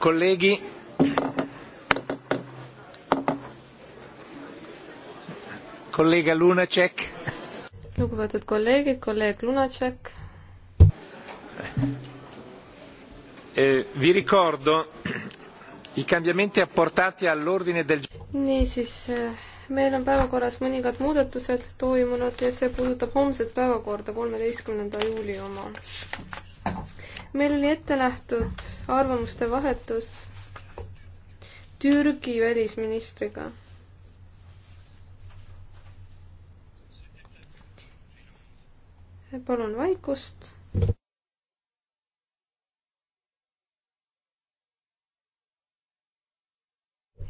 Colleghi, kolleeg Lunacek. lugupeetud kolleegid, kolleeg Lunacek. Eh, vi ricordo i cambiamenti apportati all'ordine del niisiis, eh, meil on päevakorras mõningad muudatused toimunud ja see puudutab homset päevakorda, kolmeteistkümnenda juuli oma meil oli ette nähtud arvamuste vahetus Türgi välisministriga. palun vaikust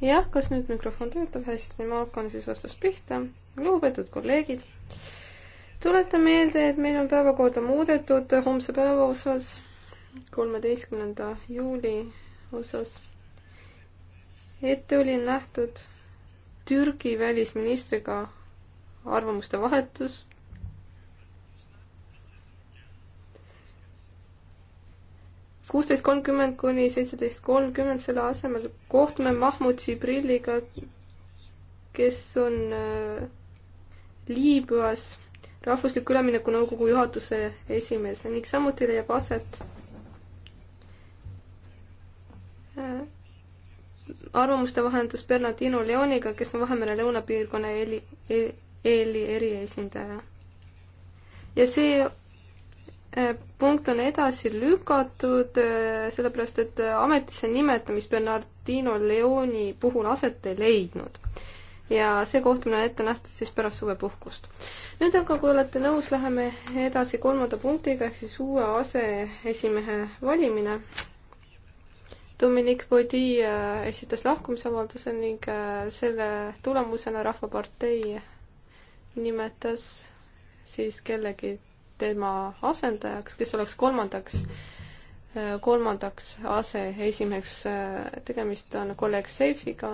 jah, kas nüüd mikrofon töötab hästi, ma hakkan siis vastust pihta. lugupeetud kolleegid, tuletan meelde, et meil on päevakorda muudetud homse päeva osas kolmeteistkümnenda juuli osas. ette oli nähtud Türgi välisministriga arvamuste vahetus. kuusteist kolmkümmend kuni seitseteist kolmkümmend, selle asemel kohtume Mahmud Džibrilliga, kes on äh, Liibüas Rahvusliku Ülemineku Nõukogu juhatuse esimees ning samuti leiab aset Äh, arvamuste vahendus Bernardino Leoniga, kes on Vahemere lõunapiirkonna EL-i, e-, EL-i eriesindaja. ja see äh, punkt on edasi lükatud, äh, sellepärast et ametisse nimetamist Bernardino Leoni puhul aset ei leidnud. ja see kohtumine on ette nähtud siis pärast suvepuhkust. nüüd aga, kui olete nõus, läheme edasi kolmanda punktiga, ehk siis uue aseesimehe valimine Dominic Bodi äh, esitas lahkumisavalduse ning äh, selle tulemusena Rahvapartei nimetas siis kellegi tema asendajaks, kes oleks kolmandaks, äh, kolmandaks aseesimeheks. tegemist on kolleeg Seifiga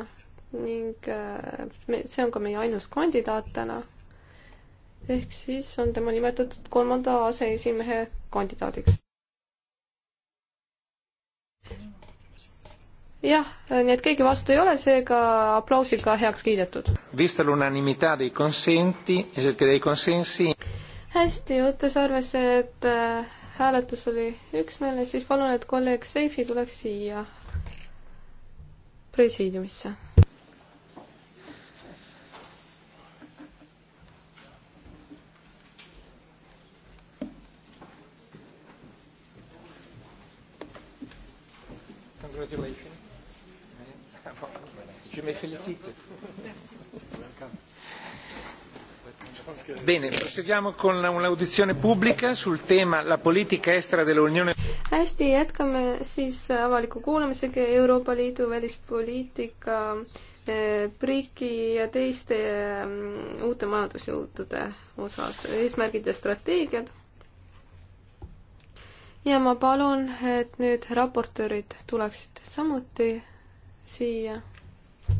ning see on ka meie ainus kandidaat täna. ehk siis on tema nimetatud kolmanda aseesimehe kandidaadiks jah, nii et keegi vastu ei ole, seega aplausiga heaks kiidetud. hästi, võttes arvesse, et äh, hääletus oli üksmeelne, siis palun, et kolleeg Seifi tuleks siia presiidiumisse. Congratulations. Je me félicite. Bene, proseguiamo con un'audizione pubblica sul tema la politica estera dell'Unione. hästi, jätkame siis avaliku kuulamisega Euroopa Liidu välispoliitika BRICS-i eh, ja teiste mm, uute majandusjõudude osas, eesmärgid ja strateegiad. ja ma palun, et nüüd raportöörid tuleksid samuti siia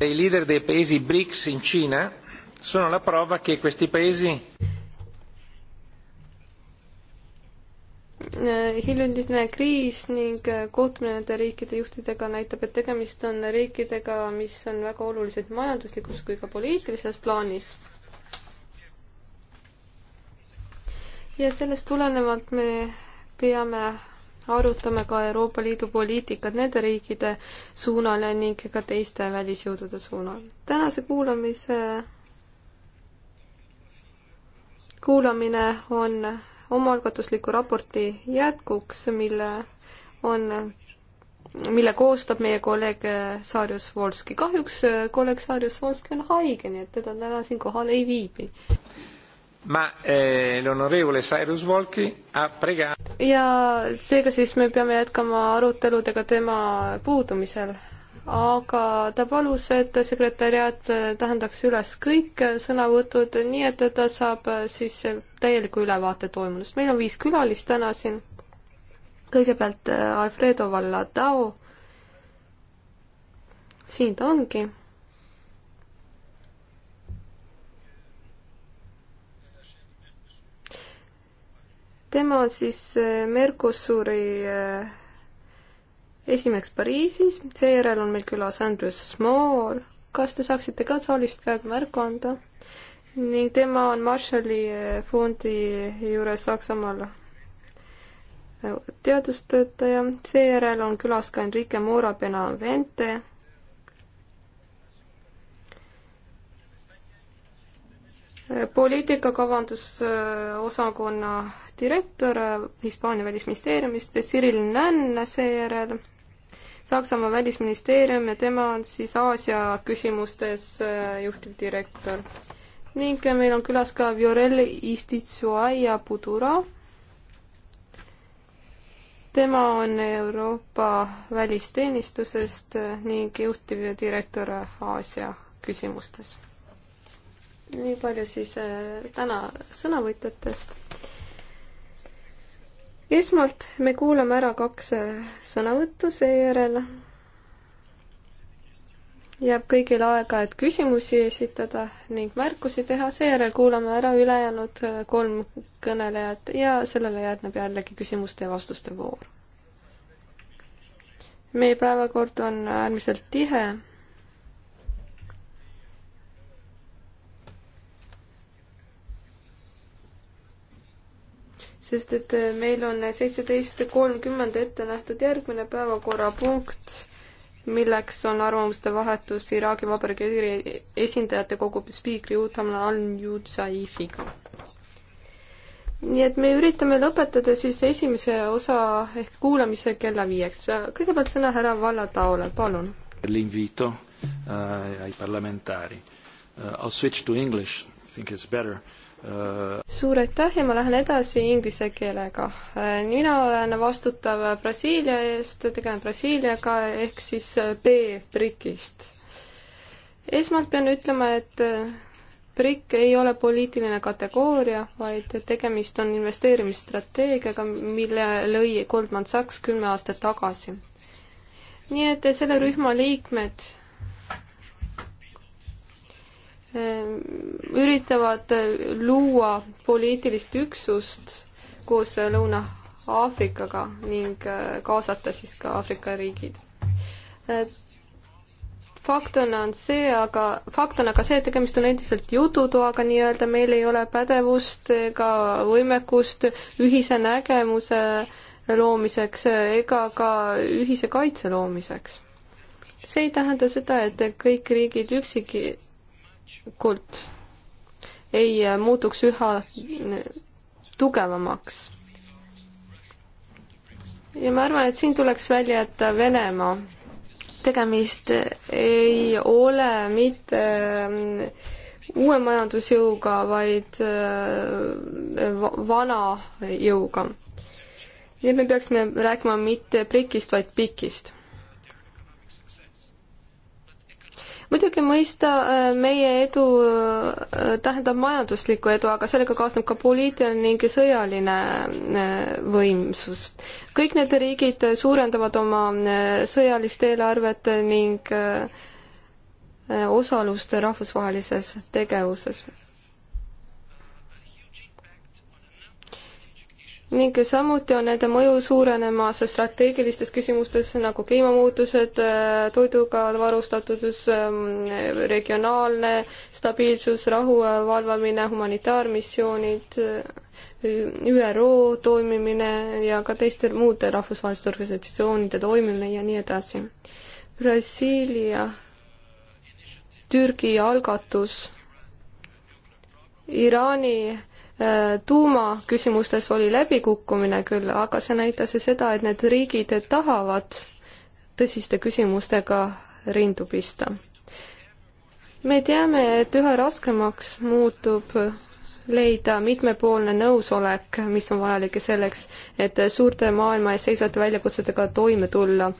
I leader dei paesi BRICS in Cina sono la prova che questi paesi äh, hiljutine kriis ning äh, kohtumine nende riikide juhtidega näitab, et tegemist on riikidega, mis on väga olulised majanduslikus kui ka poliitilises plaanis. ja sellest tulenevalt me peame arutame ka Euroopa Liidu poliitikat nende riikide suunal ning ka teiste välisjõudude suunal. tänase kuulamise, kuulamine on omaalgatusliku raporti jätkuks, mille on, mille koostab meie kolleeg Saarjus Volski. kahjuks kolleeg Saarjus Volski on haige, nii et teda täna siin kohal ei viibi ma eh, l'onorevole Cyrus Volki ha pregato ja seega siis me peame jätkama aruteludega tema puudumisel, aga ta palus, et sekretäriaat tähendaks üles kõik sõnavõtud, nii et ta saab siis täieliku ülevaate toimunust. meil on viis külalist täna siin. kõigepealt eh, Alfredo Vallatao. siin ta ongi tema on siis äh, Mercosuri äh, esimeheks Pariisis, seejärel on meil külas Andrew Small. kas te saaksite ka saalist praegu märku anda? ning tema on Marshalli äh, fondi juures Saksamaal teadustöötaja, seejärel on külas ka Enrique Mora Benavente. poliitikakavandusosakonna direktor Hispaania välisministeeriumist, Cyril Nänn seejärel, Saksamaa välisministeerium ja tema on siis Aasia küsimustes äh, juhtivdirektor. ning meil on külas ka Viorel Istitsuaia Budura, tema on Euroopa välisteenistusest äh, ning juhtivdirektor Aasia küsimustes nii palju siis äh, täna sõnavõtjatest esmalt me kuulame ära kaks äh, sõnavõttu, seejärel jääb kõigil aega, et küsimusi esitada ning märkusi teha, seejärel kuulame ära ülejäänud äh, kolm kõnelejat ja sellele järgneb jällegi küsimuste ja vastuste voor. meie päevakord on äärmiselt tihe sest et äh, meil on seitseteist kolmkümmend ette nähtud järgmine päevakorrapunkt, milleks on arvamuste vahetus Iraagi Vabariigi esindajate kogu spiikri Utamla Al-Nutsaifiga. nii et me üritame lõpetada siis esimese osa ehk kuulamise kella viieks. kõigepealt sõna härra Valla Taole, palun. L'invito uh, ai parlamentari uh,. I'll switch to english, I think it's better uh, suur aitäh ja ma lähen edasi inglise keelega. mina olen vastutav Brasiilia eest, tegelen Brasiiliaga ehk siis B-BRIC-ist. esmalt pean ütlema, et BRIC ei ole poliitiline kategooria, vaid tegemist on investeerimisstrateegiaga, mille lõi Goldman Sachs kümme aastat tagasi. nii et selle rühma liikmed Ehm, üritavad äh, luua poliitilist üksust koos äh, Lõuna-Aafrikaga ning äh, kaasata siis ka Aafrika riigid. fakt on, on see, aga fakt on aga see, et tegemist on endiselt jututoaga nii-öelda, meil ei ole pädevust ega võimekust ühise nägemuse loomiseks ega ka ühise kaitse loomiseks. see ei tähenda seda, et kõik riigid üksiki kult ei muutuks üha tugevamaks. ja ma arvan, et siin tuleks välja jätta Venemaa. tegemist ei ole mitte ähm, uue majandusjõuga, vaid äh, vana jõuga. nii et me peaksime rääkima mitte prikist, vaid pikist muidugi mõista äh, meie edu äh, tähendab majanduslikku edu, aga sellega kaasneb ka poliitiline ning sõjaline äh, võimsus. kõik need riigid suurendavad oma sõjalist eelarvet ning osalust rahvusvahelises tegevuses ning samuti on nende mõju suurenemas strateegilistes küsimustes nagu kliimamuutused, äh, toiduga varustatus, ähm, regionaalne stabiilsus, rahu valvamine, humanitaarmissioonid, äh, ÜRO toimimine ja ka teiste muude rahvusvaheliste organisatsioonide toimimine ja nii edasi. Brasiilia, Türgi algatus, Iraani Äh, tuumaküsimustes oli läbikukkumine küll, aga see näitas seda, et need riigid tahavad tõsiste küsimustega rindu pista. me teame, et üha raskemaks muutub leida mitmepoolne nõusolek, mis on vajalik selleks, et suurte maailma ees seisvate väljakutsetega toime tulla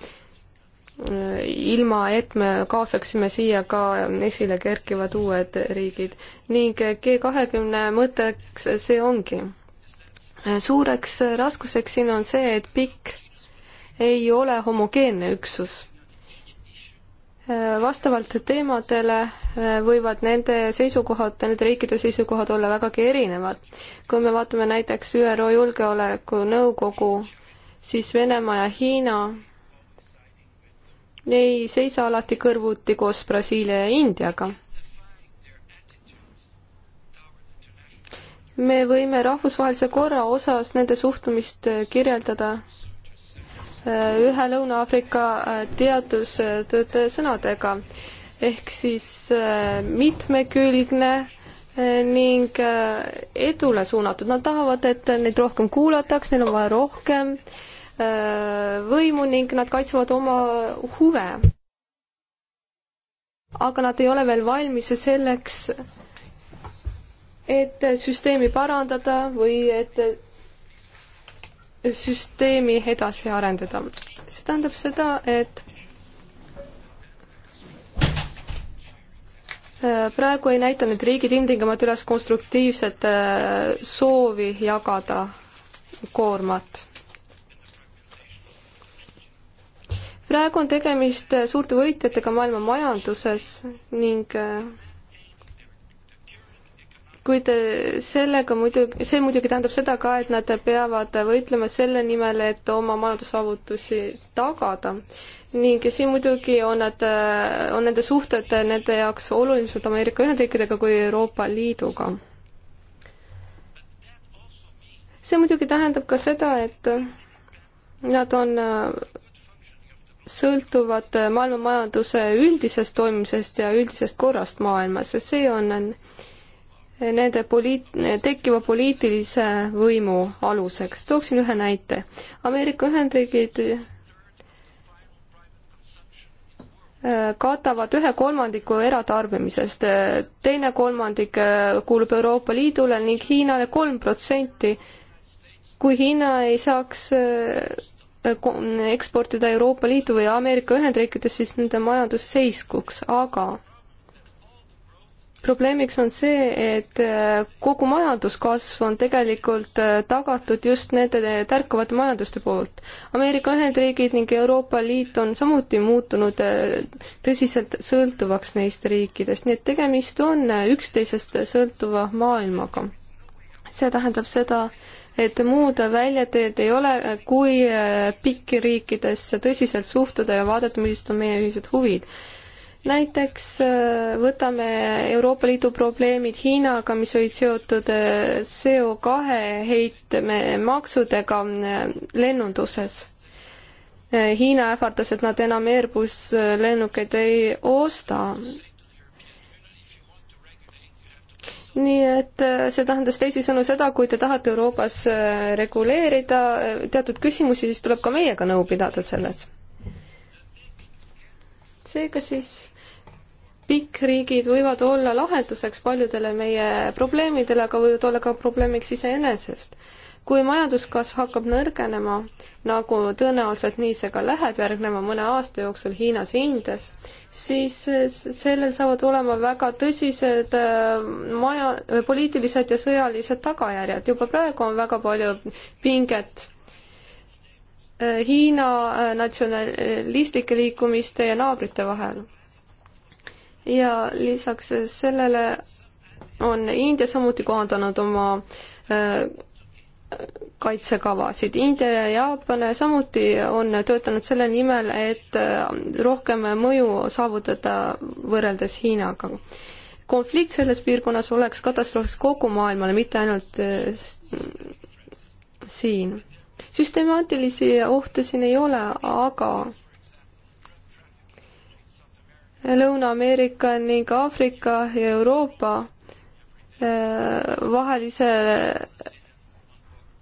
ilma et me kaasaksime siia ka esile kerkivad uued riigid ning G kahekümne mõtteks see ongi. suureks raskuseks siin on see, et pikk ei ole homogeenne üksus. vastavalt teemadele võivad nende seisukohad, nende riikide seisukohad olla vägagi erinevad. kui me vaatame näiteks ÜRO Julgeolekunõukogu, siis Venemaa ja Hiina ne ei seisa alati kõrvuti koos Brasiilia ja Indiaga. me võime rahvusvahelise korra osas nende suhtumist kirjeldada äh, ühe Lõuna-Aafrika äh, teadustöötaja sõnadega ehk siis äh, mitmekülgne ning edule suunatud, nad tahavad, et neid rohkem kuulataks, neil on vaja rohkem äh, võimu ning nad kaitsevad oma huve. aga nad ei ole veel valmis selleks, et süsteemi parandada või et süsteemi edasi arendada. see tähendab seda, et praegu ei näita need riigid ilmtingimata üles konstruktiivset äh, soovi jagada koormat. praegu on tegemist suurte võitjatega maailma majanduses ning äh, kuid äh, sellega muidugi, see muidugi tähendab seda ka, et nad peavad võitlema selle nimel, et oma majandussaavutusi tagada. ning siin muidugi on nad, äh, on nende suhted nende jaoks olulisemad Ameerika Ühendriikidega kui Euroopa Liiduga. see muidugi tähendab ka seda, et nad on sõltuvad maailma majanduse üldisest toimimisest ja üldisest korrast maailmas ja see on nende poliit-, tekkiva poliitilise võimu aluseks. tooksin ühe näite. Ameerika Ühendriigid äh, katavad ühe kolmandiku eratarbimisest, teine kolmandik äh, kuulub Euroopa Liidule ning Hiinale kolm protsenti. kui Hiina ei saaks äh, eksportida Euroopa Liidu ja Ameerika Ühendriikides, siis nende majandus seiskuks, aga probleemiks on see, et äh, kogu majanduskasv on tegelikult äh, tagatud just nende tärkavate majanduste poolt. Ameerika Ühendriigid ning Euroopa Liit on samuti muutunud äh, tõsiselt sõltuvaks neist riikidest, nii et tegemist on üksteisest sõltuva maailmaga. see tähendab seda, et muud väljateed ei ole, kui äh, pikki riikidesse tõsiselt suhtuda ja vaadata, millised on meie ühised huvid. näiteks äh, võtame Euroopa Liidu probleemid Hiinaga, mis olid seotud äh, CO kahe heitme maksudega lennunduses Hiina ähvardas, et nad enam Airbus lennukeid ei osta nii et äh, see tähendas teisisõnu seda, kui te tahate Euroopas äh, reguleerida äh, teatud küsimusi, siis tuleb ka meiega nõu pidada selles. seega siis pikkriigid võivad olla lahenduseks paljudele meie probleemidele, aga võivad olla ka probleemiks iseenesest kui majanduskasv hakkab nõrgenema, nagu tõenäoliselt nii see ka läheb järgneva mõne aasta jooksul Hiinas ja Indias, siis sellel saavad olema väga tõsised äh, maja, äh, poliitilised ja sõjalised tagajärjed. juba praegu on väga palju pinget äh, Hiina natsionalistlike liikumiste ja naabrite vahel. ja lisaks sellele on India samuti kohandanud oma kaitsekavasid. India ja Jaapan samuti on töötanud selle nimel, et äh, rohkem mõju saavutada võrreldes Hiinaga. konflikt selles piirkonnas oleks katastroofiks kogu maailmale, mitte ainult äh, siin. süstemaatilisi ohte siin ei ole, aga Lõuna-Ameerika ning Aafrika ja Euroopa äh, vahelise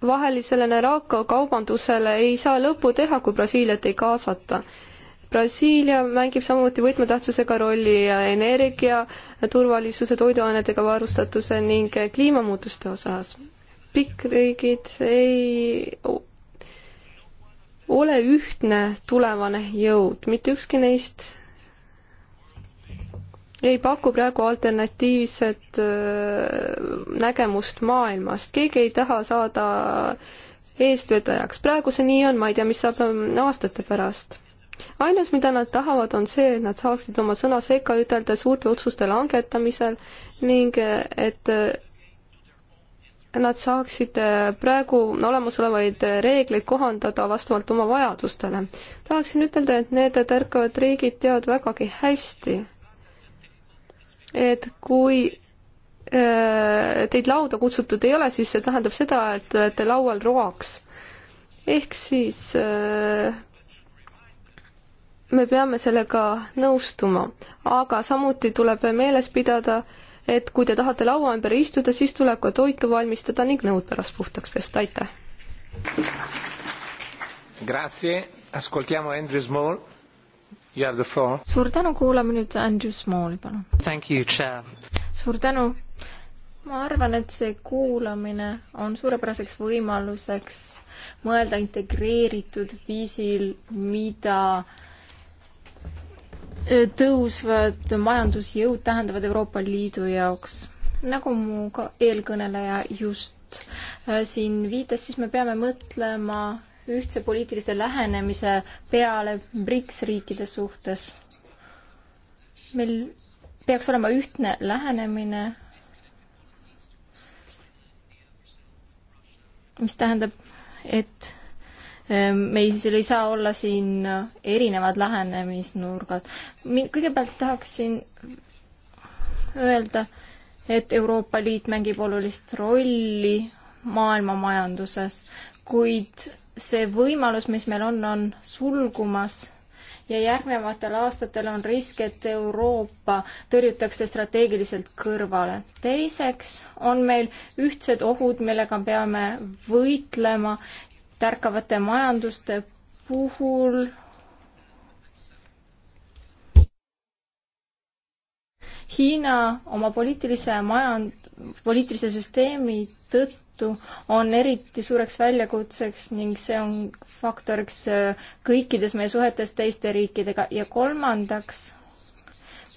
vahelisele Naraka kaubandusele ei saa lõppu teha, kui Brasiiliat ei kaasata. Brasiilia mängib samuti võtmetähtsusega rolli energia, turvalisuse, toiduainetega varustatuse ning kliimamuutuste osas. pikkriigid ei ole ühtne tulevane jõud, mitte ükski neist ei paku praegu alternatiivset äh, nägemust maailmast, keegi ei taha saada eestvedajaks, praegu see nii on, ma ei tea, mis saab ähm, aastate pärast. ainus, mida nad tahavad, on see, et nad saaksid oma sõna sekka ütelda suurte otsuste langetamisel ning äh, et äh, nad saaksid praegu olemasolevaid reegleid kohandada vastavalt oma vajadustele. tahaksin ütelda, et need tärkavad riigid teavad vägagi hästi et kui äh, teid lauda kutsutud ei ole, siis see tähendab seda, et te olete laual roaks. ehk siis äh, me peame sellega nõustuma, aga samuti tuleb meeles pidada, et kui te tahate laua ümber istuda, siis tuleb ka toitu valmistada ning nõud pärast puhtaks pesta, aitäh! Grazie, ascoltiamo Andrew Small suur tänu, kuulame nüüd Andrew Smalli, palun. suur tänu. ma arvan, et see kuulamine on suurepäraseks võimaluseks mõelda integreeritud viisil, mida e, tõusvad majandusjõud tähendavad Euroopa Liidu jaoks. nagu mu ka eelkõneleja just e, siin viitas, siis me peame mõtlema ühtse poliitilise lähenemise peale BRICS riikide suhtes. meil peaks olema ühtne lähenemine, mis tähendab, et ähm, meil ei saa olla siin erinevad lähenemisnurgad. kõigepealt tahaksin öelda, et Euroopa Liit mängib olulist rolli maailma majanduses, kuid see võimalus, mis meil on, on sulgumas ja järgnevatel aastatel on risk, et Euroopa tõrjutakse strateegiliselt kõrvale. teiseks on meil ühtsed ohud, millega peame võitlema tärkavate majanduste puhul. Hiina oma poliitilise majand-, poliitilise süsteemi tõttu tõttu on eriti suureks väljakutseks ning see on faktoriks äh, kõikides meie suhetes teiste riikidega ja kolmandaks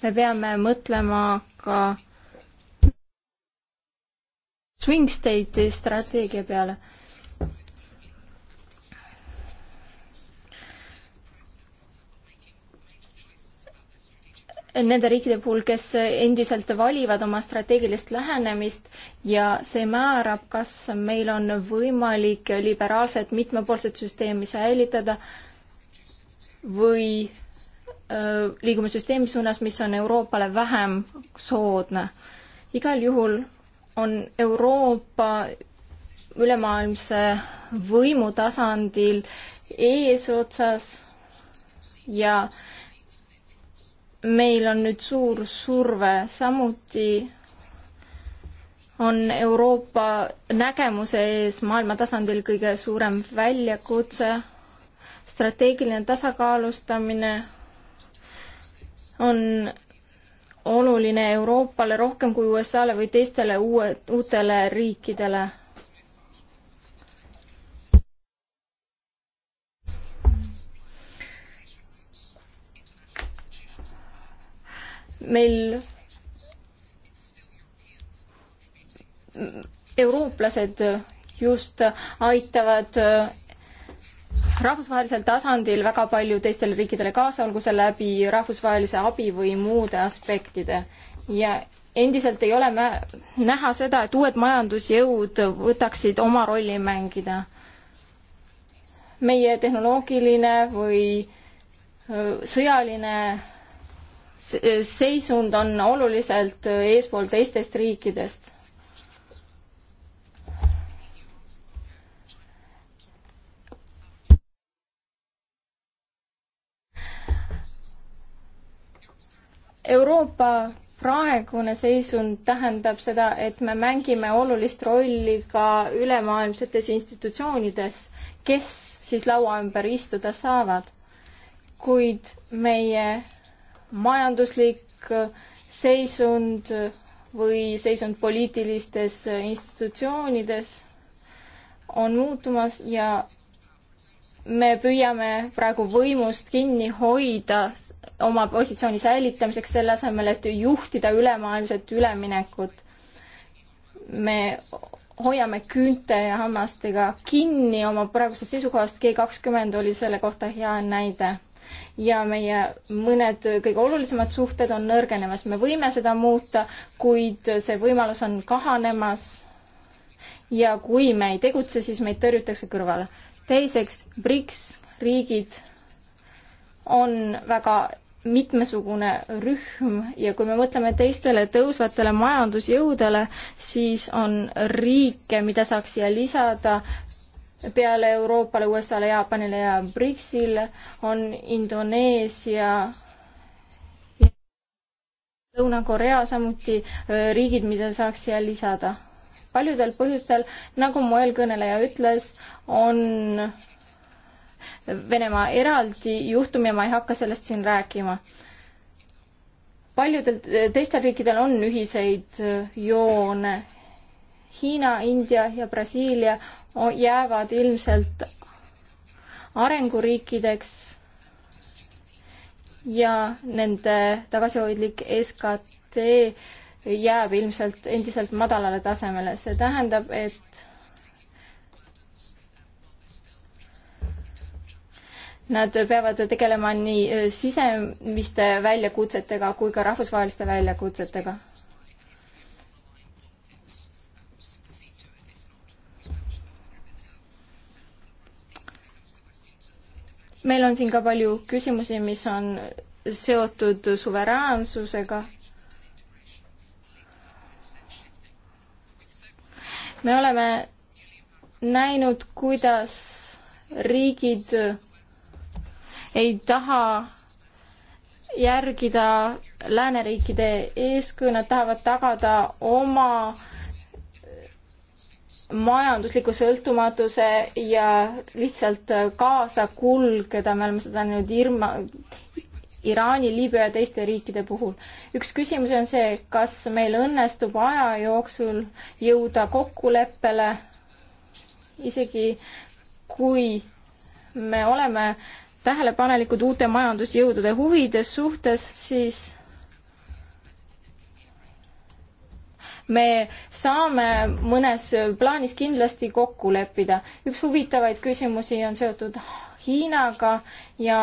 me peame mõtlema ka swing state'i strateegia peale nende riikide puhul, kes endiselt valivad oma strateegilist lähenemist ja see määrab, kas meil on võimalik liberaalset mitmepoolset süsteemi säilitada või öö, liigume süsteemi suunas, mis on Euroopale vähem soodne. igal juhul on Euroopa ülemaailmse võimu tasandil eesotsas ja äh, meil on nüüd suur surve, samuti on Euroopa nägemuse ees maailma tasandil kõige suurem väljakutse, strateegiline tasakaalustamine on oluline Euroopale rohkem kui USA-le või teistele uue, uutele riikidele meil eurooplased just aitavad rahvusvahelisel tasandil väga palju teistele riikidele kaasa, olgu see läbi rahvusvahelise abi või muude aspektide. ja endiselt ei ole näha seda, et uued majandusjõud võtaksid oma rolli mängida. meie tehnoloogiline või sõjaline seisund on oluliselt eespool teistest riikidest. Euroopa praegune seisund tähendab seda, et me mängime olulist rolli ka ülemaailmsetes institutsioonides, kes siis laua ümber istuda saavad. kuid meie majanduslik seisund või seisund poliitilistes institutsioonides on muutumas ja me püüame praegu võimust kinni hoida oma positsiooni säilitamiseks, selle asemel, et juhtida ülemaailmset üleminekut. me hoiame küünte ja hammastega kinni oma praegusest seisukohast, G kakskümmend oli selle kohta hea näide ja meie mõned kõige olulisemad suhted on nõrgenemas. me võime seda muuta, kuid see võimalus on kahanemas. ja kui me ei tegutse, siis meid tõrjutakse kõrvale. teiseks, BRICS riigid on väga mitmesugune rühm ja kui me mõtleme teistele tõusvatele majandusjõudele, siis on riike, mida saaks siia lisada peale Euroopale, USA-le, Jaapanile ja BRICS-ile on Indoneesia Lõuna-Korea samuti äh, riigid, mida saaks siia lisada. paljudel põhjustel, nagu mu eelkõneleja ütles, on Venemaa eraldi juhtum ja ma ei hakka sellest siin rääkima. paljudel teistel riikidel on ühiseid äh, joone Hiina, India ja Brasiilia jäävad ilmselt arenguriikideks ja nende tagasihoidlik SKT jääb ilmselt endiselt madalale tasemele. see tähendab, et nad peavad tegelema nii sisemiste väljakutsetega kui ka rahvusvaheliste väljakutsetega. meil on siin ka palju küsimusi, mis on seotud suveräänsusega. me oleme näinud, kuidas riigid ei taha järgida lääneriikide eeskuju, nad tahavad tagada oma majandusliku sõltumatuse ja lihtsalt kaasa kulgeda, me oleme seda näinud Irma, Iraani, Liibüa ja teiste riikide puhul. üks küsimus on see, kas meil õnnestub aja jooksul jõuda kokkuleppele, isegi kui me oleme tähelepanelikud uute majandusjõudude huvides suhtes, siis me saame mõnes plaanis kindlasti kokku leppida. üks huvitavaid küsimusi on seotud Hiinaga ja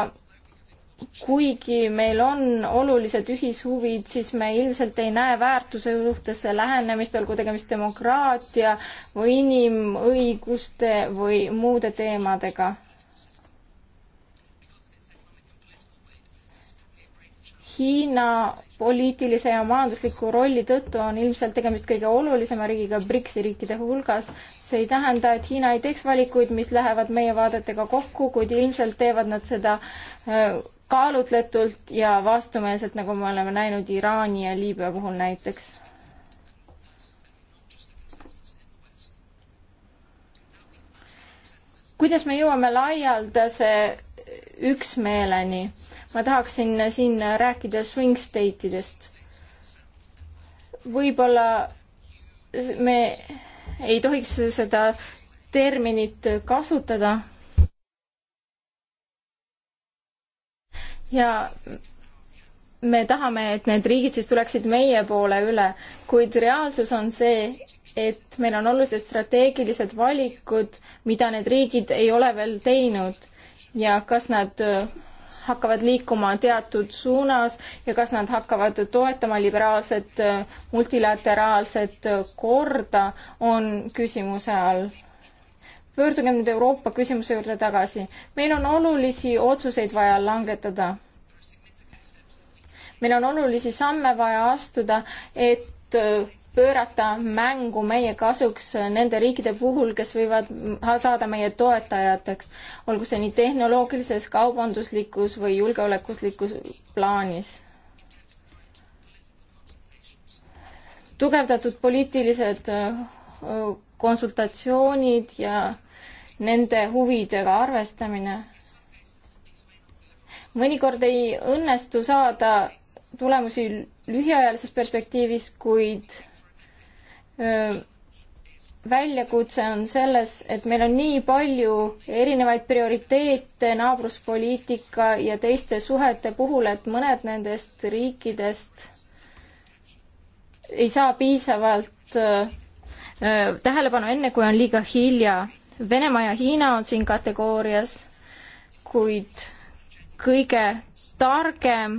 kuigi meil on olulised ühishuvid, siis me ilmselt ei näe väärtuse suhtes lähenemist, olgu tegemist demokraatia või inimõiguste või muude teemadega. Hiina poliitilise ja majandusliku rolli tõttu on ilmselt tegemist kõige olulisema riigiga BRICS-i riikide hulgas. see ei tähenda, et Hiina ei teeks valikuid, mis lähevad meie vaadetega kokku, kuid ilmselt teevad nad seda äh, kaalutletult ja vastumeelselt, nagu me oleme näinud Iraani ja Liibüa puhul näiteks kuidas me jõuame laialdase üksmeeleni? ma tahaksin siin rääkida swing state idest. võib-olla me ei tohiks seda terminit kasutada. ja me tahame, et need riigid siis tuleksid meie poole üle, kuid reaalsus on see, et meil on olulised strateegilised valikud, mida need riigid ei ole veel teinud ja kas nad hakkavad liikuma teatud suunas ja kas nad hakkavad toetama liberaalset multilateraalset korda, on küsimuse all. pöördugem nüüd Euroopa küsimuse juurde tagasi. meil on olulisi otsuseid vaja langetada. meil on olulisi samme vaja astuda, et pöörata mängu meie kasuks nende riikide puhul, kes võivad saada meie toetajateks, olgu see nii tehnoloogilises, kaubanduslikus või julgeolekuslikus plaanis. tugevdatud poliitilised konsultatsioonid ja nende huvidega arvestamine. mõnikord ei õnnestu saada tulemusi lühiajalises perspektiivis, kuid väljakutse on selles, et meil on nii palju erinevaid prioriteete naabruspoliitika ja teiste suhete puhul, et mõned nendest riikidest ei saa piisavalt äh, tähelepanu enne, kui on liiga hilja. Venemaa ja Hiina on siin kategoorias, kuid kõige targem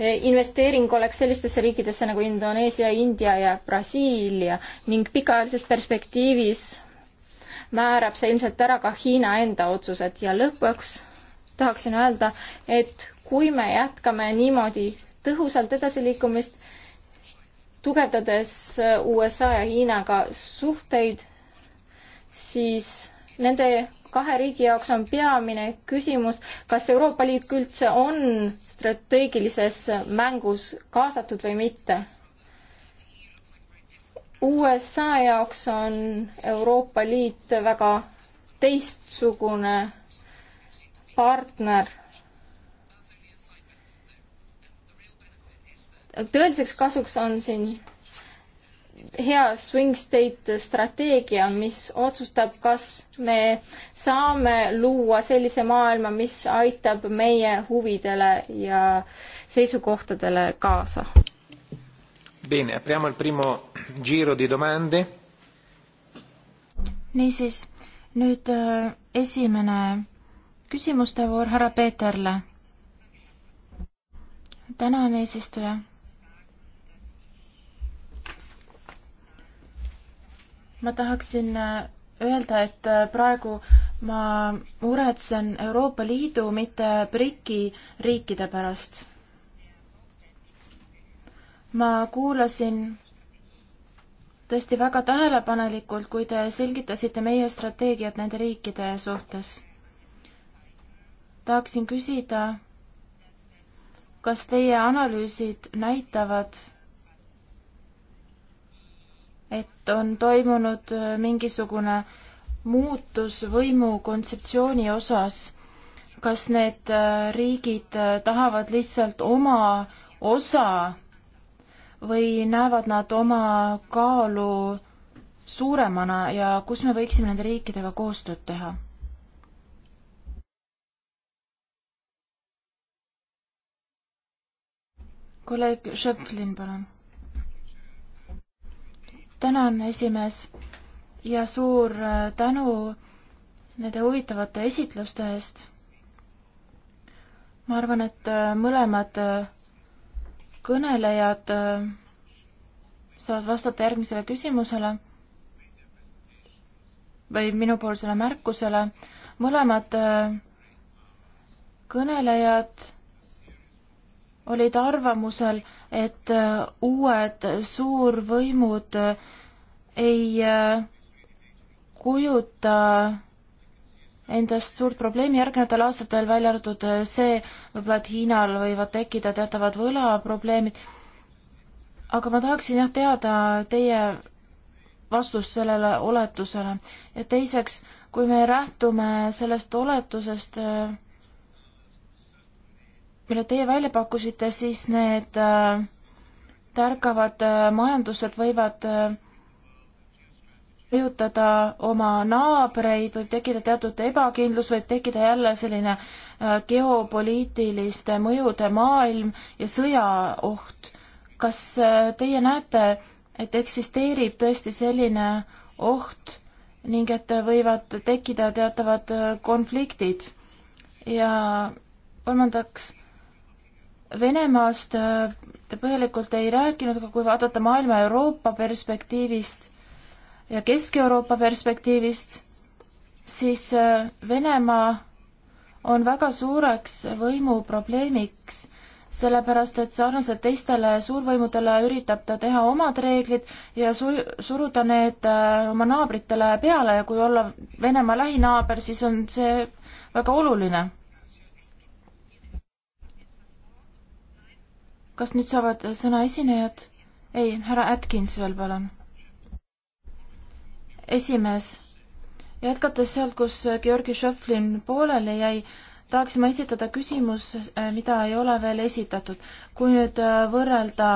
investeering oleks sellistesse riikidesse nagu Indoneesia, India ja Brasiilia ning pikaajalises perspektiivis määrab see ilmselt ära ka Hiina enda otsused ja lõpuks tahaksin öelda, et kui me jätkame niimoodi tõhusalt edasiliikumist, tugevdades USA ja Hiinaga suhteid, siis nende kahe riigi jaoks on peamine küsimus, kas Euroopa Liit üldse on strateegilises mängus kaasatud või mitte. USA jaoks on Euroopa Liit väga teistsugune partner. tõeliseks kasuks on siin hea swing state strateegia, mis otsustab, kas me saame luua sellise maailma, mis aitab meie huvidele ja seisukohtadele kaasa. Bene, apriamo il primo giro di domande. niisiis, nüüd äh, esimene küsimuste voor härra Peeterle. tänan, eesistuja ma tahaksin äh, öelda, et äh, praegu ma muretsen Euroopa Liidu, mitte BRICS-i riikide pärast. ma kuulasin tõesti väga tähelepanelikult, kui te selgitasite meie strateegiat nende riikide suhtes. tahaksin küsida, kas teie analüüsid näitavad, et on toimunud äh, mingisugune muutus võimu kontseptsiooni osas. kas need äh, riigid äh, tahavad lihtsalt oma osa või näevad nad oma kaalu suuremana ja kus me võiksime nende riikidega koostööd teha? kolleeg Šõplin, palun tänan, esimees ja suur äh, tänu nende huvitavate esitluste eest. ma arvan, et äh, mõlemad äh, kõnelejad saavad vastata järgmisele küsimusele või minupoolsele märkusele. mõlemad kõnelejad olid arvamusel, et äh, uued suurvõimud äh, ei äh, kujuta endast suurt probleemi järgnevatel aastatel, välja arvatud see, võib-olla et Hiinal võivad tekkida teatavad võlaprobleemid, aga ma tahaksin jah teada teie vastust sellele oletusele. ja teiseks, kui me lähtume sellest oletusest, mille teie välja pakkusite, siis need äh, tärkavad äh, majandused võivad äh, mõjutada oma naabreid, võib tekkida teatud ebakindlus, võib tekkida jälle selline äh, geopoliitiliste mõjude maailm ja sõjaoht. kas äh, teie näete, et eksisteerib tõesti selline oht ning et võivad tekkida teatavad äh, konfliktid? ja kolmandaks Venemaast äh, te põhjalikult ei rääkinud, aga kui vaadata maailma Euroopa perspektiivist ja Kesk-Euroopa perspektiivist, siis äh, Venemaa on väga suureks võimuprobleemiks, sellepärast et sarnaselt teistele suurvõimudele üritab ta teha omad reeglid ja su-, suruda need äh, oma naabritele peale ja kui olla Venemaa lähinaaber, siis on see väga oluline kas nüüd saavad sõna esinejad? ei, härra Atkins veel, palun. esimees, jätkates sealt, kus Georgi Šoflin pooleli jäi, tahaksime esitada küsimus, eh, mida ei ole veel esitatud. kui nüüd eh, võrrelda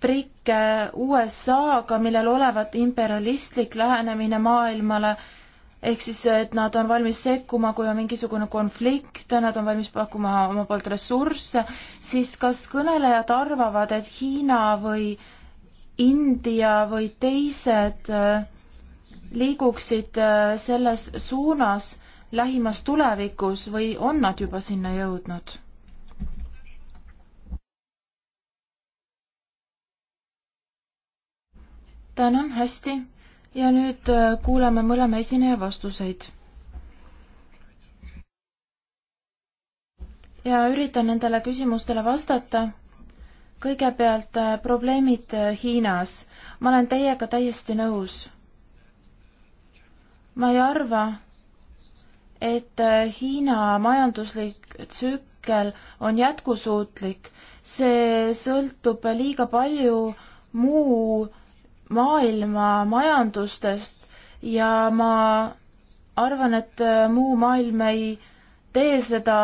BRIC-e eh, USA-ga, millel olevat imperialistlik lähenemine maailmale ehk siis, et nad on valmis sekkuma, kui on mingisugune konflikt, nad on valmis pakkuma oma poolt ressursse, siis kas kõnelejad arvavad, et Hiina või India või teised äh, liiguksid äh, selles suunas lähimas tulevikus või on nad juba sinna jõudnud? tänan, hästi ja nüüd äh, kuulame mõlema esineja vastuseid. ja üritan nendele küsimustele vastata. kõigepealt äh, probleemid äh, Hiinas. ma olen teiega täiesti nõus. ma ei arva, et Hiina majanduslik tsükkel on jätkusuutlik. see sõltub liiga palju muu maailma majandustest ja ma arvan, et äh, muu maailm ei tee seda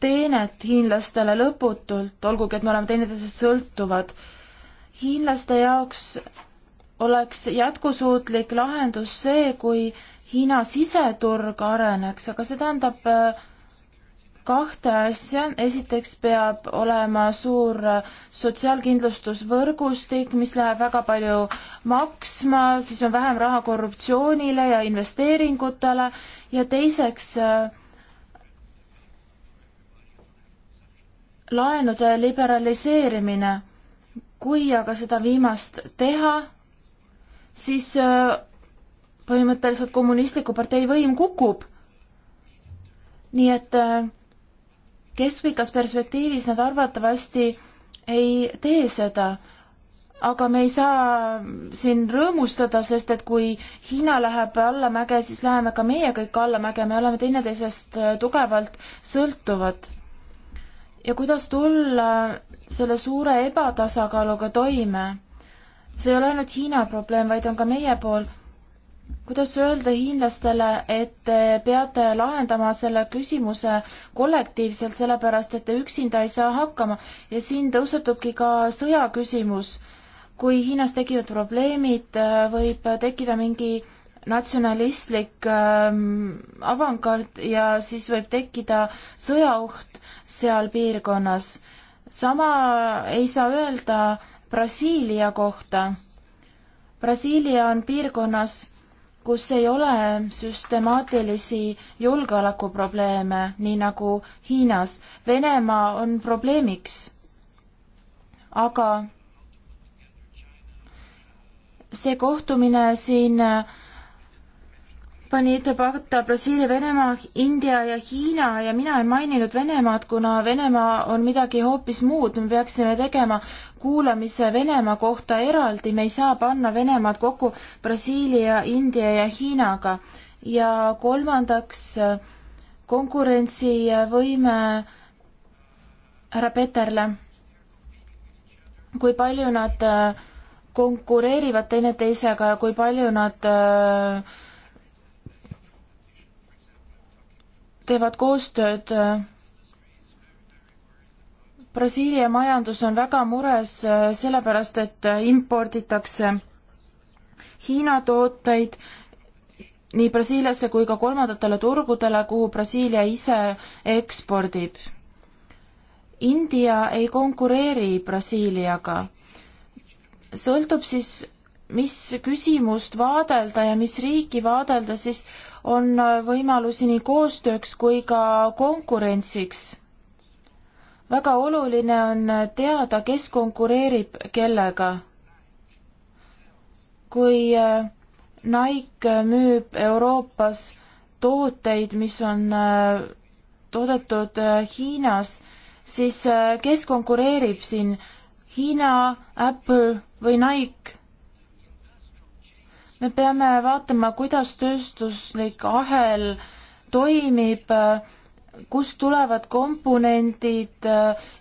teenet hiinlastele lõputult, olgugi et me oleme teineteisest sõltuvad. hiinlaste jaoks oleks jätkusuutlik lahendus see, kui Hiina siseturg areneks, aga see tähendab äh, kahte asja, esiteks peab olema suur sotsiaalkindlustusvõrgustik, mis läheb väga palju maksma, siis on vähem raha korruptsioonile ja investeeringutele ja teiseks äh, laenude liberaliseerimine. kui aga seda viimast teha, siis äh, põhimõtteliselt kommunistliku partei võim kukub. nii et äh, keskpikas perspektiivis nad arvatavasti ei tee seda, aga me ei saa siin rõõmustada, sest et kui Hiina läheb allamäge, siis läheme ka meie kõik allamäge, me oleme teineteisest tugevalt sõltuvad. ja kuidas tulla selle suure ebatasakaaluga toime? see ei ole ainult Hiina probleem, vaid on ka meie pool kuidas öelda hiinlastele, et te peate lahendama selle küsimuse kollektiivselt, sellepärast et te üksinda ei saa hakkama ja siin tõusetubki ka sõjaküsimus. kui Hiinas tekivad probleemid, võib tekkida mingi natsionalistlik ähm, avangard ja siis võib tekkida sõjaoht seal piirkonnas. sama ei saa öelda Brasiilia kohta. Brasiilia on piirkonnas kus ei ole süstemaatilisi julgeolekuprobleeme, nii nagu Hiinas. Venemaa on probleemiks. aga see kohtumine siin äh, panid patta Brasiilia, Venemaa, India ja Hiina ja mina ei maininud Venemaad, kuna Venemaa on midagi hoopis muud, me peaksime tegema kuulamise Venemaa kohta eraldi, me ei saa panna Venemaad kokku Brasiilia, India ja Hiinaga. ja kolmandaks konkurentsivõime härra Peterle. kui palju nad äh, konkureerivad teineteisega ja kui palju nad äh, teevad koostööd. Brasiilia majandus on väga mures sellepärast, et imporditakse Hiina tooteid nii Brasiiliasse kui ka kolmandatele turgudele, kuhu Brasiilia ise ekspordib. India ei konkureeri Brasiiliaga. sõltub siis, mis küsimust vaadelda ja mis riiki vaadelda, siis on võimalusi nii koostööks kui ka konkurentsiks. väga oluline on teada, kes konkureerib kellega. kui äh, Nike müüb Euroopas tooteid, mis on äh, toodetud äh, Hiinas, siis kes konkureerib siin, Hiina, Apple või Nike? me peame vaatama, kuidas tööstuslik ahel toimib, kust tulevad komponendid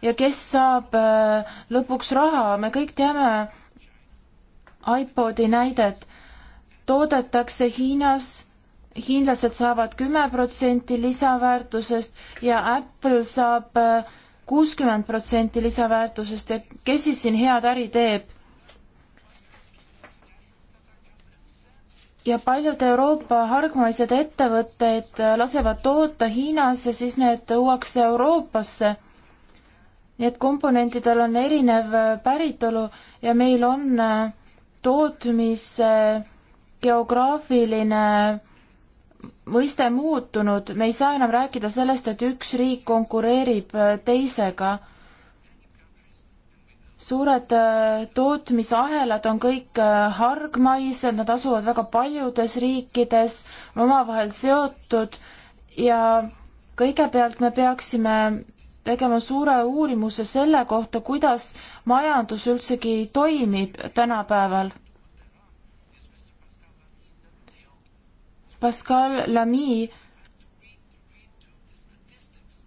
ja kes saab lõpuks raha, me kõik teame iPodi näidet, toodetakse Hiinas, hiinlased saavad kümme protsenti lisaväärtusest ja Apple saab kuuskümmend protsenti lisaväärtusest ja kes siis siin head äri teeb ja paljud Euroopa hargmaised ettevõtted lasevad toota Hiinas ja siis need tuuakse Euroopasse. nii et komponentidel on erinev päritolu ja meil on äh, tootmise äh, geograafiline mõiste muutunud, me ei saa enam rääkida sellest, et üks riik konkureerib äh, teisega suured äh, tootmisahelad on kõik äh, hargmaised, nad asuvad väga paljudes riikides, omavahel seotud ja kõigepealt me peaksime tegema suure uurimuse selle kohta, kuidas majandus üldsegi toimib tänapäeval. Pascal Lamy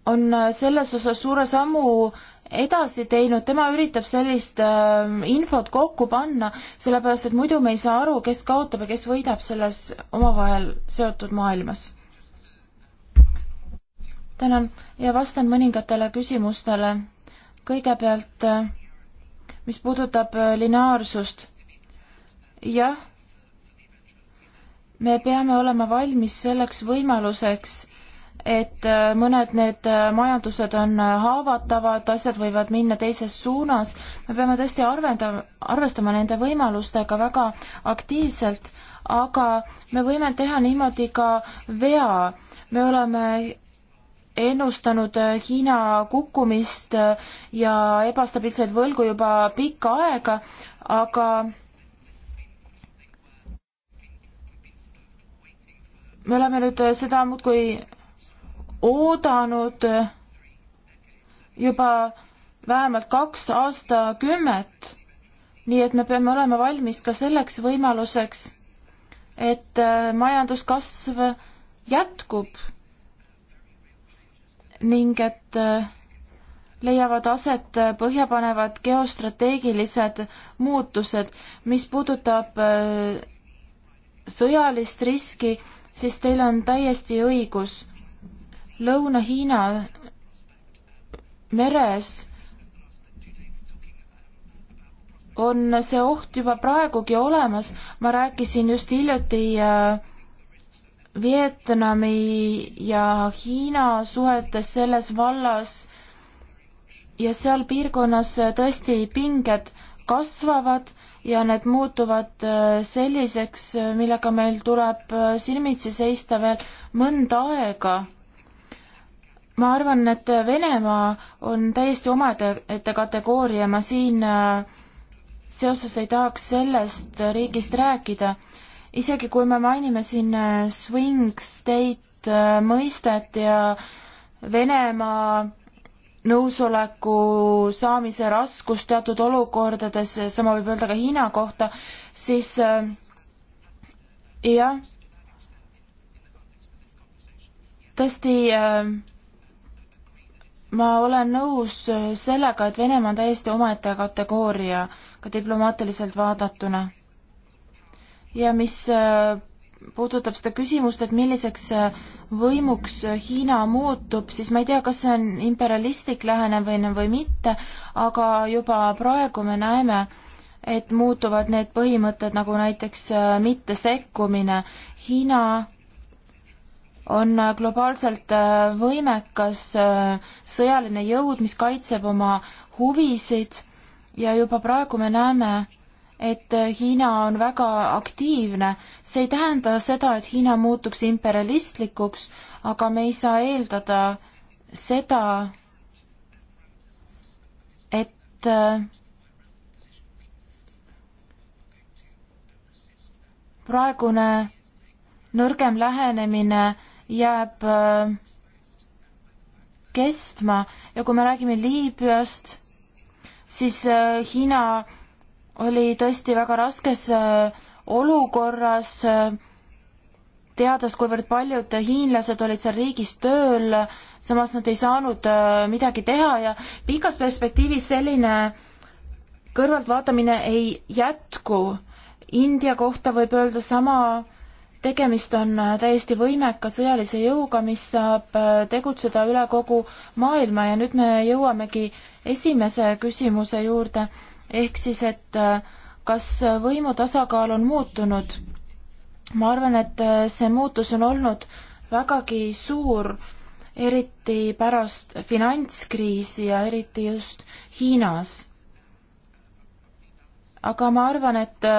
on äh, selles osas suure sammu edasi teinud, tema üritab sellist äh, infot kokku panna, sellepärast et muidu me ei saa aru, kes kaotab ja kes võidab selles omavahel seotud maailmas. tänan ja vastan mõningatele küsimustele. kõigepealt, äh, mis puudutab äh, lineaarsust. jah, me peame olema valmis selleks võimaluseks et äh, mõned need äh, majandused on äh, haavatavad, asjad võivad minna teises suunas, me peame tõesti arvenda-, arvestama nende võimalustega väga aktiivselt, aga me võime teha niimoodi ka vea. me oleme ennustanud Hiina kukkumist ja ebastabiilseid võlgu juba pikka aega, aga me oleme nüüd seda muudkui oodanud juba vähemalt kaks aastakümmet. nii et me peame olema valmis ka selleks võimaluseks, et äh, majanduskasv jätkub ning et äh, leiavad aset äh, põhjapanevad geostrateegilised muutused. mis puudutab sõjalist riski, siis teil on täiesti õigus Lõuna-Hiina meres on see oht juba praegugi olemas, ma rääkisin just hiljuti äh, Vietnami ja Hiina suhetes selles vallas ja seal piirkonnas äh, tõesti pinged kasvavad ja need muutuvad äh, selliseks, millega meil tuleb silmitsi seista veel mõnda aega ma arvan, et Venemaa on täiesti omaette kategooria, ma siin äh, seoses ei tahaks sellest riigist rääkida. isegi kui me mainime siin äh, swing state äh, mõistet ja Venemaa nõusoleku saamise raskust teatud olukordades, sama võib öelda ka Hiina kohta, siis jah, tõesti äh, ma olen nõus äh, sellega, et Venemaa on täiesti omaette kategooria ka diplomaatiliselt vaadatuna. ja mis äh, puudutab seda küsimust, et milliseks äh, võimuks Hiina muutub, siis ma ei tea, kas see on imperialistlik lähenemine või mitte, aga juba praegu me näeme, et muutuvad need põhimõtted nagu näiteks mittesekkumine. Hiina on äh, globaalselt äh, võimekas äh, sõjaline jõud, mis kaitseb oma huvisid ja juba praegu me näeme, et Hiina on väga aktiivne. see ei tähenda seda, et Hiina muutuks imperialistlikuks, aga me ei saa eeldada seda, et praegune nõrgem lähenemine jääb äh, kestma ja kui me räägime Liibüast, siis äh, Hiina oli tõesti väga raskes äh, olukorras, teades, kuivõrd paljud hiinlased olid seal riigis tööl, samas nad ei saanud midagi teha ja pikas perspektiivis selline kõrvaltvaatamine ei jätku. India kohta võib öelda sama tegemist on äh, täiesti võimeka sõjalise jõuga, mis saab äh, tegutseda üle kogu maailma ja nüüd me jõuamegi esimese küsimuse juurde, ehk siis, et äh, kas võimu tasakaal on muutunud? ma arvan, et see muutus on olnud vägagi suur, eriti pärast finantskriisi ja eriti just Hiinas. aga ma arvan, et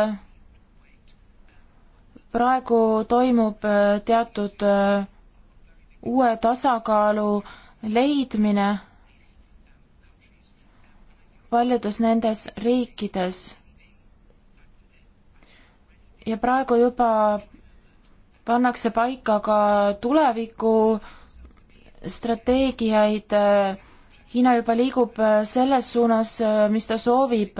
praegu toimub äh, teatud äh, uue tasakaalu leidmine paljudes nendes riikides. ja praegu juba pannakse paika ka tuleviku strateegiaid. Äh, Hiina juba liigub selles suunas, mis ta soovib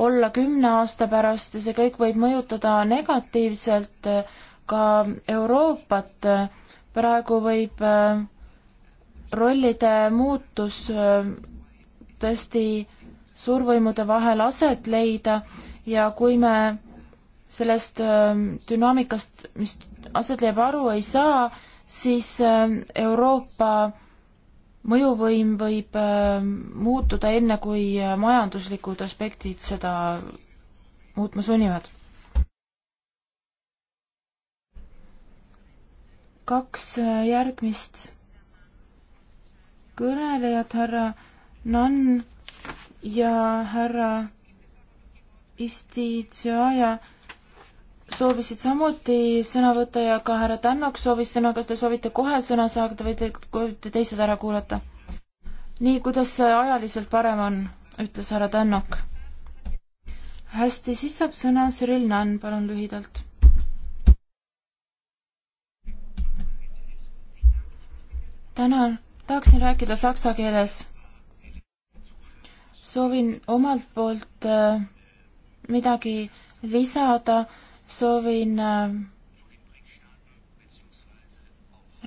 olla kümne aasta pärast ja see kõik võib mõjutada negatiivselt äh, ka Euroopat. praegu võib äh, rollide muutus äh, tõesti suurvõimude vahel aset leida ja kui me sellest dünaamikast, mis aset leiab, aru ei saa, siis Euroopa mõjuvõim võib äh, muutuda enne, kui äh, majanduslikud aspektid seda muutma sunnivad. kaks äh, järgmist kõnelejat, härra Nann ja härra Istitsaja soovisid samuti sõna võtta ja ka härra Tännok soovis sõna, kas te soovite kohe sõna saada või te soovite teised ära kuulata? nii, kuidas ajaliselt parem on, ütles härra Tännok. hästi, siis saab sõna Cyril Nann, palun lühidalt. tänan, tahaksin rääkida saksa keeles. soovin omalt poolt äh, midagi lisada soovin äh,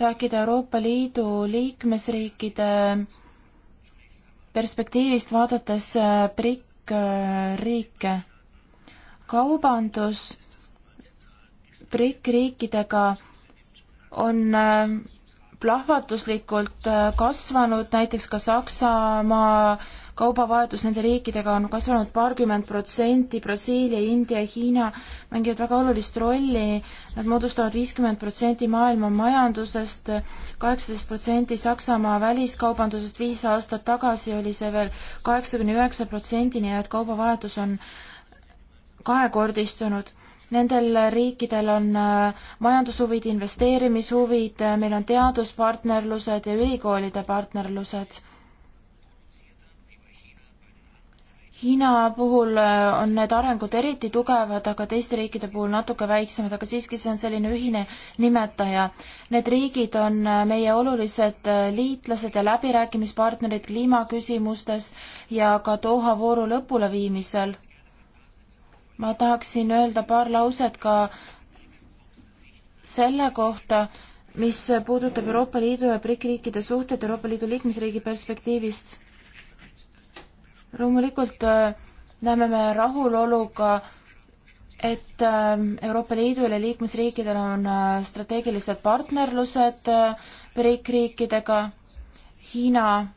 rääkida Euroopa Liidu liikmesriikide perspektiivist vaadates äh, BRIC äh, riike. kaubandus BRIC riikidega on plahvatuslikult kasvanud, näiteks ka Saksamaa, kaubavahetus nende riikidega on kasvanud paarkümmend protsenti, Brasiilia, India, Hiina mängivad väga olulist rolli, nad moodustavad viiskümmend protsenti maailma majandusest, kaheksateist protsenti Saksamaa väliskaubandusest, viis aastat tagasi oli see veel kaheksakümne üheksa protsendini, nii et kaubavahetus on kahekordistunud nendel riikidel on äh, majandushuvid, investeerimishuvid, äh, meil on teaduspartnerlused ja ülikoolide partnerlused. Hiina puhul äh, on need arengud eriti tugevad, aga teiste riikide puhul natuke väiksemad, aga siiski see on selline ühine nimetaja. Need riigid on äh, meie olulised äh, liitlased ja läbirääkimispartnerid kliimaküsimustes ja ka Doha vooru lõpuleviimisel. ma tahaksin öelda paar lauset ka selle kohta, mis puudutab Euroopa Liidu ja BRIC riikide suhted Euroopa Liidu liikmesriigi perspektiivist loomulikult äh, näeme me rahuloluga, et äh, Euroopa Liidul ja liikmesriikidel on äh, strateegilised partnerlused BRIC-riikidega. Hiina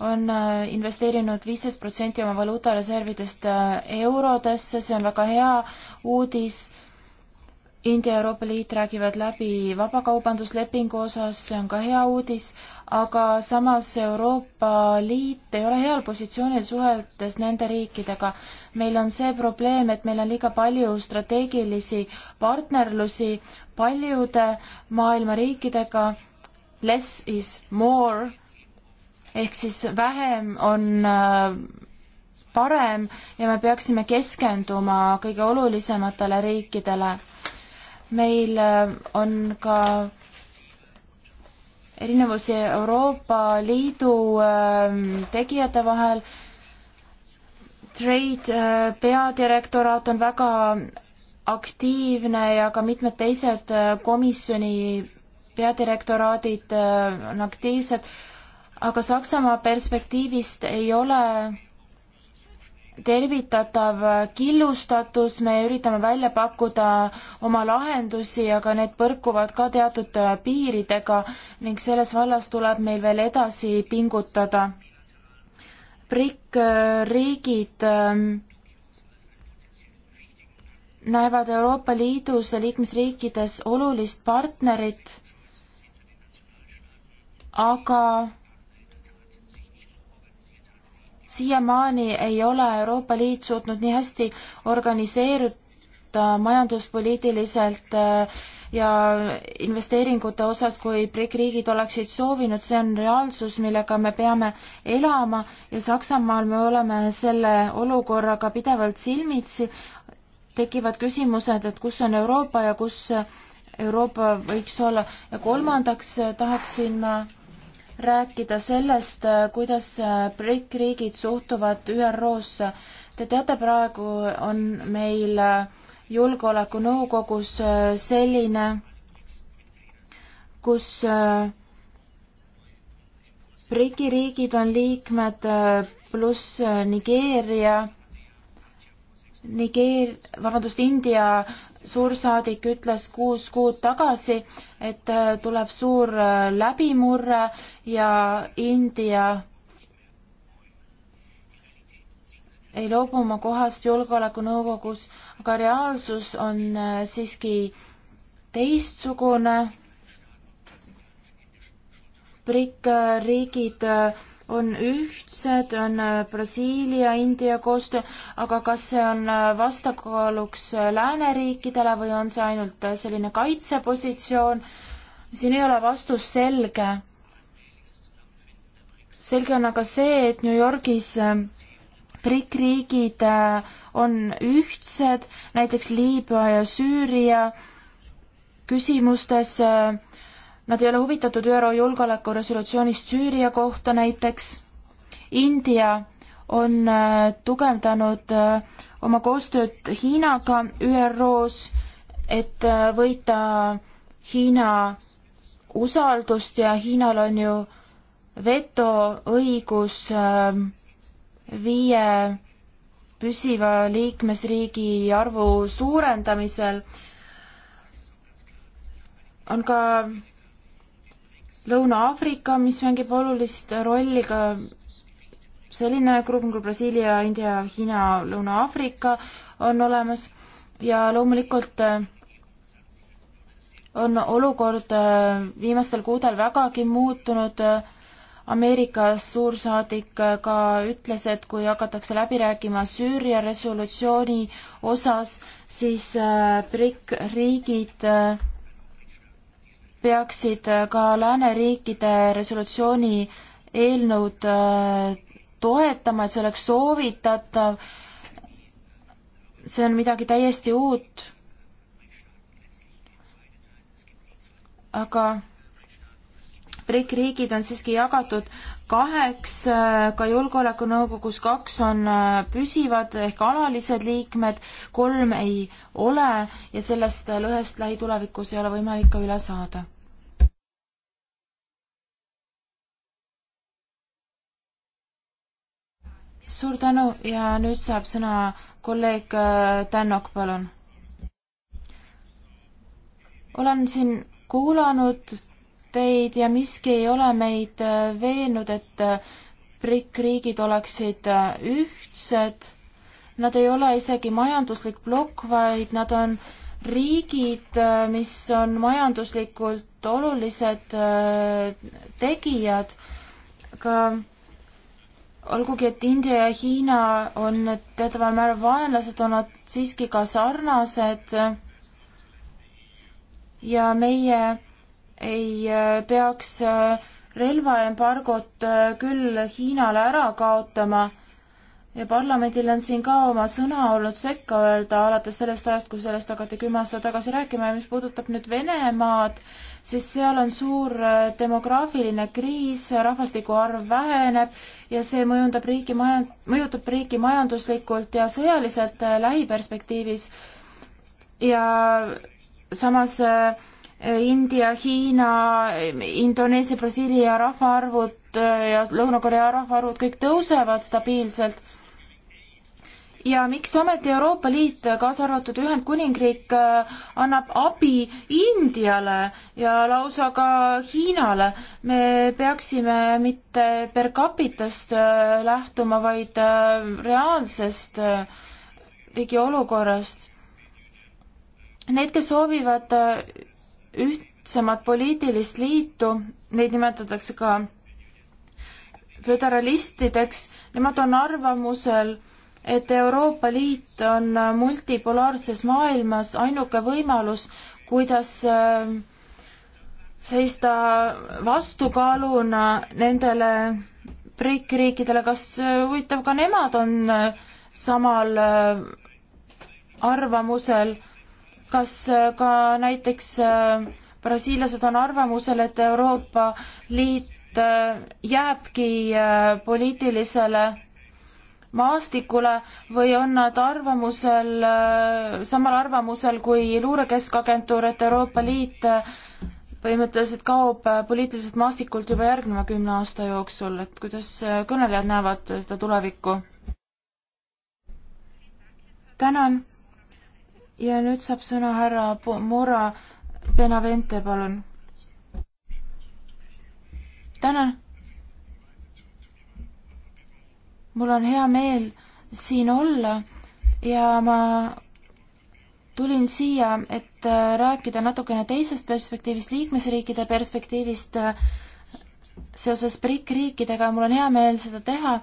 on investeerinud viisteist protsenti oma valuutareservidest eurodesse, see on väga hea uudis. India ja Euroopa Liit räägivad läbi vabakaubanduslepingu osas, see on ka hea uudis, aga samas Euroopa Liit ei ole heal positsioonil suheldes nende riikidega. meil on see probleem, et meil on liiga palju strateegilisi partnerlusi paljude maailma riikidega. Less is more ehk siis vähem on äh, parem ja me peaksime keskenduma kõige olulisematele riikidele. meil äh, on ka erinevusi Euroopa Liidu ähm, tegijate vahel. Trade äh, peadirektoraat on väga aktiivne ja ka mitmed teised äh, komisjoni peadirektoraadid äh, on aktiivsed, aga Saksamaa perspektiivist ei ole tervitatav killustatus, me üritame välja pakkuda oma lahendusi, aga need põrkuvad ka teatud piiridega ning selles vallas tuleb meil veel edasi pingutada. BRIC riigid ähm, näevad Euroopa Liidus ja liikmesriikides olulist partnerit, aga siiamaani ei ole Euroopa Liit suutnud nii hästi organiseeruda majanduspoliitiliselt äh, ja investeeringute osas, kui BRIC riigid oleksid soovinud, see on reaalsus, millega me peame elama ja Saksamaal me oleme selle olukorraga pidevalt silmitsi. tekivad küsimused, et kus on Euroopa ja kus Euroopa võiks olla ja kolmandaks äh, tahaksin ma rääkida sellest, kuidas äh, BRIC riigid suhtuvad ÜRO-sse. Te teate, praegu on meil äh, julgeolekunõukogus äh, selline, kus BRIC-i riigid on liikmed pluss Nigeeria Nigeer-, vabandust, India suursaadik ütles kuus kuud tagasi, et äh, tuleb suur äh, läbimurre ja India ei loobu oma kohast Julgeolekunõukogus, aga reaalsus on äh, siiski teistsugune BRIC riigid on ühtsed, on äh, Brasiilia, India koostöö, aga kas see on äh, vastakaaluks äh, lääneriikidele või on see ainult selline kaitsepositsioon? siin ei ole vastus selge. selge on aga see, et New Yorgis BRIC riigid on ühtsed, näiteks Liibüa ja Süüria küsimustes äh, Nad ei ole huvitatud ÜRO julgeolekuresolutsioonist Süüria kohta näiteks. India on äh, tugevdanud äh, oma koostööd Hiinaga ÜRO-s, et äh, võita Hiina usaldust ja Hiinal on ju vetoõigus viie püsiva liikmesriigi arvu suurendamisel. on ka Lõuna-Aafrika, mis mängib olulist rolli ka selline grupp nagu Brasiilia, India, Hiina, Lõuna-Aafrika on olemas ja loomulikult äh, on olukord äh, viimastel kuudel vägagi muutunud. Ameerika suursaadik äh, ka ütles, et kui hakatakse läbi rääkima Süüria resolutsiooni osas, siis BRIC riigid äh, peaksid äh, ka lääneriikide resolutsiooni eelnõud äh, toetama, et see oleks soovitatav. see on midagi täiesti uut. aga BRIC riigid on siiski jagatud kaheks, äh, ka Julgeolekunõukogus kaks on püsivad ehk alalised liikmed, kolm ei ole ja sellest lõhest lähitulevikus ei ole võimalik ka üle saada suur tänu ja nüüd saab sõna kolleeg äh, Tännok, palun. olen siin kuulanud teid ja miski ei ole meid äh, veennud, et äh, BRIC riigid oleksid ühtsed. Nad ei ole isegi majanduslik plokk, vaid nad on riigid, mis on majanduslikult olulised tegijad. aga olgugi, et India ja Hiina on teataval määral vaenlased, on nad siiski ka sarnased ja meie ei äh, peaks äh, relvaembargot äh, küll Hiinale ära kaotama ja parlamendil on siin ka oma sõna olnud sekka öelda alates sellest ajast, kui sellest hakati kümme aastat tagasi rääkima ja mis puudutab nüüd Venemaad, siis seal on suur äh, demograafiline kriis, rahvastiku arv väheneb ja see mõjundab riigi maja, mõjutab riiki majanduslikult ja sõjaliselt äh, lähiperspektiivis. ja samas äh, India, Hiina, Indoneesia, Brasiilia rahvaarvud ja Lõuna-Korea rahvaarvud kõik tõusevad stabiilselt ja miks ometi Euroopa Liit, kaasa arvatud Ühendkuningriik, annab abi Indiale ja lausa ka Hiinale. me peaksime mitte per capitast äh, lähtuma, vaid äh, reaalsest äh, riigi olukorrast. Need, kes soovivad ühtsemat poliitilist liitu, neid nimetatakse ka föderalistideks, nemad on arvamusel, et Euroopa Liit on multipolaarses maailmas ainuke võimalus, kuidas äh, seista vastukaaluna nendele BRIC riikidele, kas äh, huvitav, ka nemad on äh, samal arvamusel, kas ka näiteks brasiillased on arvamusel, et Euroopa Liit jääbki poliitilisele maastikule või on nad arvamusel, samal arvamusel kui luurekeskagentuur, et Euroopa Liit põhimõtteliselt kaob poliitiliselt maastikult juba järgneva kümne aasta jooksul, et kuidas kõnelejad näevad seda tulevikku? tänan. ja nüüd saab sõna härra Mora Benavente, palun. tänan mul on hea meel siin olla ja ma tulin siia, et äh, rääkida natukene teisest perspektiivist, liikmesriikide perspektiivist äh, seoses BRIC riikidega, mul on hea meel seda teha.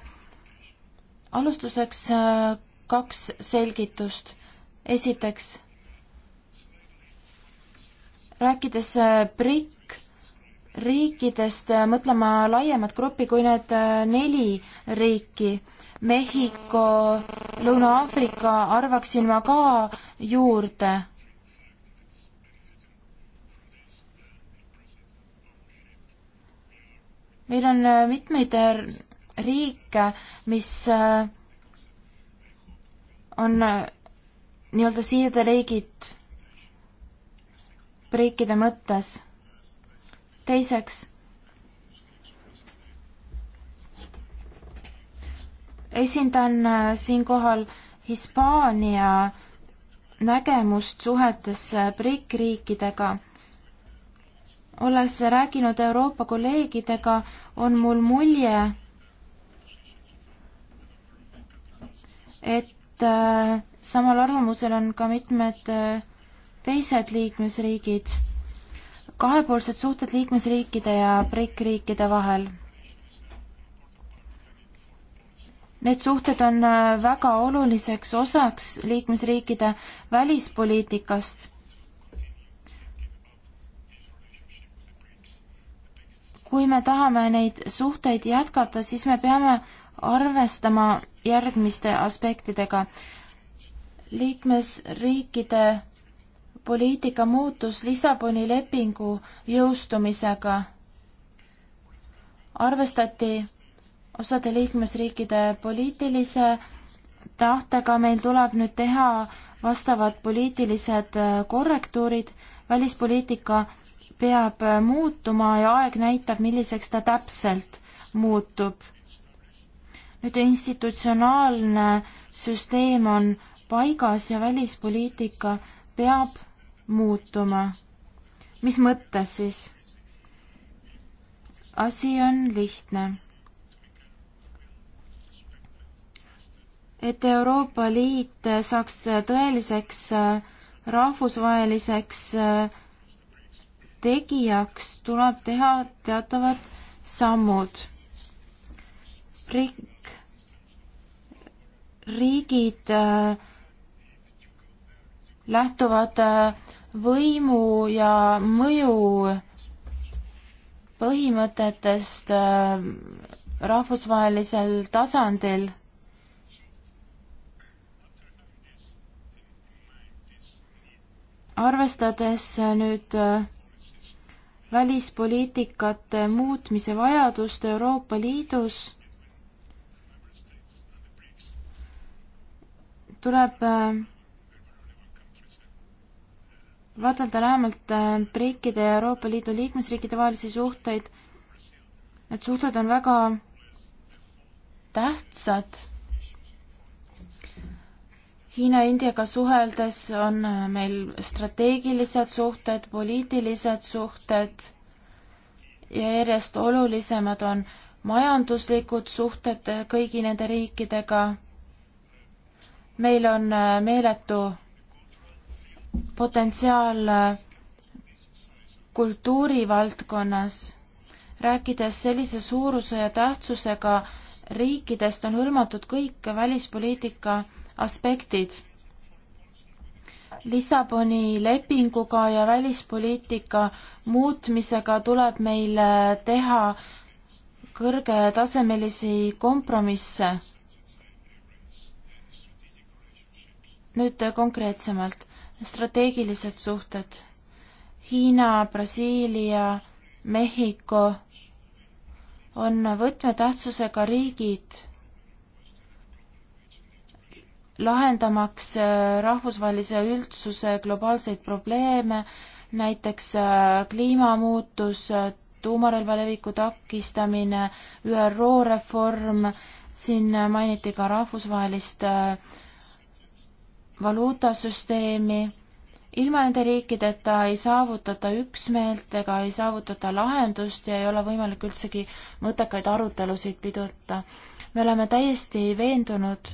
alustuseks äh, kaks selgitust. esiteks, rääkides BRIC riikidest äh, mõtlema laiemat gruppi kui need äh, neli riiki. Mehhiko, Lõuna-Aafrika arvaksin ma ka juurde. meil on äh, mitmeid riike, mis on nii-öelda siirderiigid riikide mõttes teiseks, esindan äh, siinkohal Hispaania nägemust suhetes äh, BRIC riikidega. olles rääkinud Euroopa kolleegidega, on mul mulje, et äh, samal arvamusel on ka mitmed teised liikmesriigid kahepoolsed suhted liikmesriikide ja BRIC riikide vahel. Need suhted on äh, väga oluliseks osaks liikmesriikide välispoliitikast. kui me tahame neid suhteid jätkata, siis me peame arvestama järgmiste aspektidega. liikmesriikide poliitika muutus Lissaboni lepingu jõustumisega. arvestati osade liikmesriikide poliitilise tahtega, meil tuleb nüüd teha vastavad poliitilised äh, korrektuurid, välispoliitika peab äh, muutuma ja aeg näitab, milliseks ta täpselt muutub. nüüd institutsionaalne süsteem on paigas ja välispoliitika peab muutuma. mis mõttes siis? asi on lihtne. et Euroopa Liit saaks tõeliseks äh, rahvusvaheliseks äh, tegijaks, tuleb teha teatavad sammud. riik, riigid äh, lähtuvad äh, võimu ja mõju põhimõtetest äh, rahvusvahelisel tasandil. arvestades äh, nüüd välispoliitikate muutmise vajadust Euroopa Liidus, tuleb vaadelda lähemalt BRICide äh, ja Euroopa Liidu liikmesriikide vahelisi suhteid. Need suhted on väga tähtsad. Hiina ja Indiaga suheldes on äh, meil strateegilised suhted, poliitilised suhted ja järjest olulisemad on majanduslikud suhted kõigi nende riikidega. meil on äh, meeletu potentsiaal äh, kultuurivaldkonnas. rääkides sellise suuruse ja tähtsusega riikidest, on hõlmatud kõik välispoliitika aspektid. Lissaboni lepinguga ja välispoliitika muutmisega tuleb meil äh, teha kõrgetasemelisi kompromisse. nüüd äh, konkreetsemalt strateegilised suhted. Hiina, Brasiilia, Mehhiko on võtmetähtsusega riigid lahendamaks äh, rahvusvahelise üldsuse globaalseid probleeme, näiteks äh, kliimamuutus, äh, tuumarelva leviku takistamine, ÜRO reform, siin mainiti ka rahvusvahelist äh, valuutasüsteemi. ilma nende riikideta ei saavutata üksmeelt ega ei saavutata lahendust ja ei ole võimalik üldsegi mõttekaid arutelusid pidurda. me oleme täiesti veendunud,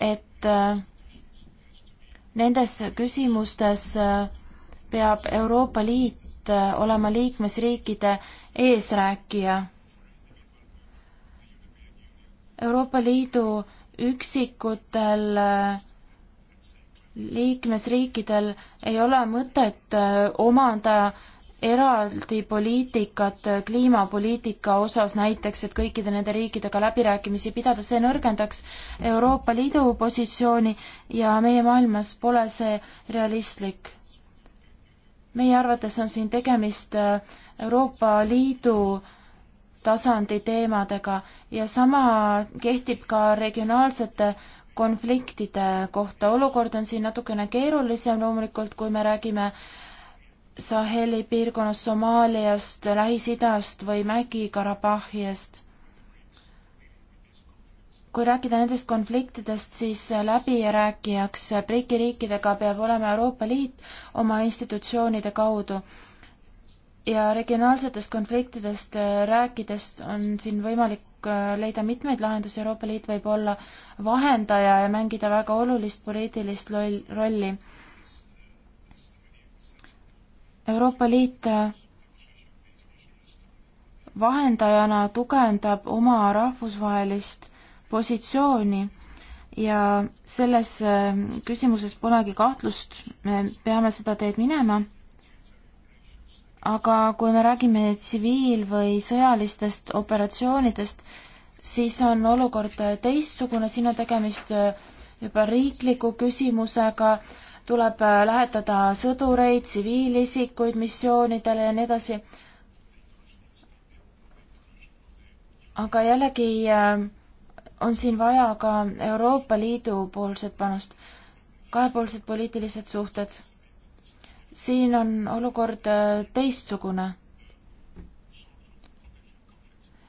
et äh, nendes küsimustes äh, peab Euroopa Liit äh, olema liikmesriikide eesrääkija. Euroopa Liidu üksikutel äh, liikmesriikidel ei ole mõtet äh, omada eraldi poliitikat äh, kliimapoliitika osas näiteks, et kõikide nende riikidega läbirääkimisi pidada, see nõrgendaks Euroopa Liidu positsiooni ja meie maailmas pole see realistlik. meie arvates on siin tegemist äh, Euroopa Liidu tasandi teemadega ja sama kehtib ka regionaalsete konfliktide kohta. olukord on siin natukene keerulisem loomulikult, kui me räägime Saheli piirkonnast, Somaaliast, Lähis-Idast või Mägi-Karabahhiast. kui rääkida nendest konfliktidest, siis läbirääkijaks BRICS-i riikidega peab olema Euroopa Liit oma institutsioonide kaudu. ja regionaalsetest konfliktidest rääkides on siin võimalik Äh, leida mitmeid lahendusi, Euroopa Liit võib olla vahendaja ja mängida väga olulist poliitilist loll, rolli. Euroopa Liit äh, vahendajana tugevdab oma rahvusvahelist positsiooni ja selles äh, küsimuses polegi kahtlust, me peame seda teed minema aga kui me räägime tsiviil- või sõjalistest operatsioonidest, siis on olukord teistsugune, siin on tegemist äh, juba riikliku küsimusega, tuleb äh, lähetada sõdureid, tsiviilisikuid missioonidele ja nii edasi. aga jällegi äh, on siin vaja ka Euroopa Liidu poolset panust, kahepoolsed poliitilised suhted siin on olukord äh, teistsugune.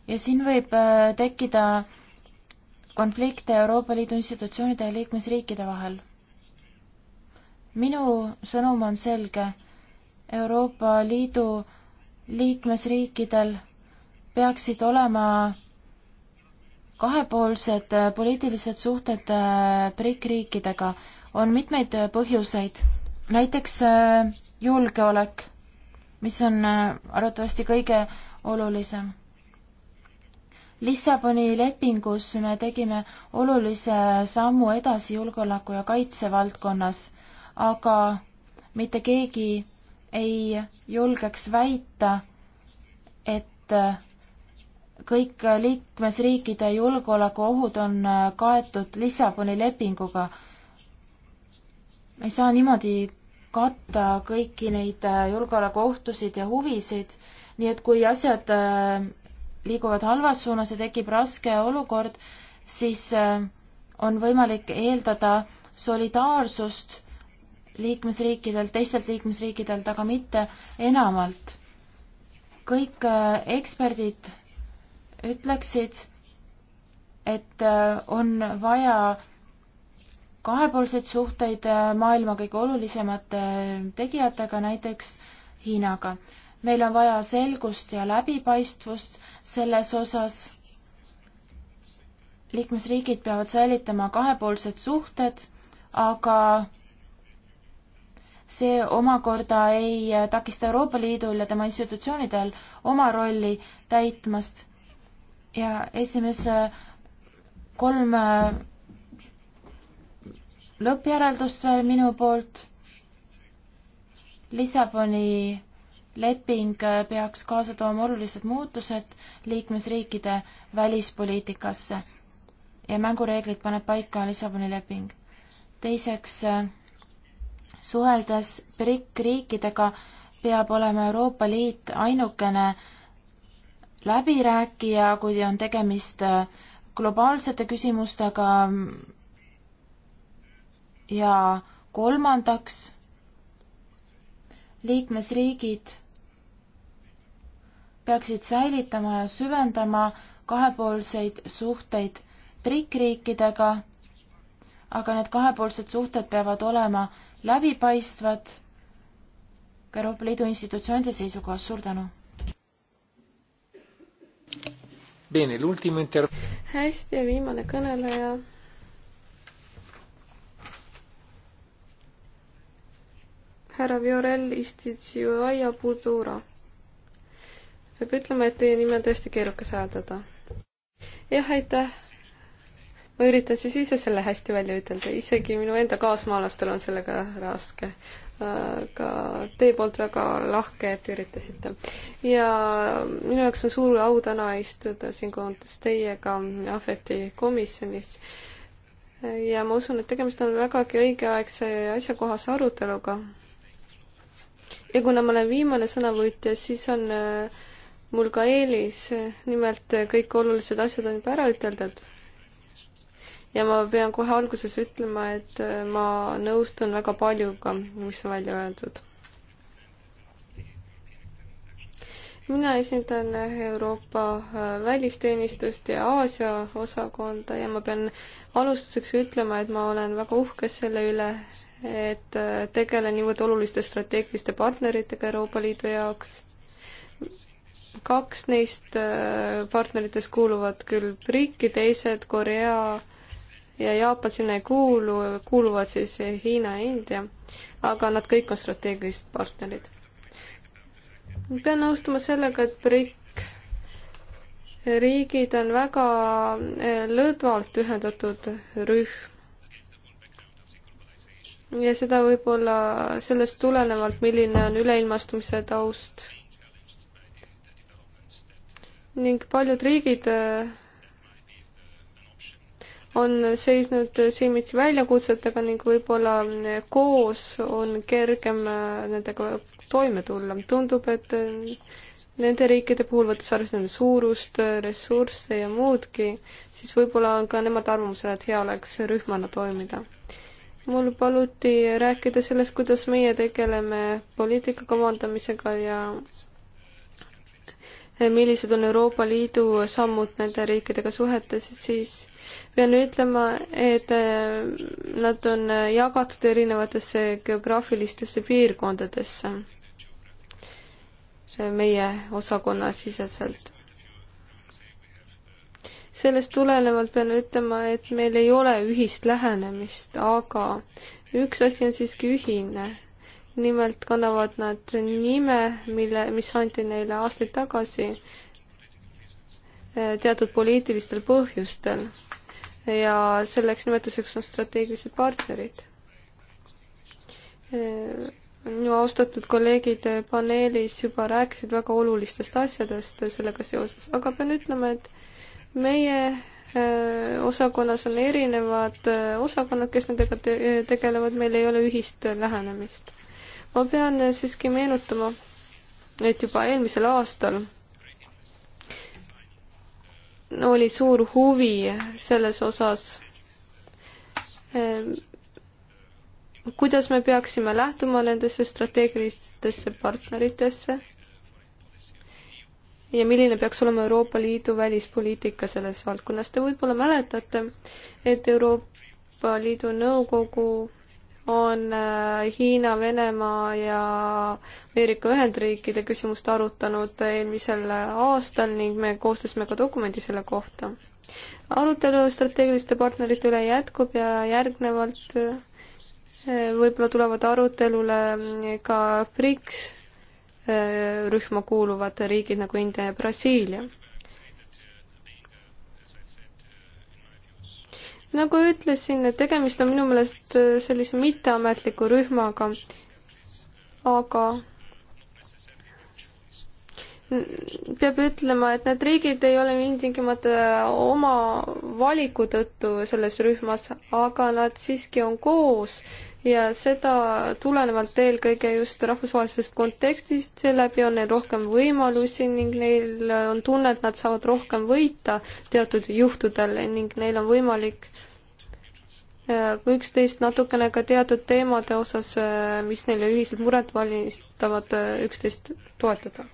ja siin võib äh, tekkida konflikte Euroopa Liidu institutsioonide ja liikmesriikide vahel. minu sõnum on selge. Euroopa Liidu liikmesriikidel peaksid olema kahepoolsed äh, poliitilised suhted BRIC riikidega. on mitmeid põhjuseid näiteks äh, julgeolek, mis on äh, arvatavasti kõige olulisem. Lissaboni lepingus me tegime olulise sammu edasi julgeoleku ja kaitse valdkonnas, aga mitte keegi ei julgeks väita, et äh, kõik liikmesriikide julgeolekuohud on kaetud Lissaboni lepinguga. ei saa niimoodi katta kõiki neid äh, julgeolekuohtusid ja huvisid, nii et kui asjad äh, liiguvad halvas suunas ja tekib raske olukord, siis äh, on võimalik eeldada solidaarsust liikmesriikidelt, teistelt liikmesriikidelt, aga mitte enamalt. kõik eksperdid ütleksid, et on vaja kahepoolseid suhteid äh, maailma kõige olulisemate äh, tegijatega, näiteks Hiinaga. meil on vaja selgust ja läbipaistvust selles osas. liikmesriigid peavad säilitama kahepoolsed suhted, aga see omakorda ei äh, takista Euroopa Liidul ja tema institutsioonidel oma rolli täitmast. ja esimese kolm lõppjäreldust veel minu poolt. Lissaboni leping peaks kaasa tooma olulised muutused liikmesriikide välispoliitikasse ja mängureeglid paneb paika Lissaboni leping. teiseks, suheldes BRIC riikidega peab olema Euroopa Liit ainukene läbirääkija, kui on tegemist globaalsete küsimustega, ja kolmandaks, liikmesriigid peaksid säilitama ja süvendama kahepoolseid suhteid BRIC riikidega, aga need kahepoolsed suhted peavad olema läbipaistvad ka Euroopa Liidu institutsioonide seisukohast. suur tänu! hästi ja viimane kõneleja härra Viorel, Istitsioa ja Budura. peab ütlema, et teie nime on tõesti keerukas hääldada. jah, aitäh. ma üritan siis ise selle hästi välja ütelda, isegi minu enda kaasmaalastel on sellega raske aga teie poolt väga lahke, et üritasite. ja minu jaoks on suur au täna istuda siin koondis teiega Ahveti komisjonis. ja ma usun, et tegemist on vägagi õigeaegse ja asjakohase aruteluga ja kuna ma olen viimane sõnavõtja, siis on äh, mul ka eelis, nimelt äh, kõik olulised asjad on juba ära üteldud. ja ma pean kohe alguses ütlema, et äh, ma nõustun väga paljuga, mis on välja öeldud. mina esindan Euroopa välisteenistust ja Aasia osakonda ja ma pean alustuseks ütlema, et ma olen väga uhke selle üle, et äh, tegelen niivõrd oluliste strateegiliste partneritega Euroopa Liidu jaoks. kaks neist äh, partneritest kuuluvad küll riiki, teised Korea ja Jaapan sinna ei kuulu, kuuluvad siis Hiina ja India, aga nad kõik on strateegilised partnerid. ma pean nõustuma sellega, et BRIC riigid on väga äh, lõdvalt ühendatud rühm ja seda võib-olla sellest tulenevalt, milline on üleilmastumise taust. ning paljud riigid äh, on seisnud silmitsi väljakutsetega ning võib-olla äh, koos on kergem äh, nendega toime tulla. tundub, et nende riikide puhul, võttes arvesse nende suurust, ressursse ja muudki, siis võib-olla on ka nemad arvamusel, et hea oleks rühmana toimida mul paluti rääkida sellest, kuidas meie tegeleme poliitika kavandamisega ja millised on Euroopa Liidu sammud nende riikidega suhetes, siis pean ütlema, et nad on jagatud erinevatesse geograafilistesse piirkondadesse meie osakonna siseselt sellest tulenevalt pean ütlema, et meil ei ole ühist lähenemist, aga üks asi on siiski ühine. nimelt kannavad nad nime, mille, mis anti neile aastaid tagasi eh, teatud poliitilistel põhjustel ja selleks nimetuseks on strateegilised partnerid. Eh, minu austatud kolleegid paneelis juba rääkisid väga olulistest asjadest sellega seoses, aga pean ütlema, et meie äh, osakonnas on erinevad äh, osakonnad, kes nendega te tegelevad, meil ei ole ühist lähenemist. ma pean äh, siiski meenutama, et juba eelmisel aastal oli suur huvi selles osas, kuidas me peaksime lähtuma nendesse strateegilistesse partneritesse ja milline peaks olema Euroopa Liidu välispoliitika selles valdkonnas. Te võib-olla mäletate, et Euroopa Liidu Nõukogu on äh, Hiina, Venemaa ja Ameerika Ühendriikide küsimust arutanud eelmisel aastal ning me koostasime ka dokumendi selle kohta. arutelu strateegiliste partnerite üle jätkub ja järgnevalt äh, võib-olla tulevad arutelule ka BRICS rühma kuuluvad riigid nagu India ja Brasiilia. nagu ütlesin, et tegemist on minu meelest sellise mitteametliku rühmaga, aga peab ütlema, et need riigid ei ole ilmtingimata oma valiku tõttu selles rühmas, aga nad siiski on koos ja seda tulenevalt eelkõige just rahvusvahelisest kontekstist, seeläbi on neil rohkem võimalusi ning neil on tunne, et nad saavad rohkem võita teatud juhtudel ning neil on võimalik äh, üksteist natukene ka teatud teemade osas, äh, mis neile ühiselt muret valmistavad, äh, üksteist toetada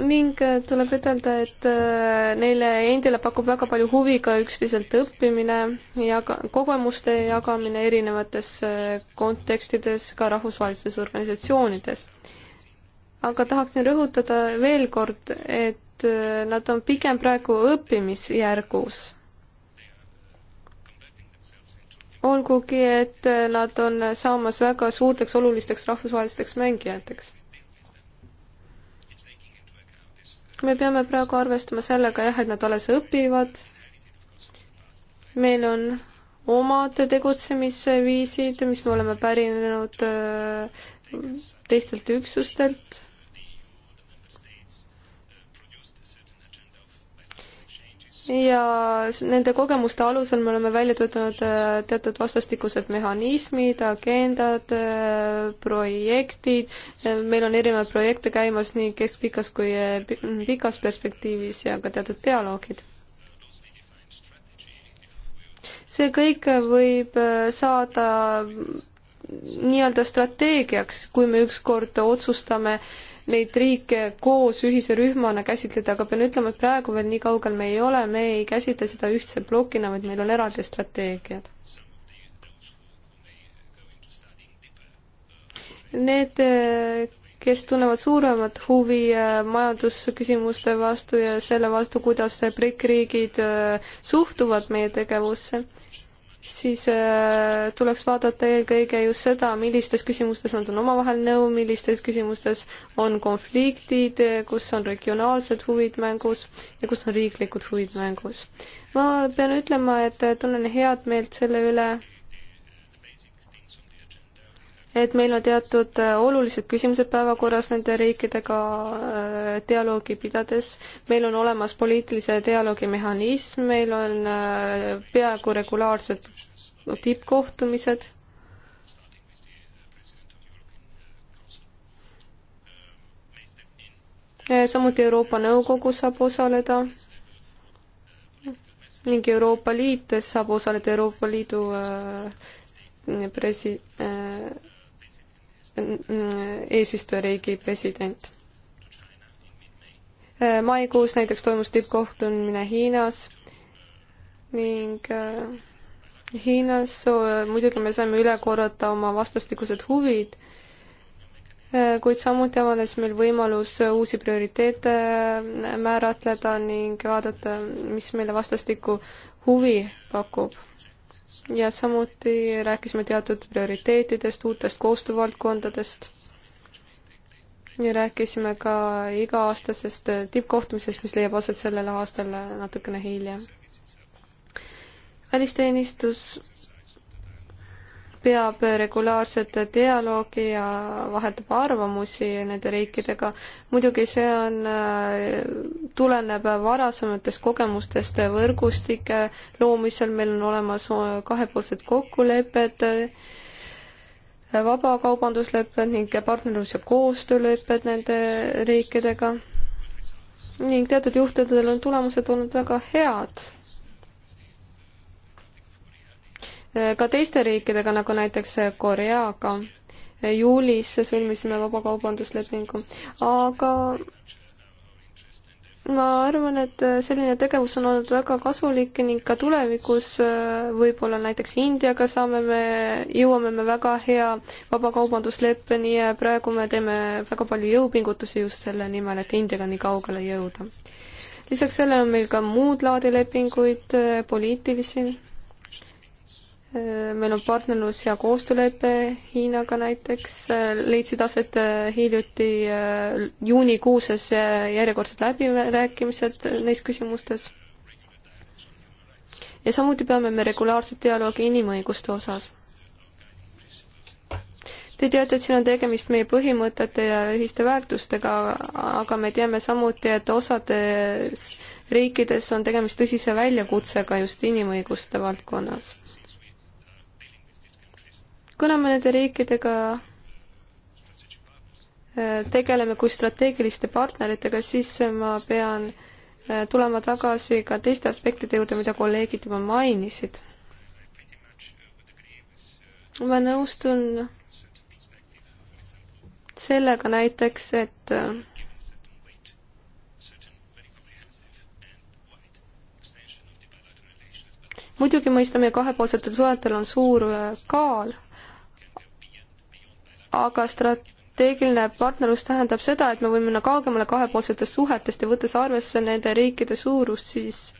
ning äh, tuleb ütelda, et äh, neile endile pakub väga palju huvi ka üksteiselt õppimine ja ka kogemuste jagamine erinevates äh, kontekstides, ka rahvusvahelistes organisatsioonides. aga tahaksin rõhutada veel kord, et nad on pigem praegu õppimisjärgus. olgugi, et nad on saamas väga suurteks olulisteks rahvusvahelisteks mängijateks me peame praegu arvestama sellega jah, et nad alles õpivad. meil on omad tegutsemisviisid, mis me oleme pärinenud äh, teistelt üksustelt ja nende kogemuste alusel me oleme välja töötanud äh, teatud vastastikused mehhanismid, agendad, äh, projektid, äh, meil on erinevaid projekte käimas nii keskpikas kui pikas perspektiivis ja ka teatud dialoogid. see kõik võib saada mm, nii-öelda strateegiaks, kui me ükskord otsustame äh, neid riike koos ühise rühmana käsitleda, aga pean ütlema, et praegu veel nii kaugel me ei ole, me ei käsitle seda ühtse plokina, vaid meil on eraldi strateegiad. Need, kes tunnevad suuremat huvi äh, majandusküsimuste vastu ja selle vastu, kuidas BRIC riigid äh, suhtuvad meie tegevusse siis äh, tuleks vaadata eelkõige just seda, millistes küsimustes nad on omavahel nõu, millistes küsimustes on konfliktid, kus on regionaalsed huvid mängus ja kus on riiklikud huvid mängus. ma pean ütlema, et tunnen head meelt selle üle, et meil on teatud äh, olulised küsimused päevakorras nende riikidega äh, dialoogi pidades. meil on olemas poliitilise dialoogi mehhanism, meil on äh, peaaegu regulaarsed tippkohtumised. samuti Euroopa Nõukogu saab osaleda ning Euroopa Liit saab osaleda Euroopa Liidu presi-, eesistujariigi president. Äh, maikuus näiteks toimus tippkohtumine Hiinas ning äh, Hiinas äh, muidugi me saime üle korrata oma vastastikused huvid, kuid samuti avanes meil võimalus uusi prioriteete määratleda ning vaadata, mis meile vastastikku huvi pakub ja samuti rääkisime teatud prioriteetidest, uutest koostöövaldkondadest ja rääkisime ka iga-aastasest tippkohtumisest, mis leiab aset sellel aastal natukene hiljem. välisteenistus peab regulaarset dialoogi ja vahetab arvamusi nende riikidega. muidugi see on, äh, tuleneb varasematest kogemustest võrgustike loomisel, meil on olemas äh, kahepoolsed kokkulepped, äh, vabakaubanduslepped ning partnerlus- ja koostöölepped nende riikidega ning teatud juhtudel on tulemused olnud väga head ka teiste riikidega, nagu näiteks Koreaga. juulis sõlmisime vabakaubanduslepingu, aga ma arvan, et selline tegevus on olnud väga kasulik ning ka tulevikus äh, võib-olla näiteks Indiaga saame me, jõuame me väga hea vabakaubandusleppeni ja praegu me teeme väga palju jõupingutusi just selle nimel, et Indiaga nii kaugele jõuda. lisaks sellele on meil ka muud laadi lepinguid, äh, poliitilisi meil on partnerlus ja koostöölepe Hiinaga näiteks, leidsid aset äh, hiljuti äh, juunikuuses äh, järjekordsed läbirääkimised neis küsimustes. ja samuti peame me regulaarset dialoogi inimõiguste osas. Te teate, et siin on tegemist meie põhimõtete ja ühiste väärtustega, aga me teame samuti, et osades riikides on tegemist tõsise väljakutsega just inimõiguste valdkonnas kuna me nende riikidega äh, tegeleme kui strateegiliste partneritega, siis ma pean äh, tulema tagasi ka teiste aspektide juurde, mida kolleegid juba mainisid. ma nõustun sellega näiteks, et äh, muidugi mõistame, kahepoolsetel suhetel on suur kaal aga strateegiline partnerlus tähendab seda, et me võime minna kaugemale kahepoolsetest suhetest ja võttes arvesse nende riikide suurust, siis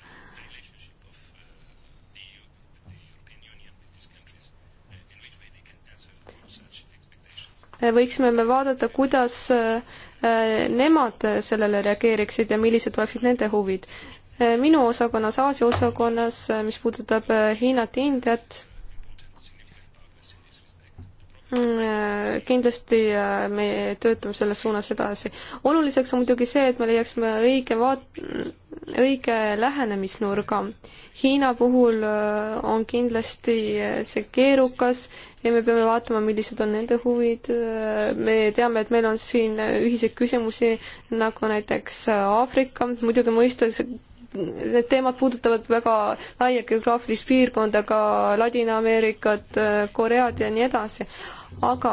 võiksime me vaadata, kuidas äh, nemad sellele reageeriksid ja millised oleksid nende huvid. Äh, minu osakonnas, Aasia osakonnas, äh, mis puudutab Hiinat, Indiat, Mm, äh, kindlasti äh, me töötame selles suunas edasi. oluliseks on muidugi see, et me leiaksime õige vaat-, õige lähenemisnurga. Hiina puhul äh, on kindlasti see keerukas ja me peame vaatama, millised on nende huvid. me teame, et meil on siin ühiseid küsimusi, nagu näiteks Aafrika, muidugi mõistes need teemad puudutavad väga laia geograafilist piirkonda, ka Ladina-Ameerikat, Koread ja nii edasi. aga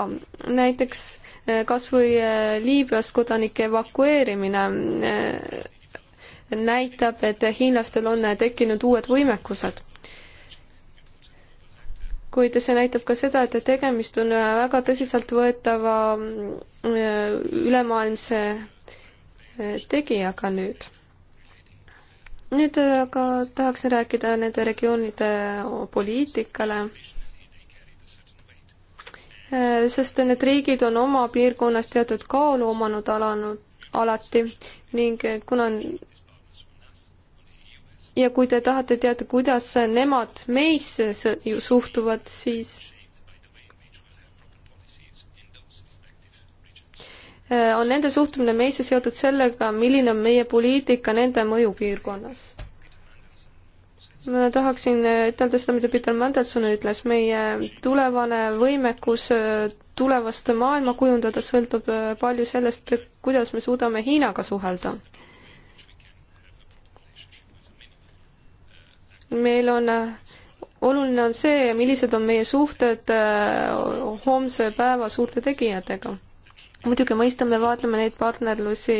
näiteks eh, kas või eh, Liibüas kodanike evakueerimine eh, näitab, et hiinlastel on tekkinud uued võimekused kuid see näitab ka seda, et tegemist on väga tõsiseltvõetava ülemaailmse tegijaga nüüd nüüd aga tahaksin rääkida nende regioonide poliitikale, sest need riigid on oma piirkonnas teatud kaalu omanud alanud, alati ning kuna ja kui te tahate teada, kuidas nemad meisse suhtuvad, siis Äh, on nende suhtumine meisse seotud sellega, milline on meie poliitika nende mõjupiirkonnas. ma tahaksin äh, ütelda seda, mida Peter Mandelson ütles, meie tulevane võimekus äh, tulevast maailma kujundada sõltub palju sellest, kuidas me suudame Hiinaga suhelda. meil on, oluline on see, millised on meie suhted homse päeva suurte tegijatega muidugi mõistame, vaatleme neid partnerlusi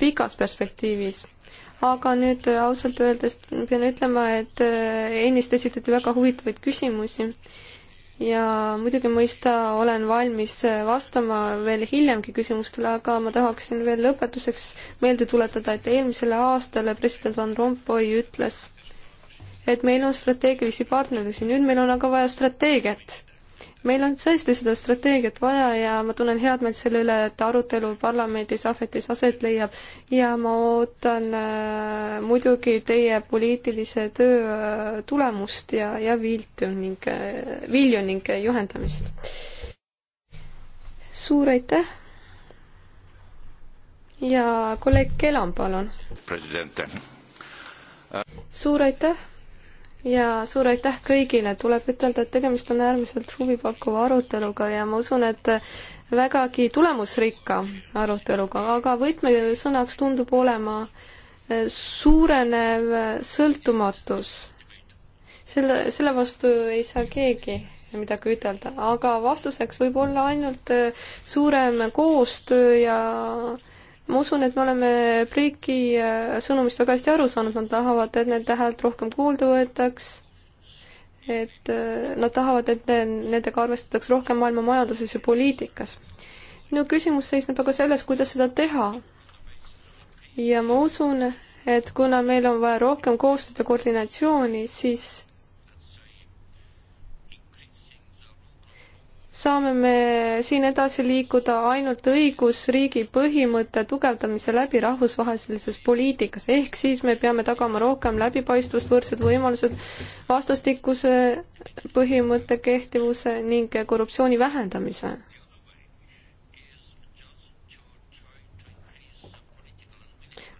pikas perspektiivis aga nüüd ausalt öeldes pean ütlema, et äh, ennist esitati väga huvitavaid küsimusi ja muidugi mõista olen valmis äh, vastama veel hiljemgi küsimustele, aga ma tahaksin veel lõpetuseks meelde tuletada, et eelmisele aastale president Van Rompuy ütles, et meil on strateegilisi partnerlusi, nüüd meil on aga vaja strateegiat meil on tõesti seda strateegiat vaja ja ma tunnen head meelt selle üle, et arutelu parlamendis ahvetis aset leiab ja ma ootan äh, muidugi teie poliitilise töö äh, tulemust ja, ja viltu ning äh,, vilju ning juhendamist. suur aitäh! ja kolleeg Kelam, palun! suur aitäh! ja suur aitäh kõigile, tuleb ütelda, et tegemist on äärmiselt huvipakkuva aruteluga ja ma usun, et vägagi tulemusrikka aruteluga, aga võtmesõnaks tundub olema eh, suurenev sõltumatus. selle, selle vastu ei saa keegi midagi ütelda, aga vastuseks võib olla ainult eh, suurem koostöö ja ma usun, et me oleme Breiki äh, sõnumist väga hästi aru saanud, nad tahavad, et nende häält rohkem kuulda võetaks, et äh, nad tahavad, et nendega arvestataks rohkem maailma majanduses ja poliitikas. minu küsimus seisneb aga selles, kuidas seda teha. ja ma usun, et kuna meil on vaja rohkem koostööd ja koordinatsiooni, siis saame me siin edasi liikuda ainult õigusriigi põhimõtte tugevdamise läbi rahvusvahelises poliitikas, ehk siis me peame tagama rohkem läbipaistvust, võrdsed võimalused, vastastikuse põhimõtte kehtivuse ning korruptsiooni vähendamise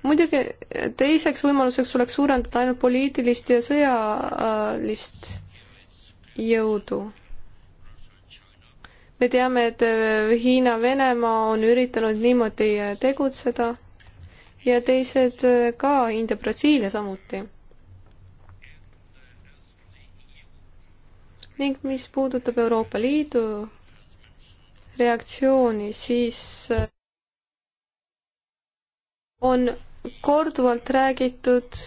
muidugi teiseks võimaluseks oleks suurendada ainult poliitilist ja sõjalist jõudu me teame, et äh, Hiina, Venemaa on üritanud niimoodi äh, tegutseda ja teised äh, ka, India, Brasiilia samuti. ning mis puudutab Euroopa Liidu reaktsiooni, siis on korduvalt räägitud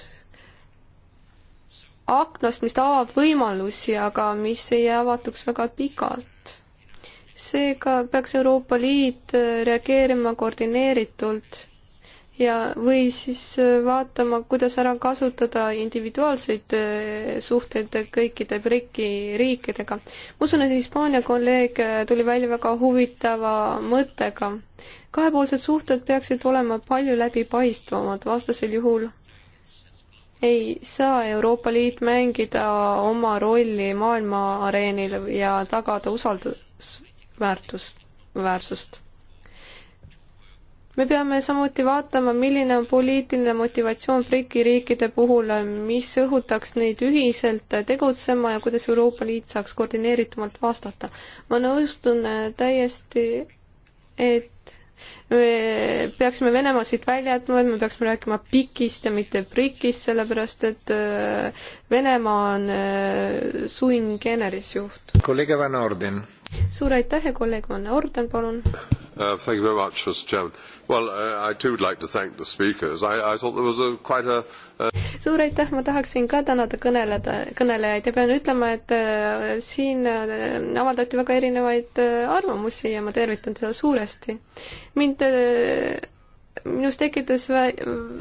aknast, mis avab võimalusi, aga mis ei avatuks väga pikalt seega peaks Euroopa Liit äh, reageerima koordineeritult ja, või siis äh, vaatama, kuidas ära kasutada individuaalseid äh, suhteid kõikide BRICS-i riikidega. ma usun, et Hispaania kolleeg tuli välja väga huvitava mõttega. kahepoolsed suhted peaksid olema palju läbipaistvamad, vastasel juhul ei saa Euroopa Liit mängida oma rolli maailma areenil ja tagada usaldus, väärtust, väärsust. me peame samuti vaatama, milline on poliitiline motivatsioon BRICS-i riikide puhul, mis õhutaks neid ühiselt tegutsema ja kuidas Euroopa Liit saaks koordineeritumalt vastata. ma nõustun täiesti, et me peaksime Venemaa siit välja jätma, et me peaksime rääkima PIK-ist ja mitte BRIC-ist, sellepärast et äh, Venemaa on äh, sui generis juht. kolleeg Van Orden suur aitäh ja kolleeg Vanne Orden, palun uh,. Thank you very much, Mr Chairman. Well uh, I too would like to thank the speakers, I, I thought there was a quite a uh... suur aitäh, ma tahaksin ka tänada kõneleda, kõnelejaid ja pean ütlema, et uh, siin uh, avaldati väga erinevaid uh, arvamusi ja ma tervitan teda suuresti. mind uh,, minus tekitas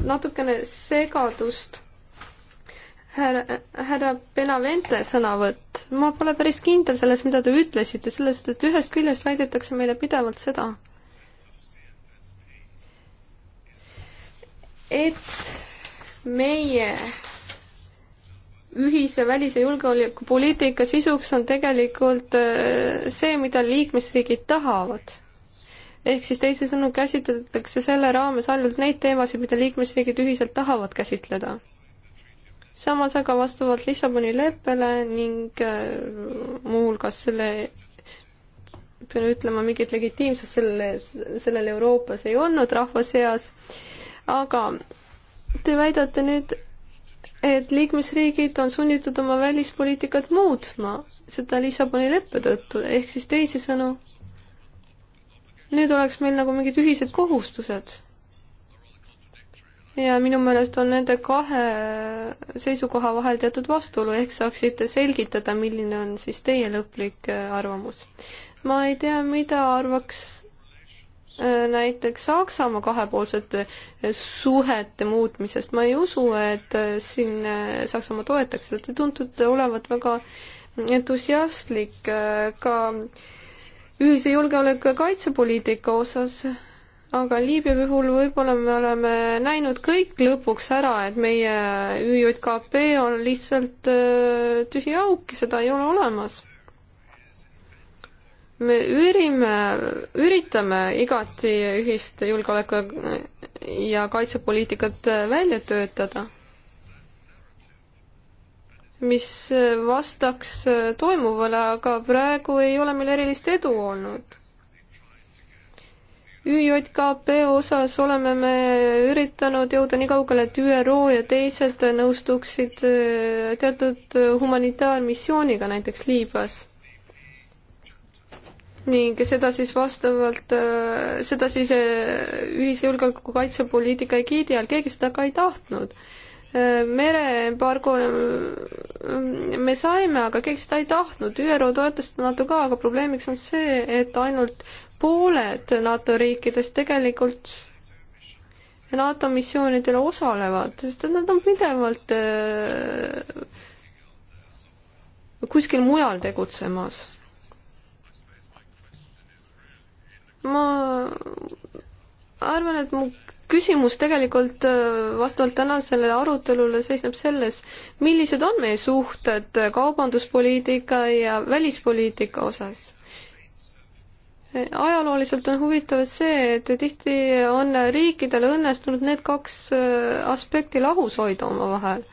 natukene segadust härra, härra Benavente sõnavõtt, ma pole päris kindel selles, mida te ütlesite, sellest, et ühest küljest väidetakse meile pidevalt seda, et meie ühise välis- ja julgeolekupoliitika sisuks on tegelikult äh, see, mida liikmesriigid tahavad. ehk siis teisisõnu käsitletakse selle raames ainult neid teemasid, mida liikmesriigid ühiselt tahavad käsitleda samas aga vastavalt Lissaboni leppele ning äh, muuhulgas selle pean ütlema, mingit legitiimsust selle, sellel Euroopas ei olnud rahva seas. aga te väidate nüüd, et liikmesriigid on sunnitud oma välispoliitikat muutma, seda Lissaboni leppe tõttu, ehk siis teisisõnu, nüüd oleks meil nagu mingid ühised kohustused ja minu meelest on nende kahe seisukoha vahel teatud vastuolu, ehk saaksite selgitada, milline on siis teie lõplik äh, arvamus. ma ei tea, mida arvaks äh, näiteks Saksamaa kahepoolsete äh, suhete muutmisest, ma ei usu, et siin Saksamaa toetaks seda, te tuntute olevat väga entusiastlik ka ühise julgeoleku ja kaitsepoliitika osas aga Liibüa puhul võib-olla me oleme näinud kõik lõpuks ära, et meie ÜJKP on lihtsalt äh, tühi auk, seda ei ole olemas. me ürime, üritame igati ühist julgeoleku ja kaitsepoliitikat äh, välja töötada, mis äh, vastaks toimuvale, aga praegu ei ole meil erilist edu olnud ÜJKP osas oleme me üritanud jõuda nii kaugele, et ÜRO ja teised nõustuksid äh, teatud äh, humanitaarmissiooniga näiteks Liibüas. ning seda siis vastavalt, äh, seda siis ühise julgeoleku kaitsepoliitika egiidi all, keegi seda ka ei tahtnud mereembargo me saime, aga keegi seda ei tahtnud, ÜRO toetas NATO ka, aga probleemiks on see, et ainult pooled NATO riikidest tegelikult NATO missioonidel osalevad, sest nad on pidevalt äh, kuskil mujal tegutsemas. ma arvan, et mu küsimus tegelikult äh, vastavalt tänasele arutelule seisneb selles, millised on meie suhted kaubanduspoliitika ja välispoliitika osas ajalooliselt on huvitav see, et tihti on riikidel õnnestunud need kaks äh, aspekti lahus hoida omavahel.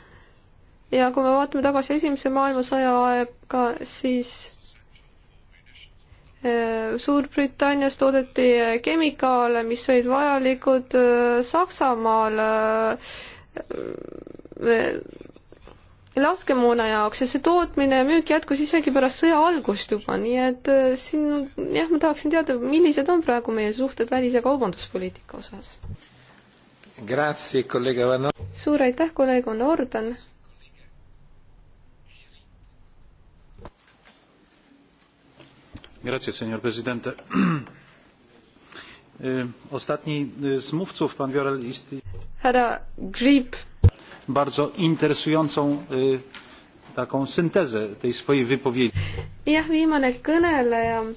ja kui me vaatame tagasi Esimese maailmasõja aega, siis äh, Suurbritannias toodeti kemikaale, mis olid vajalikud äh, Saksamaal laskemoona jaoks ja see tootmine ja müük jätkus isegi pärast sõja algust juba, nii et äh, siin jah, ma tahaksin teada, millised on praegu meie suhted välis- ja kaubanduspoliitika osas? suur aitäh, kolleeg Van Orden! panie prezydencie! Eh, ostatni eh, z mówców pan viorel isti. härra grzyb bardzo interesującą taką syntezę tej swojej wypowiedzi. jah, viimane kõneleja, um,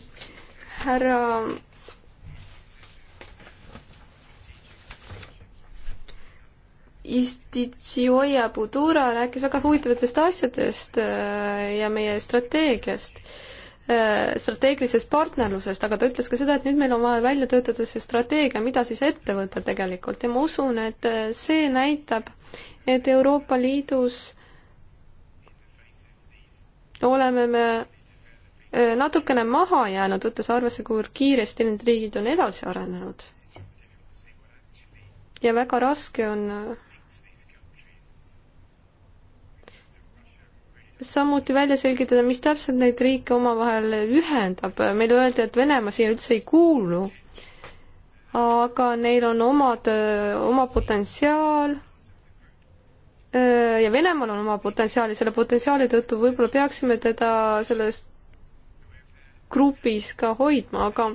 härra Istitsioia Budura rääkis väga huvitavatest asjadest e, ja meie strateegiast, e, strateegilisest partnerlusest, aga ta ütles ka seda, et nüüd meil on vaja välja töötada see strateegia, mida siis ette võtta tegelikult ja ma usun, et e, see näitab, et Euroopa Liidus oleme me äh, natukene maha jäänud, võttes arvesse, kuivõrd kiiresti need riigid on edasi arenenud. ja väga raske on äh, samuti välja selgitada, mis täpselt neid riike omavahel ühendab. meile öeldi, et Venemaa siia üldse ei kuulu. aga neil on omad, äh, oma potentsiaal ja Venemaal on oma potentsiaali, selle potentsiaali tõttu võib-olla peaksime teda selles grupis ka hoidma, aga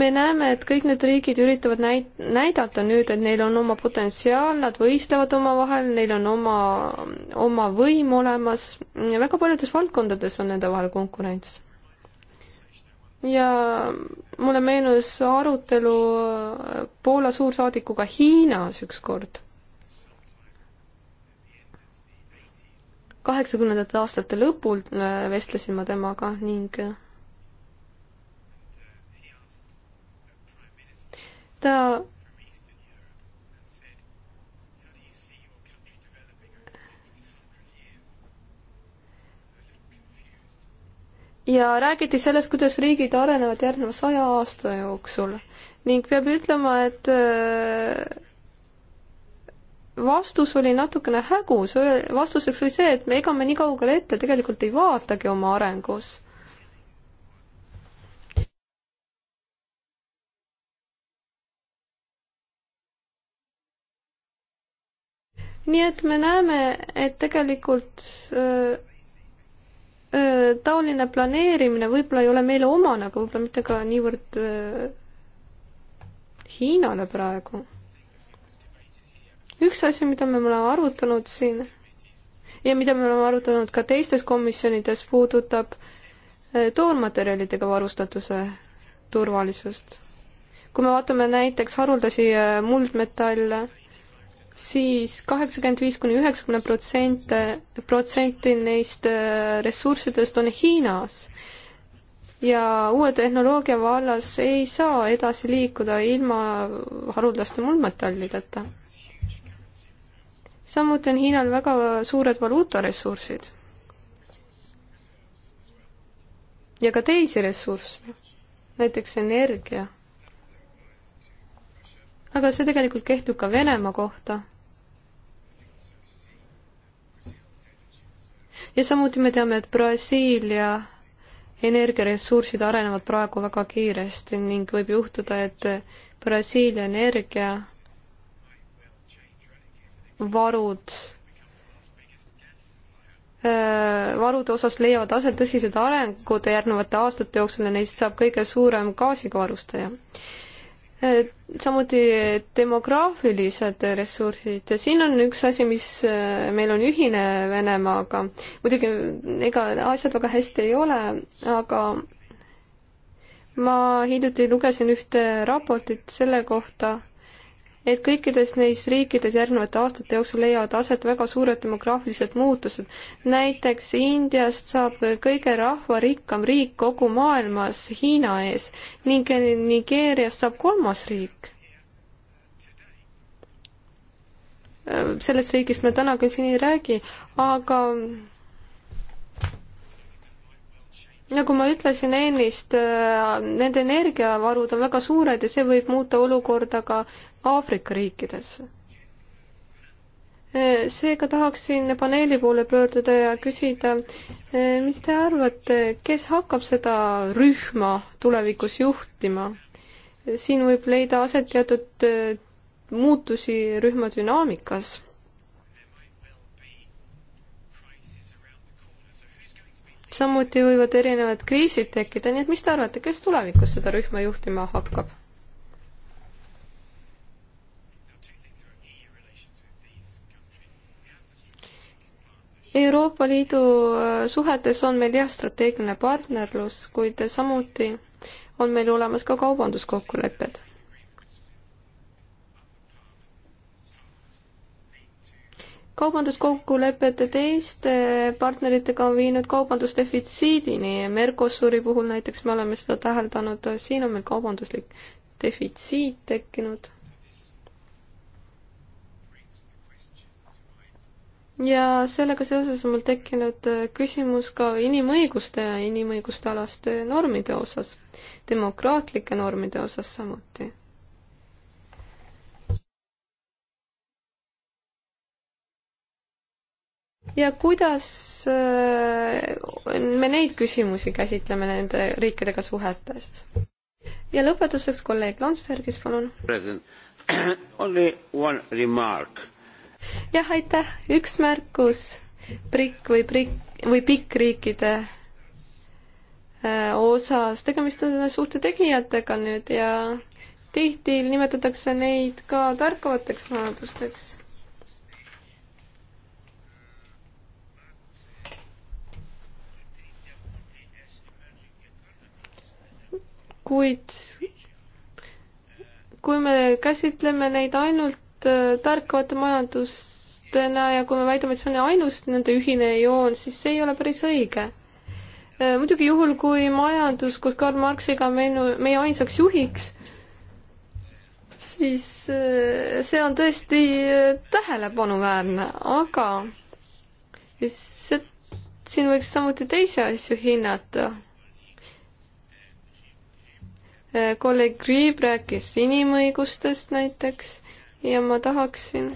me näeme, et kõik need riigid üritavad näit-, näidata nüüd, et neil on oma potentsiaal, nad võistlevad omavahel, neil on oma, oma võim olemas ja väga paljudes valdkondades on nende vahel konkurents. ja mulle meenus arutelu Poola suursaadikuga Hiinas ükskord kaheksakümnendate aastate lõpul äh, vestlesin ma temaga ning äh, ta ja räägiti sellest, kuidas riigid arenevad järgneva saja aasta jooksul ning peab ütlema, et äh, vastus oli natukene hägus, vastuseks oli see, et me, ega me nii kaugele ette tegelikult ei vaatagi oma arengus. nii et me näeme, et tegelikult öö, öö, taoline planeerimine võib-olla ei ole meile omane, aga võib-olla mitte ka niivõrd öö, Hiinale praegu üks asi, mida me oleme arutanud siin ja mida me oleme arutanud ka teistes komisjonides, puudutab eh, toormaterjalidega varustatuse turvalisust. kui me vaatame näiteks haruldasi eh, muldmetalle, siis kaheksakümmend viis kuni üheksakümne protsente, protsenti neist eh, ressurssidest on Hiinas. ja uue tehnoloogia vallas ei saa edasi liikuda ilma haruldaste muldmetallideta samuti on Hiinal väga suured valuutaressursid ja ka teisi ressursse, näiteks energia. aga see tegelikult kehtib ka Venemaa kohta. ja samuti me teame, et Brasiilia energiaressursid arenevad praegu väga kiiresti ning võib juhtuda, et Brasiilia energia varud varude osas leiavad aset tõsised arengud järgnevate aastate jooksul ja neist saab kõige suurem gaasiga varustaja. samuti demograafilised ressursid ja siin on üks asi, mis meil on ühine Venemaaga. muidugi ega asjad väga hästi ei ole, aga ma hiljuti lugesin ühte raportit selle kohta, et kõikides neis riikides järgnevate aastate jooksul leiavad aset väga suured demograafilised muutused. näiteks Indiast saab kõige rahvarikkam riik kogu maailmas Hiina ees ning Nigeeriast saab kolmas riik. sellest riigist me täna küll siin ei räägi, aga nagu ma ütlesin ennist, äh, nende energiavarud on väga suured ja see võib muuta olukorda ka Aafrika riikidesse. seega tahaksin paneeli poole pöörduda ja küsida, mis te arvate, kes hakkab seda rühma tulevikus juhtima? siin võib leida aset teatud muutusi rühma dünaamikas samuti võivad erinevad kriisid tekkida, nii et mis te arvate, kes tulevikus seda rühma juhtima hakkab? Euroopa Liidu äh, suhetes on meil jah, strateegiline partnerlus, kuid samuti on meil olemas ka kaubanduskokkulepped. kaubanduskokkulepped teiste partneritega on viinud kaubandusdefitsiidini, Mercosuri puhul näiteks me oleme seda täheldanud, siin on meil kaubanduslik defitsiit tekkinud ja sellega seoses on mul tekkinud äh, küsimus ka inimõiguste ja inimõiguste alaste normide osas, demokraatlike normide osas samuti. ja kuidas äh, me neid küsimusi käsitleme nende riikidega suhetes? ja lõpetuseks kolleeg Landsbergis, palun. President, only one remark jah, aitäh, üks märkus BRIC või BRIC või BIC riikide äh, osas, tegemist on suurte tegijatega nüüd ja tihti nimetatakse neid ka tärkavateks majandusteks. kuid kui me käsitleme neid ainult tarkvate äh, majandustena ja kui me väidame, et see on ainus nende ühine joon, siis see ei ole päris õige. Äh, muidugi juhul, kui majandus koos Karl Marxiga on meie, meie ainsaks juhiks, siis äh, see on tõesti tähelepanuväärne, aga see, siin võiks samuti teisi asju hinnata kolleeg Riib rääkis inimõigustest näiteks ja ma tahaksin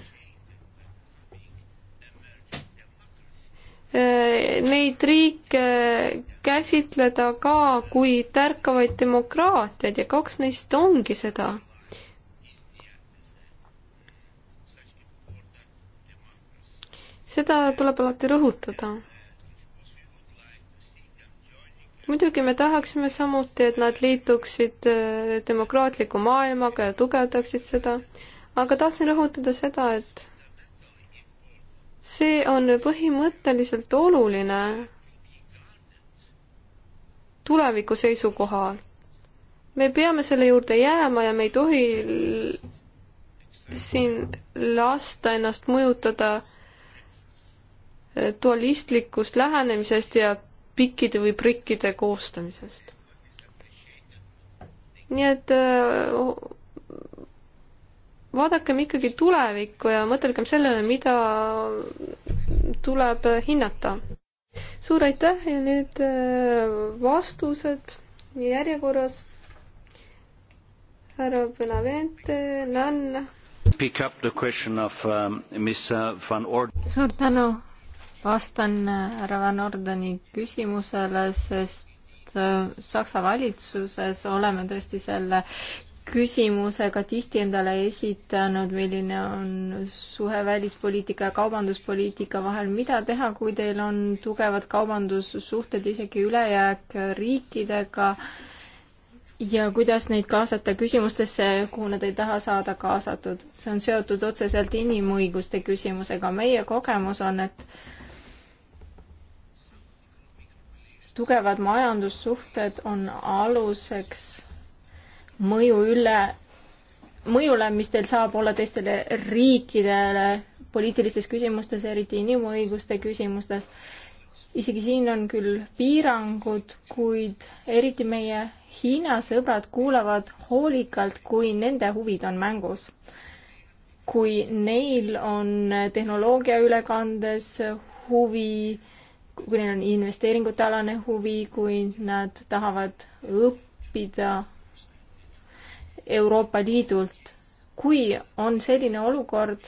äh, neid riike äh, käsitleda ka kui tärkavaid demokraatiaid ja kaks neist ongi seda. seda tuleb alati rõhutada. muidugi me tahaksime samuti, et nad liituksid äh, demokraatliku maailmaga ja tugevdaksid seda aga tahtsin rõhutada seda, et see on põhimõtteliselt oluline tuleviku seisukoha. me peame selle juurde jääma ja me ei tohi siin lasta ennast mõjutada e, dualistlikust lähenemisest ja pikkide või prikkide koostamisest. nii et e, vaadakem ikkagi tulevikku ja mõtelgem sellele, mida tuleb hinnata. suur aitäh ja nüüd äh, vastused järjekorras. härra Benavente, Nann. Pick up the question of um, Miss uh, Van Ord-. suur tänu, vastan äh, härra Van Ordeni küsimusele, sest äh, Saksa valitsuses oleme tõesti selle küsimusega tihti endale esitanud, milline on suhe välispoliitika ja kaubanduspoliitika vahel, mida teha, kui teil on tugevad kaubandussuhted isegi ülejääk riikidega ja kuidas neid kaasata küsimustesse, kuhu nad ei taha saada kaasatud. see on seotud otseselt inimõiguste küsimusega. meie kogemus on, et tugevad majandussuhted on aluseks mõju üle, mõjule, mis teil saab olla teistele riikidele poliitilistes küsimustes, eriti inimõiguste küsimustes. isegi siin on küll piirangud, kuid eriti meie Hiina sõbrad kuulavad hoolikalt, kui nende huvid on mängus. kui neil on tehnoloogia ülekandes huvi, kui neil on investeeringute alane huvi, kui nad tahavad õppida Euroopa Liidult. kui on selline olukord,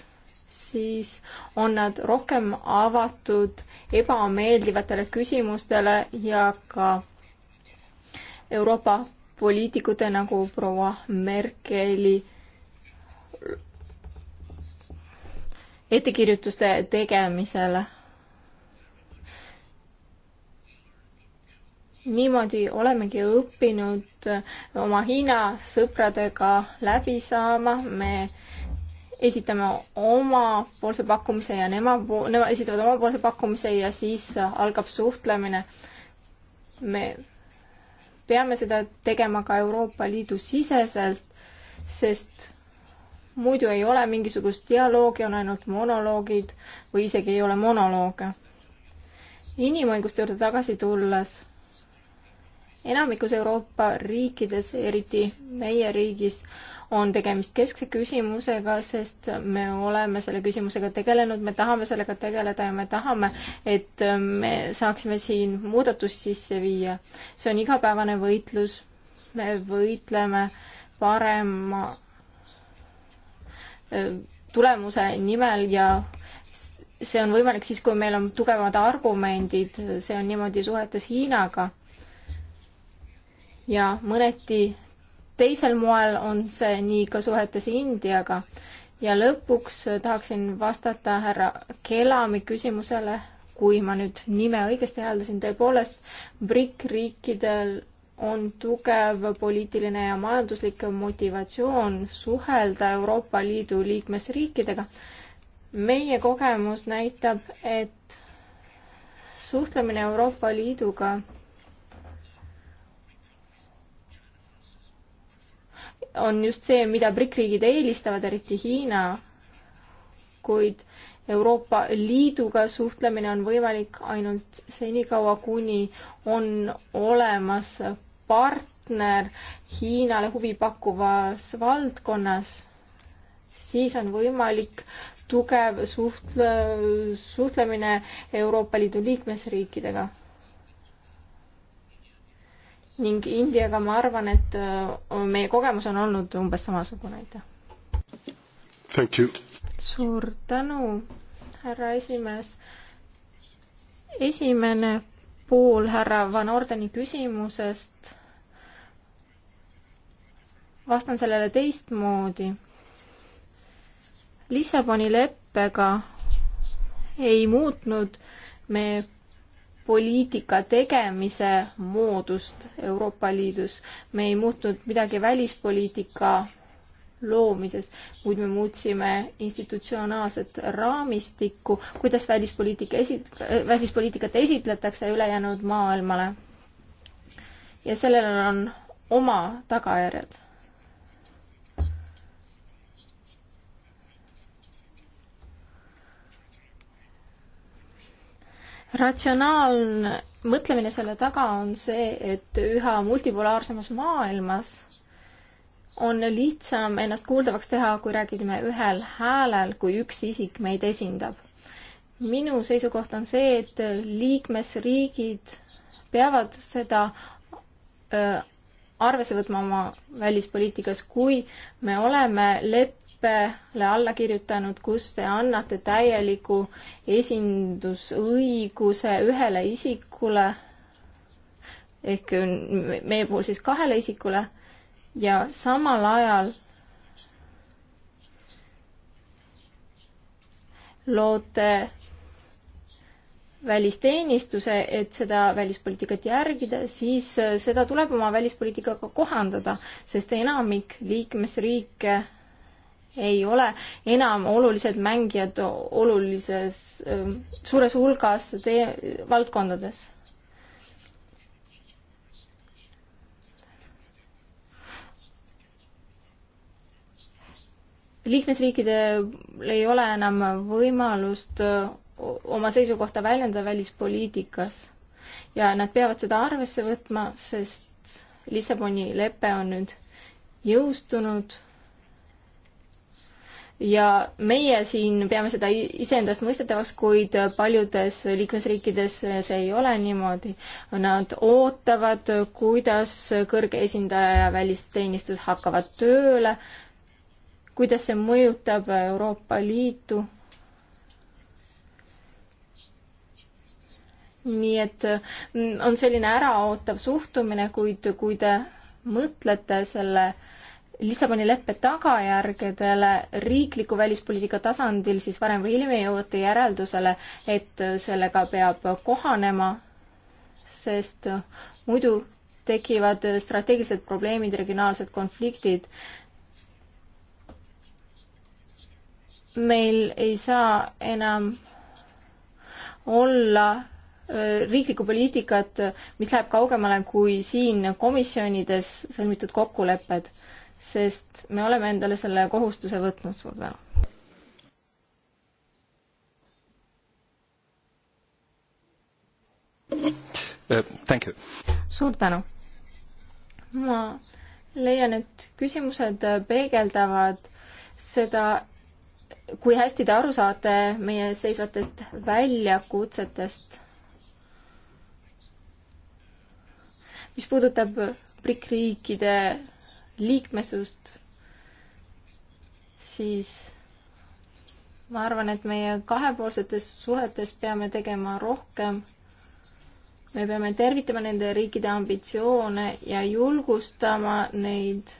siis on nad rohkem avatud ebameeldivatele küsimustele ja ka Euroopa poliitikute nagu proua Merkeli ettekirjutuste tegemisele niimoodi olemegi õppinud oma Hiina sõpradega läbi saama, me esitame omapoolse pakkumise ja nemad, nemad esitavad omapoolse pakkumise ja siis algab suhtlemine. me peame seda tegema ka Euroopa Liidu siseselt, sest muidu ei ole mingisugust dialoogi, on ainult monoloogid või isegi ei ole monolooge. inimõiguste juurde tagasi tulles enamikus Euroopa riikides, eriti meie riigis, on tegemist keskse küsimusega, sest me oleme selle küsimusega tegelenud, me tahame sellega tegeleda ja me tahame, et me saaksime siin muudatust sisse viia. see on igapäevane võitlus, me võitleme parema äh, tulemuse nimel ja see on võimalik siis, kui meil on tugevad argumendid, see on niimoodi suhetes Hiinaga ja mõneti teisel moel on see nii ka suhetes Indiaga. ja lõpuks tahaksin vastata härra Kelami küsimusele, kui ma nüüd nime õigesti hääldasin, tõepoolest BRIC riikidel on tugev poliitiline ja majanduslik motivatsioon suhelda Euroopa Liidu liikmesriikidega. meie kogemus näitab, et suhtlemine Euroopa Liiduga on just see, mida BRIC riigid eelistavad, eriti Hiina, kuid Euroopa Liiduga suhtlemine on võimalik ainult senikaua, kuni on olemas partner Hiinale huvi pakkuvas valdkonnas, siis on võimalik tugev suht-, suhtlemine Euroopa Liidu liikmesriikidega ning Indiaga ma arvan, et äh, meie kogemus on olnud umbes samasugune, aitäh. suur tänu, härra esimees. esimene pool härra Van Ordeni küsimusest. vastan sellele teistmoodi. Lissaboni leppega ei muutnud me poliitika tegemise moodust Euroopa Liidus. me ei muutnud midagi välispoliitika loomises, kuid me muutsime institutsionaalset raamistikku, kuidas välispoliitika esit-, välispoliitikat esitletakse ülejäänud maailmale. ja sellel on oma tagajärjed ratsionaalne mõtlemine selle taga on see, et üha multipolaarsemas maailmas on lihtsam ennast kuuldavaks teha, kui räägime ühel häälel, kui üks isik meid esindab. minu seisukoht on see, et liikmesriigid peavad seda öö, äh, arvesse võtma oma välispoliitikas, kui me oleme lep-, leppele alla kirjutanud, kus te annate täieliku esindusõiguse ühele isikule ehk meie puhul siis kahele isikule ja samal ajal loote välisteenistuse, et seda välispoliitikat järgida, siis seda tuleb oma välispoliitikaga kohandada, sest enamik liikmesriike ei ole enam olulised mängijad olulises, ähm, suures hulgas tee-, valdkondades. liikmesriikidel ei ole enam võimalust äh, oma seisukohta väljendada välispoliitikas ja nad peavad seda arvesse võtma, sest Lissaboni lepe on nüüd jõustunud ja meie siin peame seda iseendastmõistetavaks, kuid paljudes liikmesriikides see ei ole niimoodi. Nad ootavad, kuidas kõrge esindaja ja välisteenistus hakkavad tööle, kuidas see mõjutab Euroopa Liitu. nii et mm, on selline äraootav suhtumine, kuid kui te mõtlete selle äh, Lissaboni leppe tagajärgedele riikliku välispoliitika tasandil, siis varem või hiljem jõuate järeldusele, et sellega peab kohanema, sest muidu tekivad strateegilised probleemid, regionaalsed konfliktid. meil ei saa enam olla riiklikku poliitikat, mis läheb kaugemale kui siin komisjonides sõlmitud kokkulepped sest me oleme endale selle kohustuse võtnud, suur tänu. Uh, thank you. suur tänu. ma leian, et küsimused peegeldavad seda, kui hästi te aru saate meie seisvatest väljakutsetest. mis puudutab BRIC riikide liikmesust, siis ma arvan, et meie kahepoolsetes suhetes peame tegema rohkem. me peame tervitama nende riikide ambitsioone ja julgustama neid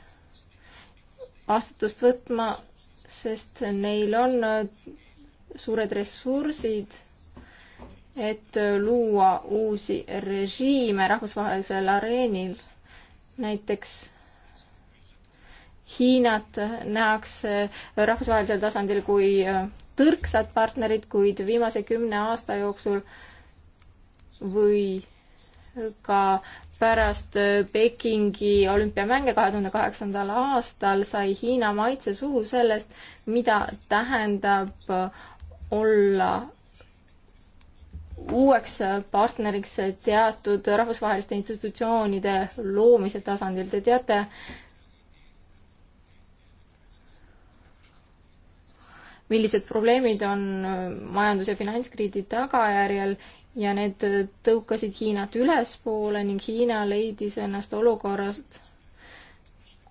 vastutust võtma, sest neil on äh, suured ressursid, et äh, luua uusi režiime rahvusvahelisel areenil. näiteks Hiinat nähakse rahvusvahelisel tasandil kui äh, tõrksat partnerit, kuid viimase kümne aasta jooksul või ka pärast äh, Pekingi olümpiamänge kahe tuhande kaheksandal aastal sai Hiina maitse suhu sellest, mida tähendab äh, olla uueks partneriks teatud rahvusvaheliste institutsioonide loomise tasandil. Te teate, millised probleemid on äh, majandus- ja finantskriidi tagajärjel ja need äh, tõukasid Hiinat ülespoole ning Hiina leidis ennast olukorrast,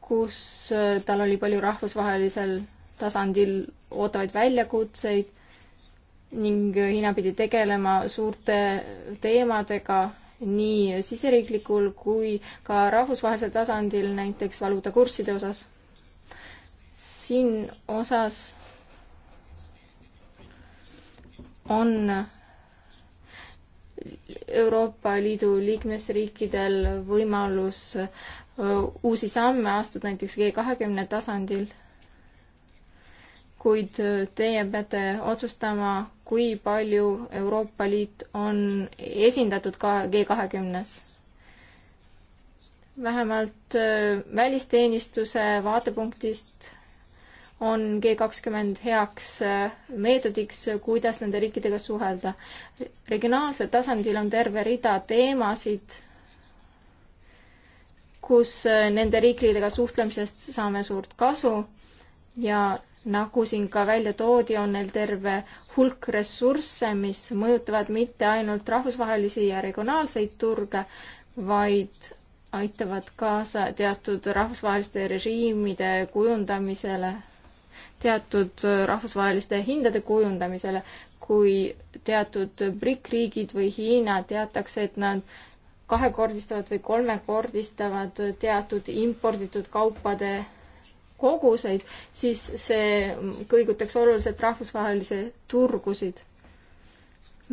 kus äh, tal oli palju rahvusvahelisel tasandil ootavaid väljakutseid ning Hiina pidi tegelema suurte teemadega nii siseriiklikul kui ka rahvusvahelisel tasandil, näiteks valuutakursside osas. siin osas on Euroopa Liidu liikmesriikidel võimalus uusi samme astuda näiteks G kahekümne tasandil, kuid teie peate otsustama, kui palju Euroopa Liit on esindatud ka G kahekümnes. vähemalt välisteenistuse vaatepunktist on G kakskümmend heaks äh, meetodiks, äh, kuidas nende riikidega suhelda. regionaalsel tasandil on terve rida teemasid, kus äh, nende riikidega suhtlemisest saame suurt kasu ja nagu siin ka välja toodi, on neil terve hulk ressursse, mis mõjutavad mitte ainult rahvusvahelisi ja regionaalseid turge, vaid aitavad kaasa teatud rahvusvaheliste režiimide kujundamisele teatud äh, rahvusvaheliste hindade kujundamisele, kui teatud BRIC riigid või Hiina teatakse, et nad kahekordistavad või kolmekordistavad teatud imporditud kaupade koguseid, siis see kõigutaks oluliselt rahvusvahelisi turgusid.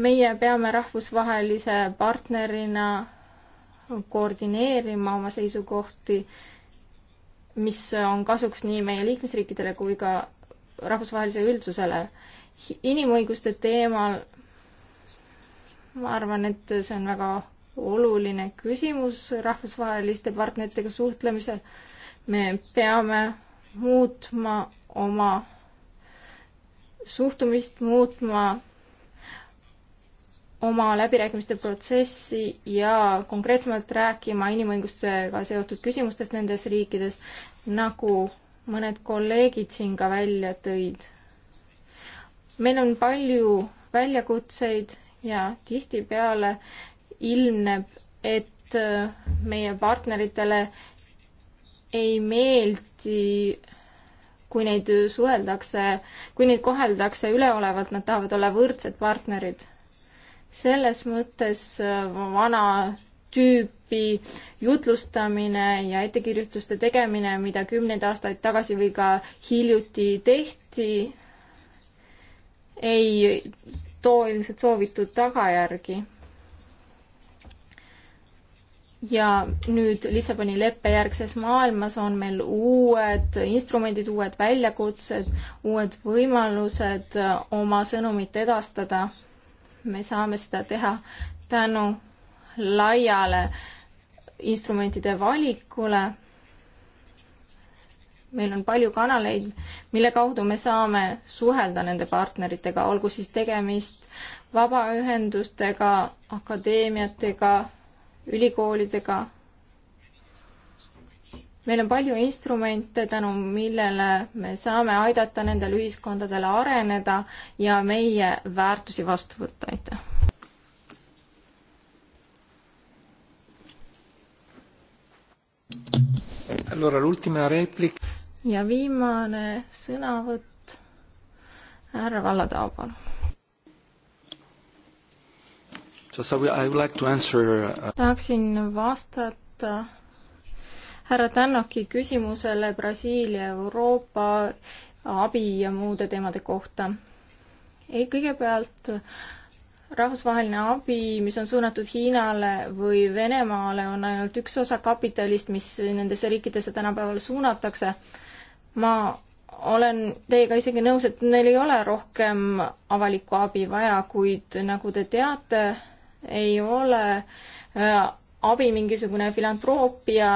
meie peame rahvusvahelise partnerina koordineerima oma seisukohti äh, mis on kasuks nii meie liikmesriikidele kui ka rahvusvahelisele üldsusele. inimõiguste teemal ma arvan, et see on väga oluline küsimus rahvusvaheliste partneritega suhtlemisel. me peame muutma oma suhtumist, muutma oma läbirääkimiste protsessi ja konkreetsemalt rääkima inimõigustega seotud küsimustest nendes riikides, nagu mõned kolleegid siin ka välja tõid. meil on palju väljakutseid ja tihtipeale ilmneb, et äh, meie partneritele ei meeldi kui neid suheldakse, kui neid koheldakse üleolevalt, nad tahavad olla võrdsed partnerid selles mõttes äh, vana tüüpi jutlustamine ja ettekirjutuste tegemine, mida kümneid aastaid tagasi või ka hiljuti tehti, ei too ilmselt soovitud tagajärgi. ja nüüd Lissaboni leppe järgses maailmas on meil uued instrumendid, uued väljakutsed, uued võimalused äh, oma sõnumit edastada me saame seda teha tänu laiale instrumentide valikule. meil on palju kanaleid, mille kaudu me saame suhelda nende partneritega, olgu siis tegemist vabaühendustega, akadeemiatega, ülikoolidega meil on palju instrumente, tänu millele me saame aidata nendel ühiskondadel areneda ja meie väärtusi vastu võtta, aitäh! Allora l'ultima replica. ja viimane sõnavõtt, härra Vallatao, palun. Uh, tahaksin vastata härra Tännoki küsimusele Brasiilia, Euroopa abi ja muude teemade kohta. ei, kõigepealt rahvusvaheline abi, mis on suunatud Hiinale või Venemaale, on ainult üks osa kapitalist, mis nendesse riikidesse tänapäeval suunatakse. ma olen teiega isegi nõus, et neil ei ole rohkem avalikku abi vaja, kuid nagu te teate, ei ole äh, abi mingisugune filantroopia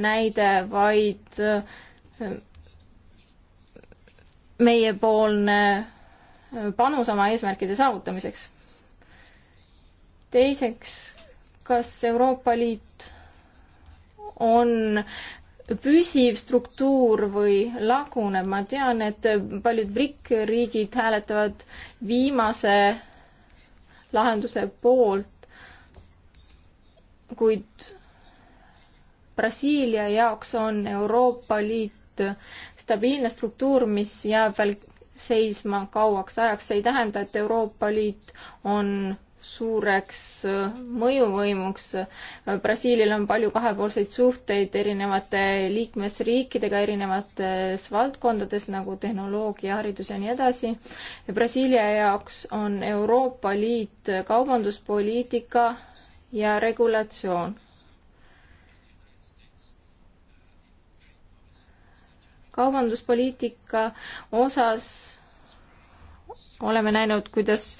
näide, vaid äh, meiepoolne äh, panus oma eesmärkide saavutamiseks. teiseks, kas Euroopa Liit on püsiv struktuur või laguneb, ma tean, et paljud BRIC riigid hääletavad viimase lahenduse poolt, kuid Brasiilia jaoks on Euroopa Liit stabiilne struktuur, mis jääb veel seisma kauaks ajaks, see ei tähenda, et Euroopa Liit on suureks mõjuvõimuks. Brasiilial on palju kahepoolseid suhteid erinevate liikmesriikidega erinevates valdkondades nagu tehnoloogia, haridus ja nii edasi. Brasiilia jaoks on Euroopa Liit kaubanduspoliitika ja regulatsioon. kaubanduspoliitika osas oleme näinud, kuidas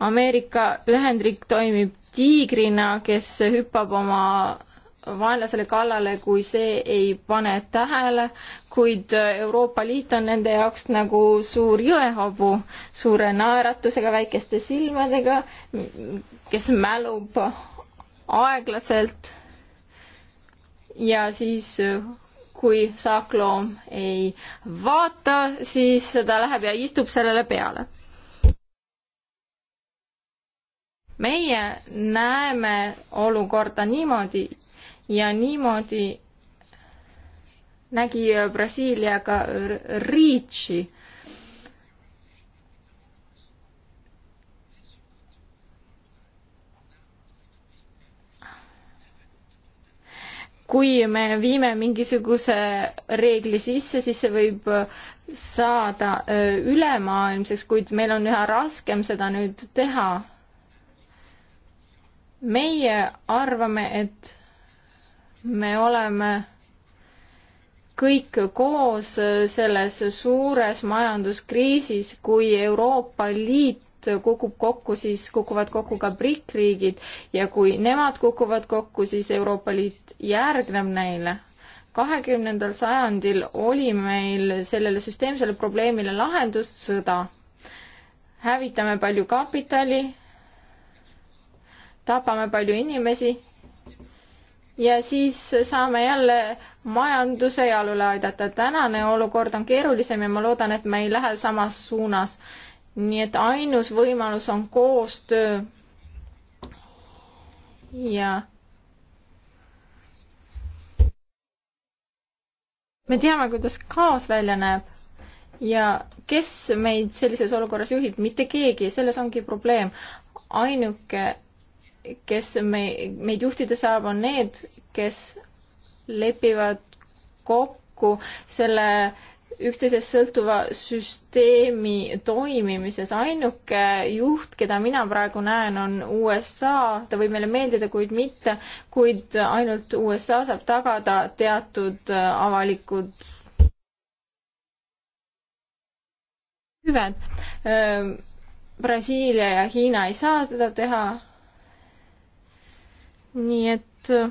Ameerika Ühendriik toimib tiigrina, kes hüppab oma vaenlasele kallale, kui see ei pane tähele, kuid Euroopa Liit on nende jaoks nagu suur jõehabu, suure naeratusega, väikeste silmadega, kes mälub aeglaselt. ja siis, kui saakloom ei vaata, siis ta läheb ja istub sellele peale meie näeme olukorda niimoodi, ja niimoodi nägi Brasiilia ka REACH-i kui me viime mingisuguse reegli sisse, siis see võib saada ülemaailmseks, kuid meil on üha raskem seda nüüd teha. meie arvame, et me oleme kõik koos selles suures majanduskriisis, kui Euroopa Liit kukub kokku, siis kukuvad kokku ka BRIC riigid ja kui nemad kukuvad kokku, siis Euroopa Liit järgneb neile. kahekümnendal sajandil oli meil sellele süsteemsele probleemile lahendus sõda. hävitame palju kapitali, tapame palju inimesi ja siis saame jälle majanduse jalule aidata. tänane olukord on keerulisem ja ma loodan, et me ei lähe samas suunas. nii et ainus võimalus on koostöö. ja me teame, kuidas kaos välja näeb ja kes meid sellises olukorras juhib, mitte keegi, selles ongi probleem. ainuke kes me, meid juhtida saab, on need, kes lepivad kokku selle üksteisest sõltuva süsteemi toimimises. ainuke juht, keda mina praegu näen, on USA, ta võib meile meeldida, kuid mitte, kuid ainult USA saab tagada teatud äh, avalikud hüved. Äh, Brasiilia ja Hiina ei saa seda teha nii et äh,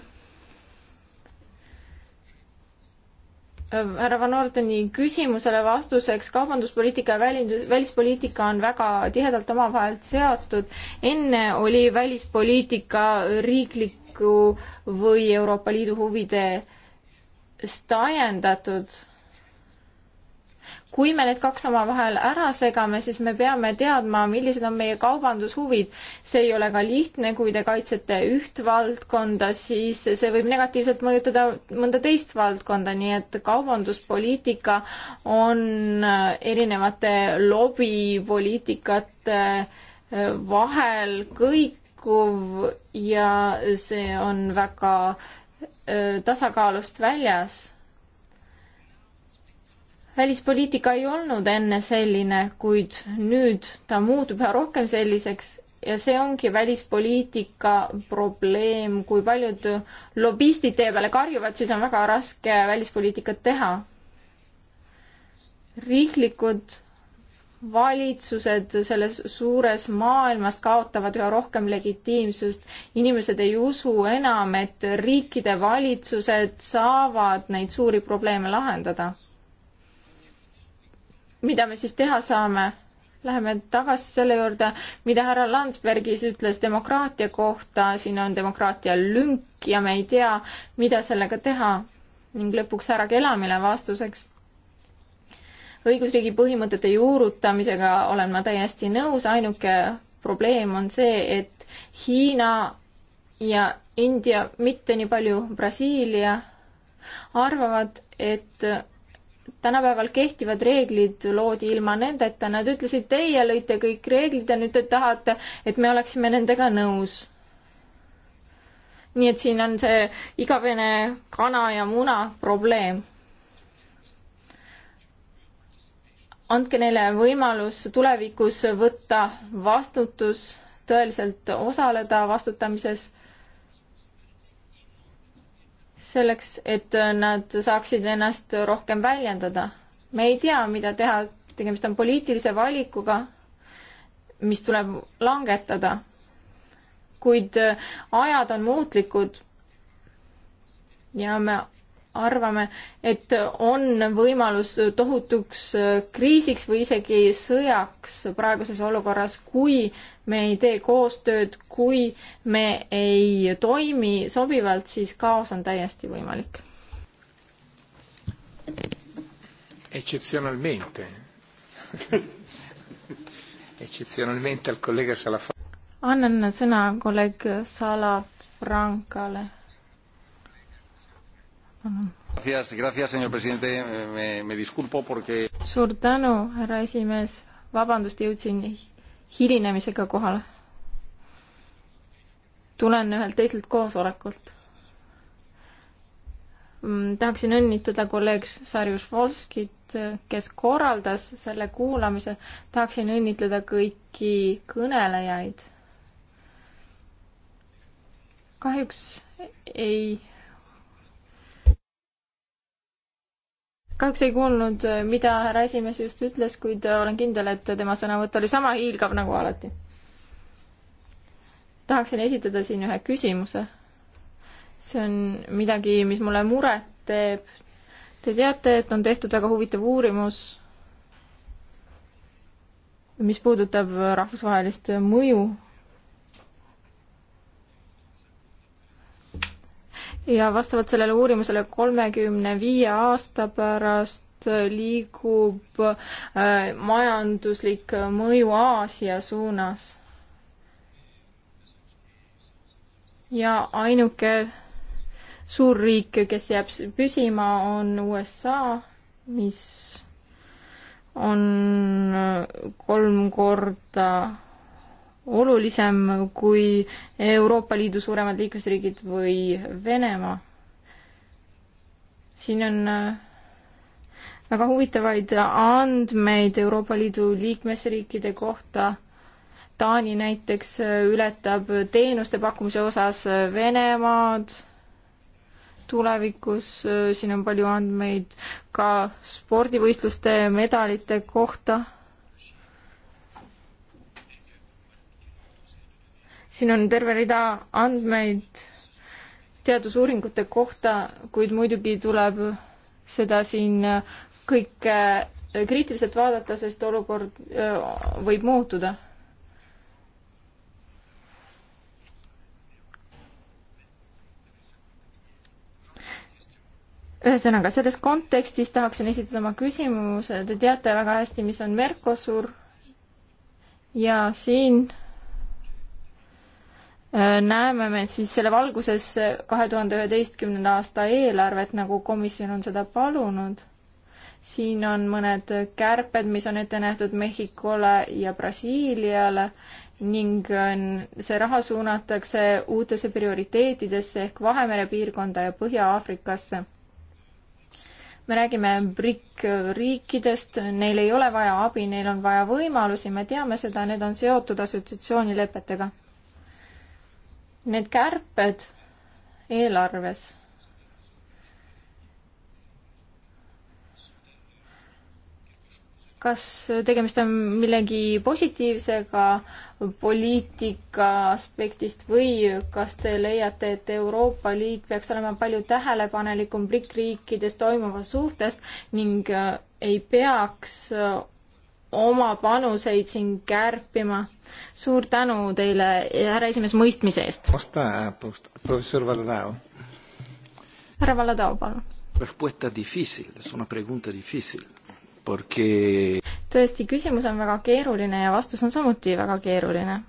härra Van Ordeni küsimusele vastuseks, kaubanduspoliitika ja välindus, välispoliitika on väga tihedalt omavahel seotud. enne oli välispoliitika riikliku või Euroopa Liidu huvidest ajendatud kui me need kaks omavahel ära segame, siis me peame teadma, millised on meie kaubandushuvid. see ei ole ka lihtne, kui te kaitsete üht valdkonda, siis see võib negatiivselt mõjutada mõnda teist valdkonda, nii et kaubanduspoliitika on erinevate lobipoliitikate eh, vahel kõikuv ja see on väga eh, tasakaalust väljas välispoliitika ei olnud enne selline, kuid nüüd ta muutub üha rohkem selliseks ja see ongi välispoliitika probleem, kui paljud lobistid tee peale karjuvad, siis on väga raske välispoliitikat teha. riiklikud valitsused selles suures maailmas kaotavad üha rohkem legitiimsust. inimesed ei usu enam, et riikide valitsused saavad neid suuri probleeme lahendada mida me siis teha saame? Läheme tagasi selle juurde, mida härra Landsbergis ütles demokraatia kohta, siin on demokraatia lünk ja me ei tea, mida sellega teha. ning lõpuks härra Kelamile vastuseks. õigusriigi põhimõtete juurutamisega olen ma täiesti nõus, ainuke probleem on see, et Hiina ja India, mitte nii palju Brasiilia, arvavad, et tänapäeval kehtivad reeglid loodi ilma nendeta, nad ütlesid, teie lõite kõik reeglid ja nüüd te tahate, et me oleksime nendega nõus. nii et siin on see igavene kana ja muna probleem. andke neile võimalus tulevikus võtta vastutus, tõeliselt osaleda vastutamises selleks, et nad saaksid ennast rohkem väljendada. me ei tea, mida teha, tegemist on poliitilise valikuga, mis tuleb langetada. kuid ajad on muutlikud ja me arvame, et on võimalus tohutuks äh, kriisiks või isegi sõjaks praeguses olukorras, kui me ei tee koostööd, kui me ei toimi sobivalt, siis kaos on täiesti võimalik. Eccezionalmente Eccezionalmente al kolleeg Salaf-. annan sõna kolleeg Salafrankale palun. suur tänu, härra esimees, vabandust, jõudsin hilinemisega kohale. tulen ühelt teiselt koosolekult. Mm, tahaksin õnnitleda kolleeg Sarjus Volskit, kes korraldas selle kuulamise. tahaksin õnnitleda kõiki kõnelejaid. kahjuks ei kahjuks ei kuulnud, mida härra esimees just ütles, kuid olen kindel, et tema sõnavõtt oli sama hiilgav nagu alati. tahaksin esitada siin ühe küsimuse. see on midagi, mis mulle muret teeb. Te teate, et on tehtud väga huvitav uurimus, mis puudutab rahvusvahelist mõju ja vastavalt sellele uurimusele kolmekümne viie aasta pärast liigub äh, majanduslik mõju Aasia suunas. ja ainuke suurriik, kes jääb püsima, on USA, mis on äh, kolm korda olulisem kui Euroopa Liidu suuremad liikmesriigid või Venemaa. siin on äh, väga huvitavaid andmeid Euroopa Liidu liikmesriikide kohta. Taani näiteks äh, ületab teenuste pakkumise osas äh, Venemaad tulevikus, siin on palju andmeid ka spordivõistluste medalite kohta siin on terve rida andmeid teadusuuringute kohta, kuid muidugi tuleb seda siin kõike äh, kriitiliselt vaadata, sest olukord äh, võib muutuda. ühesõnaga, selles kontekstis tahaksin esitada oma küsimuse, te teate väga hästi, mis on Mercosur ja siin näeme me siis selle valguses kahe tuhande üheteistkümnenda aasta eelarvet, nagu komisjon on seda palunud. siin on mõned kärped, mis on ette nähtud Mehhikole ja Brasiiliale ning see raha suunatakse uutesse prioriteetidesse ehk Vahemere piirkonda ja Põhja-Aafrikasse. me räägime BRIC riikidest, neil ei ole vaja abi, neil on vaja võimalusi, me teame seda, need on seotud assotsiatsioonilepetega need kärped eelarves kas tegemist on millegi positiivsega poliitika aspektist või kas te leiate, et Euroopa Liit peaks olema palju tähelepanelikum BRIC riikides toimuva suhtes ning äh, ei peaks oma panuseid siin kärpima. suur tänu teile, härra esimees, mõistmise eest. Äh, professor Valladao. härra Valladao, palun. Respuesta difícil, es una pregunta difícil, porque tõesti, küsimus on väga keeruline ja vastus on samuti väga keeruline.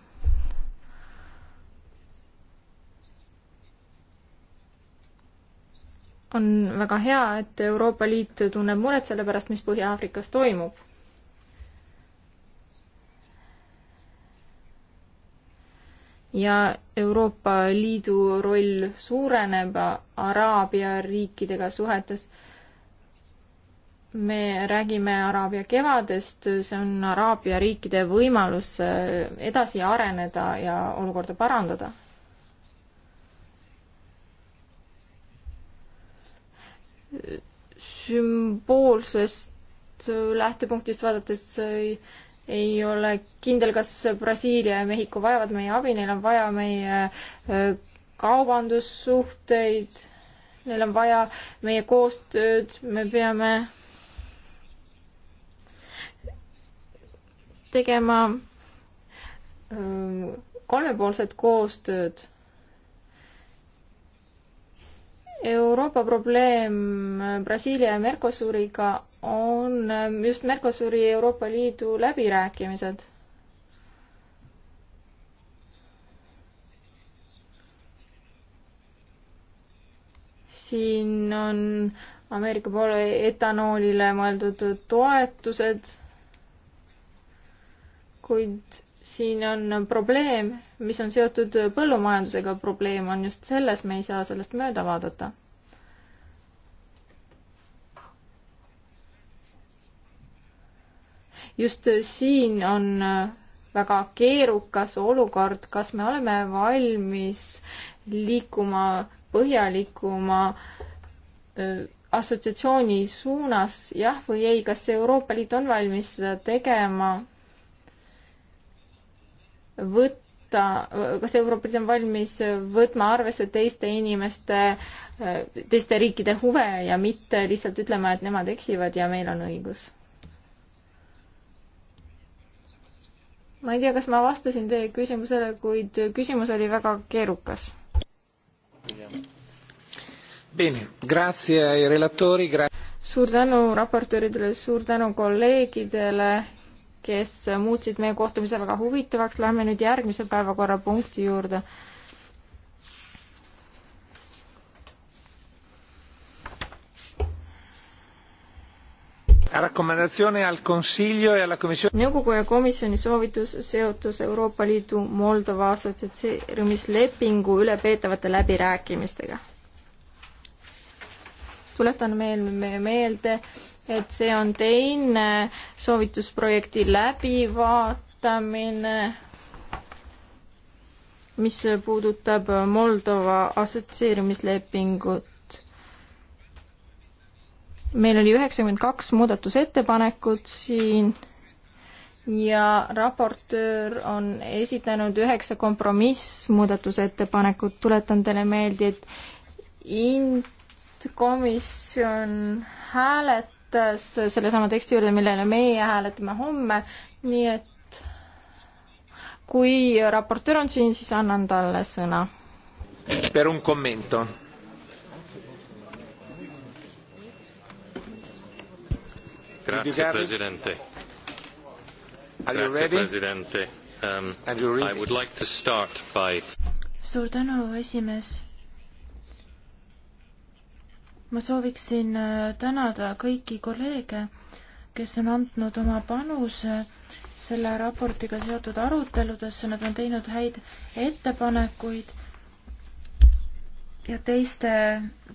on väga hea, et Euroopa Liit tunneb muret selle pärast, mis Põhja-Aafrikas toimub ja Euroopa Liidu roll suureneb Araabia riikidega suhetes. me räägime Araabia kevadest, see on Araabia riikide võimalus edasi areneda ja olukorda parandada. sümboolsest lähtepunktist vaadates ei ole kindel, kas Brasiilia ja Mehhiko vajavad meie abi, neil on vaja meie äh, kaubandussuhteid, neil on vaja meie koostööd, me peame tegema äh, kolmepoolset koostööd. Euroopa probleem Brasiilia ja Mercosuriga on ähm, just Mercosuri Euroopa Liidu läbirääkimised. siin on Ameerika poole etanoolile mõeldud toetused, kuid siin on probleem, mis on seotud põllumajandusega, probleem on just selles, me ei saa sellest mööda vaadata just siin on äh, väga keerukas olukord, kas me oleme valmis liikuma põhjalikuma äh, assotsiatsiooni suunas, jah või ei, kas Euroopa Liit on valmis seda tegema, võtta, äh, kas Euroopa Liit on valmis võtma arvesse teiste inimeste, teiste riikide huve ja mitte lihtsalt ütlema, et nemad eksivad ja meil on õigus? ma ei tea, kas ma vastasin teie küsimusele, kuid küsimus oli väga keerukas. suur tänu raportööridele, suur tänu kolleegidele, kes muutsid meie kohtumise väga huvitavaks, lähme nüüd järgmise päevakorrapunkti juurde E nõukogu ja komisjoni soovitus seotus Euroopa Liidu Moldova assotsieerimislepingu üle peetavate läbirääkimistega. tuletan meil meelde, et see on teine soovitusprojekti läbivaatamine, mis puudutab Moldova assotsieerimislepingut meil oli üheksakümmend kaks muudatusettepanekut siin ja raportöör on esitanud üheksa kompromissmuudatusettepanekut, tuletan teile meelde, et indkomisjon hääletas sellesama teksti juurde, millele meie hääletame homme, nii et kui raportöör on siin, siis annan talle sõna. Per un commento Grazie, Presidente. Are you ready? Presidente. Um, Are you ready? I would like to start by... Suur tänu, esimees. Ma sooviksin äh, tänada kõiki kolleege, kes on andnud oma panuse selle raportiga seotud aruteludesse. Nad on teinud häid ettepanekuid ja teiste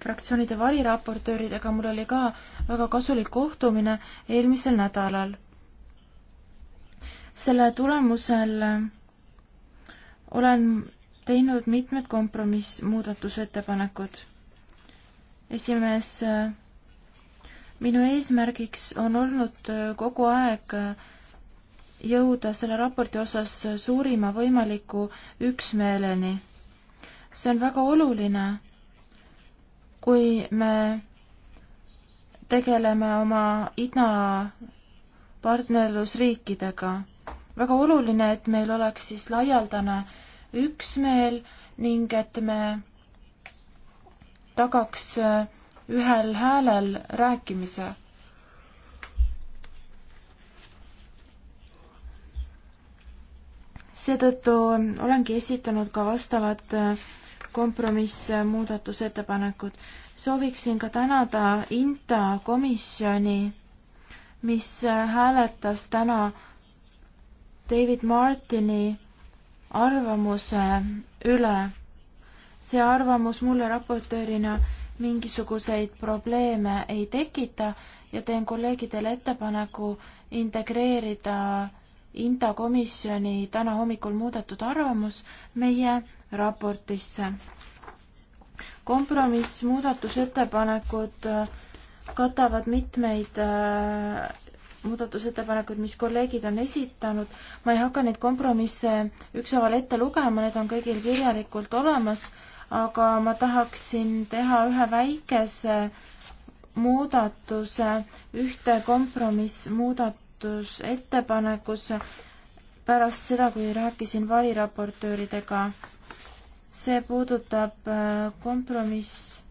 fraktsioonide variraportööridega mul oli ka väga kasulik kohtumine eelmisel nädalal. selle tulemusel olen teinud mitmed kompromissmuudatusettepanekud. esimees, minu eesmärgiks on olnud kogu aeg jõuda selle raporti osas suurima võimaliku üksmeeleni see on väga oluline, kui me tegeleme oma idapartnerlusriikidega. väga oluline, et meil oleks siis laialdane üksmeel ning et me tagaks äh, ühel häälel rääkimise. seetõttu olengi esitanud ka vastavad äh, kompromissmuudatusettepanekud. Äh, sooviksin ka tänada INTA komisjoni, mis äh, hääletas täna David Martini arvamuse üle. see arvamus mulle raportöörina mingisuguseid probleeme ei tekita ja teen kolleegidele ettepaneku integreerida Inta komisjoni täna hommikul muudetud arvamus meie raportisse. kompromiss, muudatusettepanekud äh, katavad mitmeid äh, muudatusettepanekud, mis kolleegid on esitanud, ma ei hakka neid kompromisse ükshaaval ette lugema, need on kõigil kirjalikult olemas, aga ma tahaksin teha ühe väikese muudatuse, ühte kompromissmuudatusettepanekusse pärast seda, kui rääkisin variraportööridega see puudutab äh, kompromiss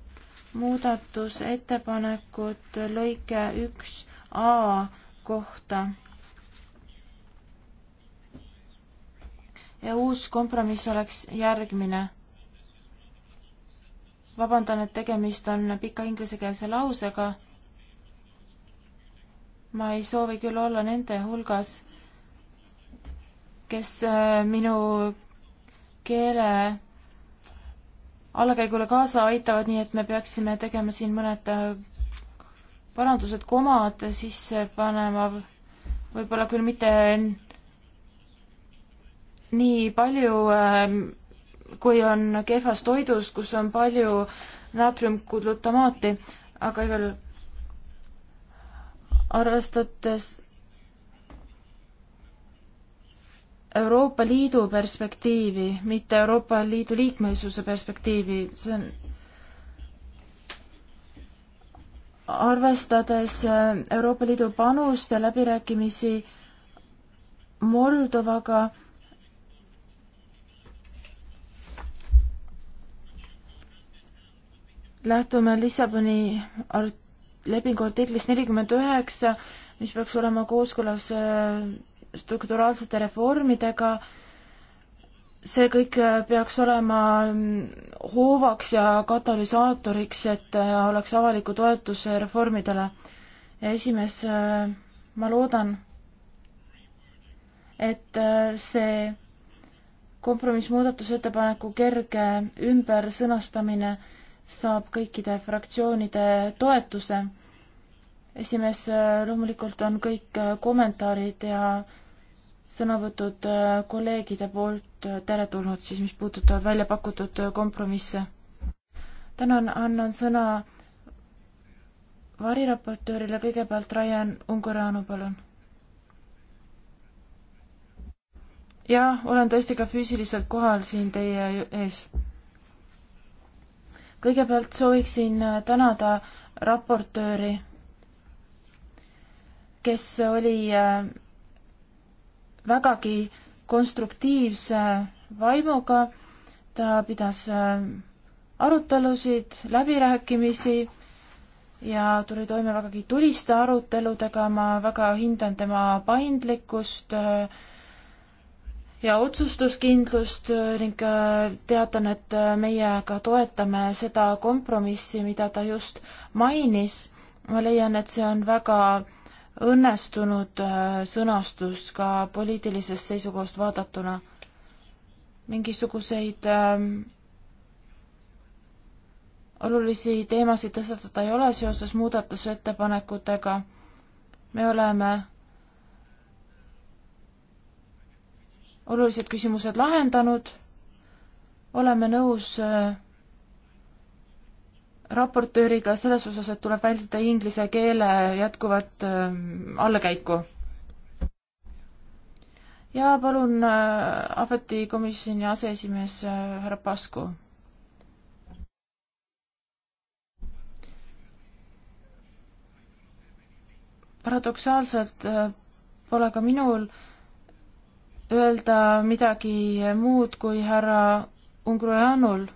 muudatusettepanekut lõike üks A kohta. ja uus kompromiss oleks järgmine. vabandan, et tegemist on pika inglisekeelse lausega. ma ei soovi küll olla nende hulgas, kes äh, minu keele allakäigule kaasa aitavad, nii et me peaksime tegema siin mõned äh, parandused, komad sisse panema, võib-olla küll mitte nii palju, ähm, kui on kehvas toidus, kus on palju naatriumglutamaati, aga igal arvestades Euroopa Liidu perspektiivi, mitte Euroopa Liidu liikmesuse perspektiivi, see on arvestades äh, Euroopa Liidu panust ja läbirääkimisi Moldovaga, lähtume Lissaboni art-, lepingu artiklist nelikümmend üheksa, mis peaks olema kooskõlas äh, strukturaalsete reformidega, see kõik peaks olema hoovaks ja katalüsaatoriks, et oleks avaliku toetuse reformidele. esimees, ma loodan, et see kompromissmuudatusettepaneku kerge ümbersõnastamine saab kõikide fraktsioonide toetuse esimees, äh, loomulikult on kõik äh, kommentaarid ja sõnavõtud äh, kolleegide poolt teretulnud siis, mis puudutavad välja pakutud kompromisse. tänan, annan sõna variraportöörile, kõigepealt Ryan Unguranu, palun. jah, olen tõesti ka füüsiliselt kohal siin teie ees. kõigepealt sooviksin tänada raportööri kes oli äh, vägagi konstruktiivse vaimuga, ta pidas äh, arutelusid, läbirääkimisi ja tuli toime vägagi tuliste aruteludega, ma väga hindan tema paindlikkust äh, ja otsustuskindlust ning teatan, et meie ka toetame seda kompromissi, mida ta just mainis. ma leian, et see on väga õnnestunud äh, sõnastus ka poliitilisest seisukohast vaadatuna. mingisuguseid äh, olulisi teemasid tõstatada ei ole seoses muudatusettepanekutega. me oleme olulised küsimused lahendanud, oleme nõus äh, raportööriga selles osas, et tuleb vältida inglise keele jätkuvat äh, allakäiku. ja palun äh, ametikomisjoni aseesimees äh, härra Pasku. paradoksaalselt äh, pole ka minul öelda midagi muud kui härra Ungrojanul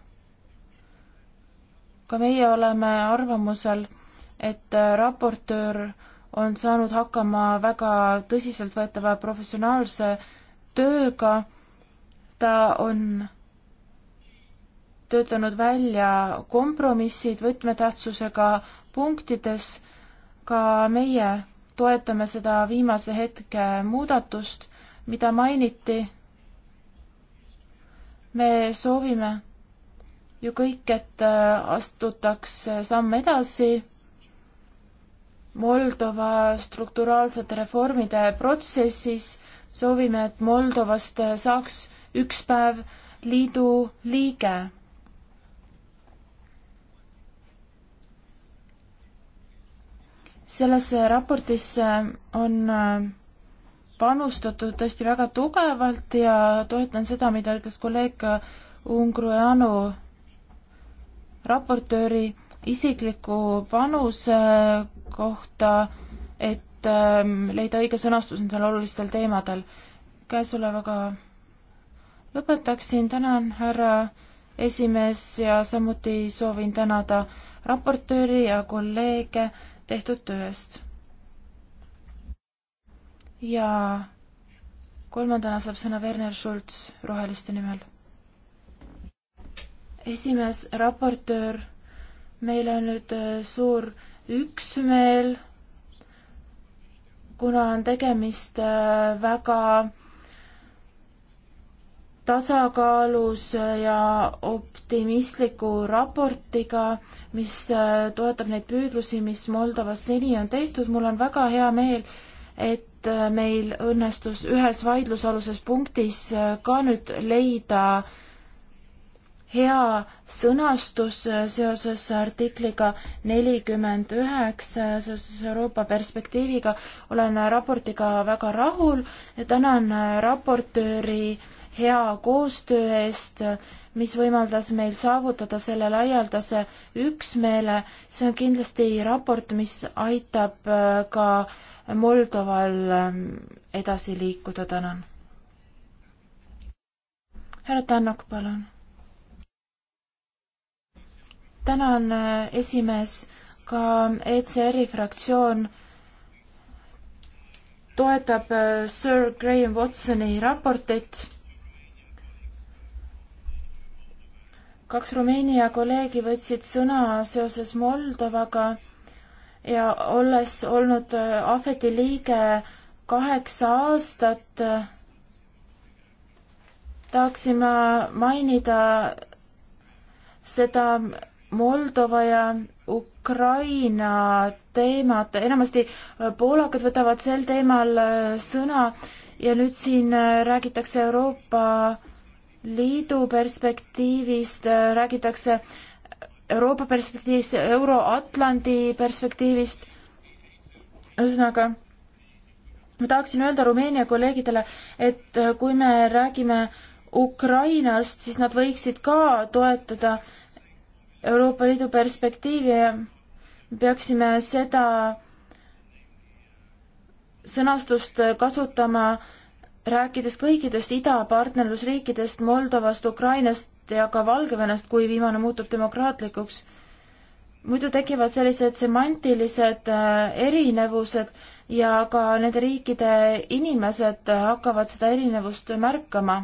ka meie oleme arvamusel, et äh, raportöör on saanud hakkama väga tõsiseltvõetava professionaalse tööga. ta on töötanud välja kompromissid võtmetähtsusega punktides. ka meie toetame seda viimase hetke muudatust, mida mainiti. me soovime ju kõik, et äh, astutaks samm edasi. Moldova strukturaalsete reformide protsessis soovime, et Moldovast äh, saaks üks päev liidu liige. selles äh, raportis on panustatud tõesti väga tugevalt ja toetan seda, mida ütles kolleeg Ungrujanu raportööri isikliku panuse kohta, et ähm, leida õige sõnastus nendel olulistel teemadel. käesolevaga lõpetaksin, tänan härra esimees ja samuti soovin tänada raportööri ja kolleege tehtud töö eest. ja kolmandana saab sõna Werner Schulz Roheliste nimel esimees, raportöör, meil on nüüd äh, suur üksmeel, kuna on tegemist äh, väga tasakaalus äh, ja optimistliku raportiga, mis toetab neid püüdlusi, mis Moldovas seni on tehtud. mul on väga hea meel, et meil õnnestus ühes vaidlusaluses punktis ka nüüd leida hea sõnastus äh, seoses artikliga nelikümmend üheksa seoses Euroopa perspektiiviga. olen äh, raportiga väga rahul ja tänan äh, raportööri hea koostöö eest, mis võimaldas meil saavutada selle laialdase üksmeele. see on kindlasti raport, mis aitab ka Moldoval ähm, edasi liikuda. tänan. härra Tannok, palun tänan, äh, esimees, ka ECR-i fraktsioon toetab äh, Sir Graham Watsoni raportit. kaks Rumeenia kolleegi võtsid sõna seoses Moldovaga ja olles olnud äh, Ahveti liige kaheksa aastat, tahaksin ma mainida seda Moldova ja Ukraina teemat, enamasti äh, poolakad võtavad sel teemal äh, sõna ja nüüd siin äh, räägitakse Euroopa Liidu perspektiivist, räägitakse Euroopa perspektiivist, Euro-Atlandi perspektiivist. ühesõnaga, ma tahaksin öelda Rumeenia kolleegidele, et kui me räägime Ukrainast, siis nad võiksid ka toetada äh, Euroopa Liidu perspektiivi ja me peaksime seda sõnastust kasutama rääkides kõikidest idapartnerlusriikidest, Moldovast, Ukrainast ja ka Valgevenest, kui viimane muutub demokraatlikuks. muidu tekivad sellised semantilised äh, erinevused ja ka nende riikide inimesed hakkavad seda erinevust märkama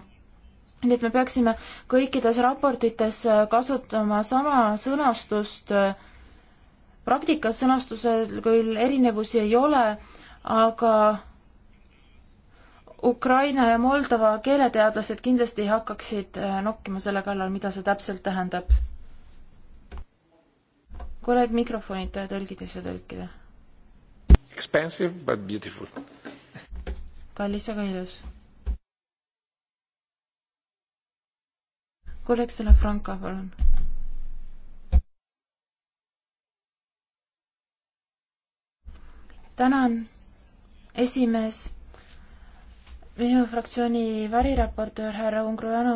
nii et me peaksime kõikides raportites äh, kasutama sama sõnastust, äh, praktikas sõnastusel küll erinevusi ei ole, aga Ukraina ja Moldova keeleteadlased kindlasti hakkaksid äh, nokkima selle kallal, mida see täpselt tähendab. kolleeg mikrofonid tõlgides ja tõlkida. Expensive but beautiful. kallis, aga ilus kolleeg Salafranca, palun. tänan, esimees. minu fraktsiooni variraportöör härra Ungrujanu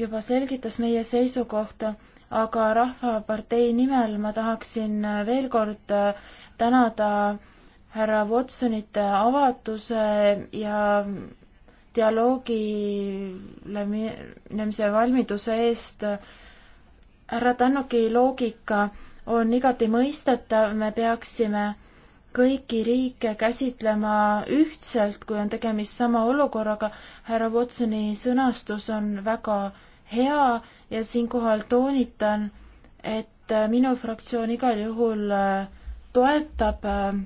juba selgitas meie seisukohta, aga Rahvapartei nimel ma tahaksin veel kord tänada härra Watsonit avatuse ja dialoogile minemise valmiduse eest. härra Tännuki loogika on igati mõistetav, me peaksime kõiki riike käsitlema ühtselt, kui on tegemist sama olukorraga. härra Watsoni sõnastus on väga hea ja siinkohal toonitan, et minu fraktsioon igal juhul äh, toetab äh,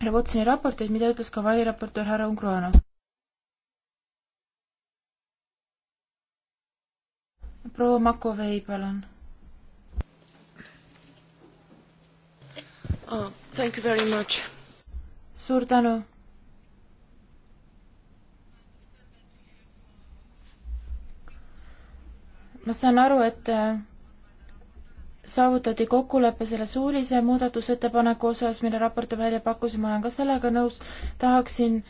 härra Watsoni raporteid, mida ütles ka valiraportöör härra Ungrano. proua Makovei, palun oh,. Thank you very much. suur tänu. ma saan aru, et äh, saavutati kokkulepe selle suulise muudatusettepaneku osas, mille raport välja pakkus ja ma olen ka sellega nõus. tahaksin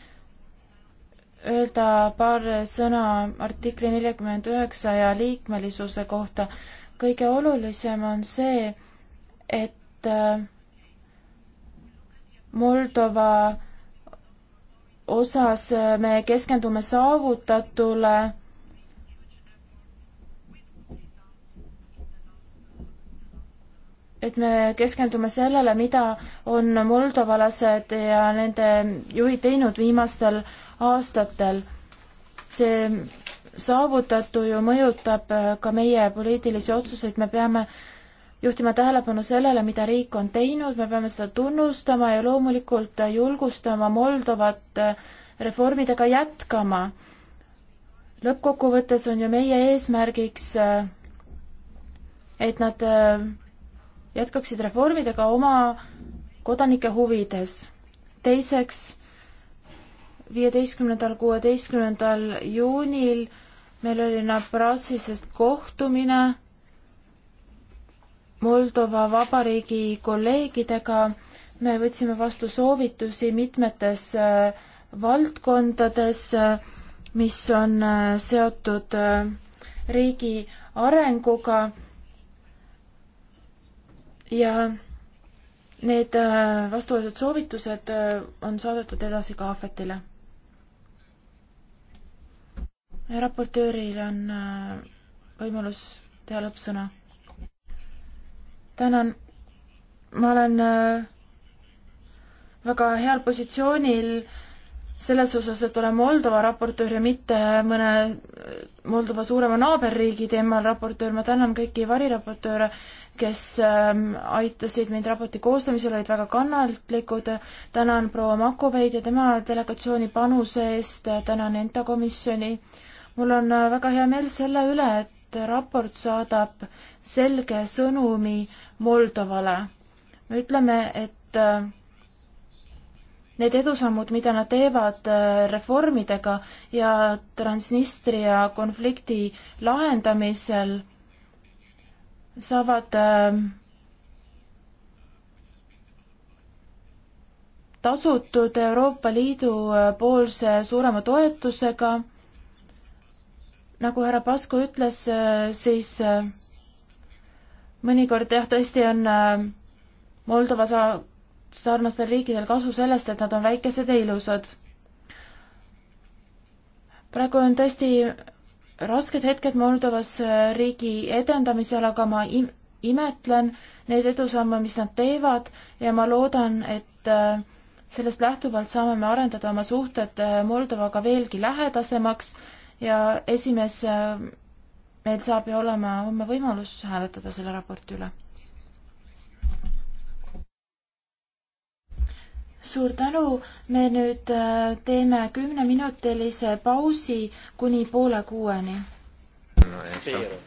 öelda paar sõna artikli nelikümmend üheksa ja liikmelisuse kohta. kõige olulisem on see, et äh, Moldova osas me keskendume saavutatule et me keskendume sellele, mida on moldovalased ja nende juhid teinud viimastel aastatel. see saavutatu ju mõjutab äh, ka meie poliitilisi otsuseid, me peame juhtima tähelepanu sellele, mida riik on teinud, me peame seda tunnustama ja loomulikult äh, julgustama Moldovat äh, reformidega jätkama. lõppkokkuvõttes on ju meie eesmärgiks, et nad jätkaksid reformidega oma kodanike huvides. teiseks viieteistkümnendal, kuueteistkümnendal juunil meil oli Nabrassisest kohtumine Moldova Vabariigi kolleegidega. me võtsime vastu soovitusi mitmetes äh, valdkondades, äh, mis on äh, seotud riigi arenguga ja need vastu võetud soovitused on saadetud edasi ka ahvetile raportööril on äh, võimalus teha lõppsõna. tänan, ma olen äh, väga heal positsioonil selles osas, et olen Moldova raportöör ja mitte mõne äh, Moldova suurema naaberriigi teemal raportöör, ma tänan kõiki variraportööre, kes ähm, aitasid mind raporti koostamisel, olid väga kannatlikud, tänan proua Makoveid ja tema delegatsiooni panuse eest, tänan ENTA komisjoni äh, mul on äh, väga hea meel selle üle, et raport saadab selge sõnumi Moldovale. me ütleme, et äh, need edusammud, mida nad teevad äh, reformidega ja Transnistria konflikti lahendamisel, saavad tasutud Euroopa Liidu poolse suurema toetusega nagu härra Pasko ütles, äh, siis äh, mõnikord jah, tõesti on äh, Moldova sa-, sarnastel riikidel kasu sellest, et nad on väikesed ja ilusad. praegu on tõesti rasked hetked Moldovas riigi edendamisel, aga ma im-, imetlen neid edusamme, mis nad teevad ja ma loodan, et sellest lähtuvalt saame me arendada oma suhted Moldovaga veelgi lähedasemaks ja esimees, meil saab ju olema homme võimalus hääletada selle raporti üle. suur tänu, me nüüd äh, teeme kümneminutilise pausi kuni poole kuueni. Spero.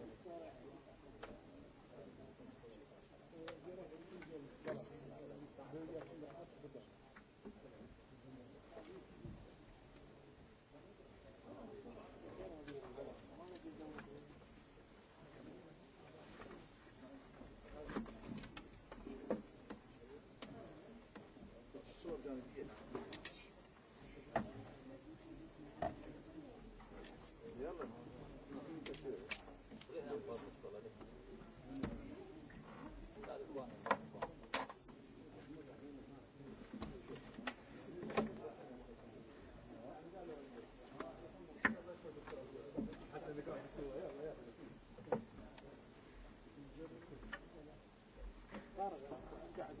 قاعد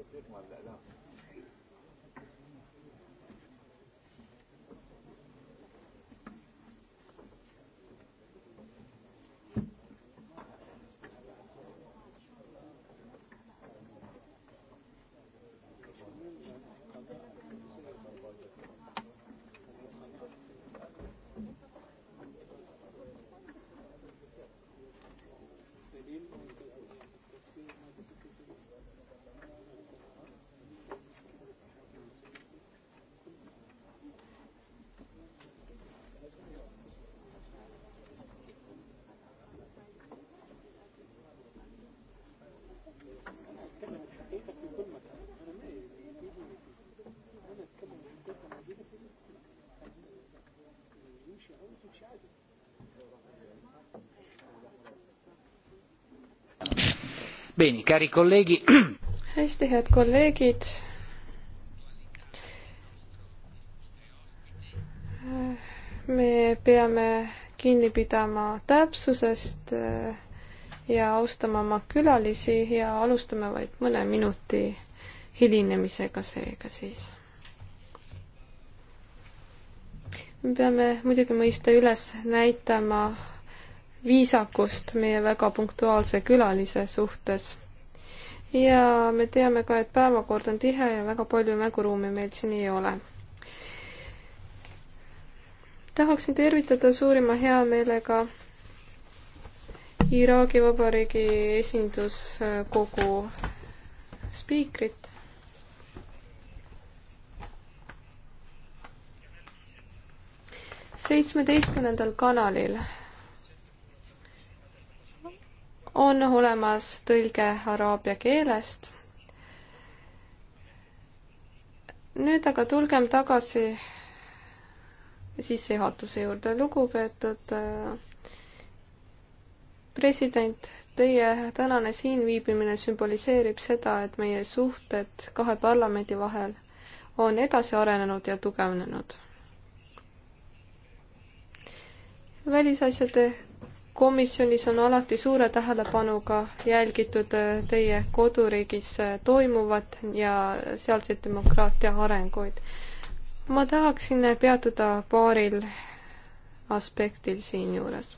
التوفيق مع الاعلام عندك في كل مكان انا ما يجي انا اتكلم عن دقه موجوده في يمشي او تمشي عادي Bene, cari colleghi. hästi, head kolleegid. me peame kinni pidama täpsusest äh, ja austama oma külalisi ja alustame vaid mõne minuti hilinemisega seega siis. me peame muidugi mõista üles näitama viisakust meie väga punktuaalse külalise suhtes. ja me teame ka, et päevakord on tihe ja väga palju mänguruumi meil siin ei ole. tahaksin tervitada suurima heameelega Iraagi Vabariigi esinduskogu äh, spiikrit. seitsmeteistkümnendal kanalil on olemas tõlge araabia keelest. nüüd aga tulgem tagasi sissejuhatuse juurde, lugupeetud äh, president, teie tänane siinviibimine sümboliseerib seda, et meie suhted kahe parlamendi vahel on edasi arenenud ja tugevnenud. välisasjade komisjonis on alati suure tähelepanuga jälgitud teie koduriigis toimuvat ja sealseid demokraatia arenguid. ma tahaksin peatuda paaril aspektil siinjuures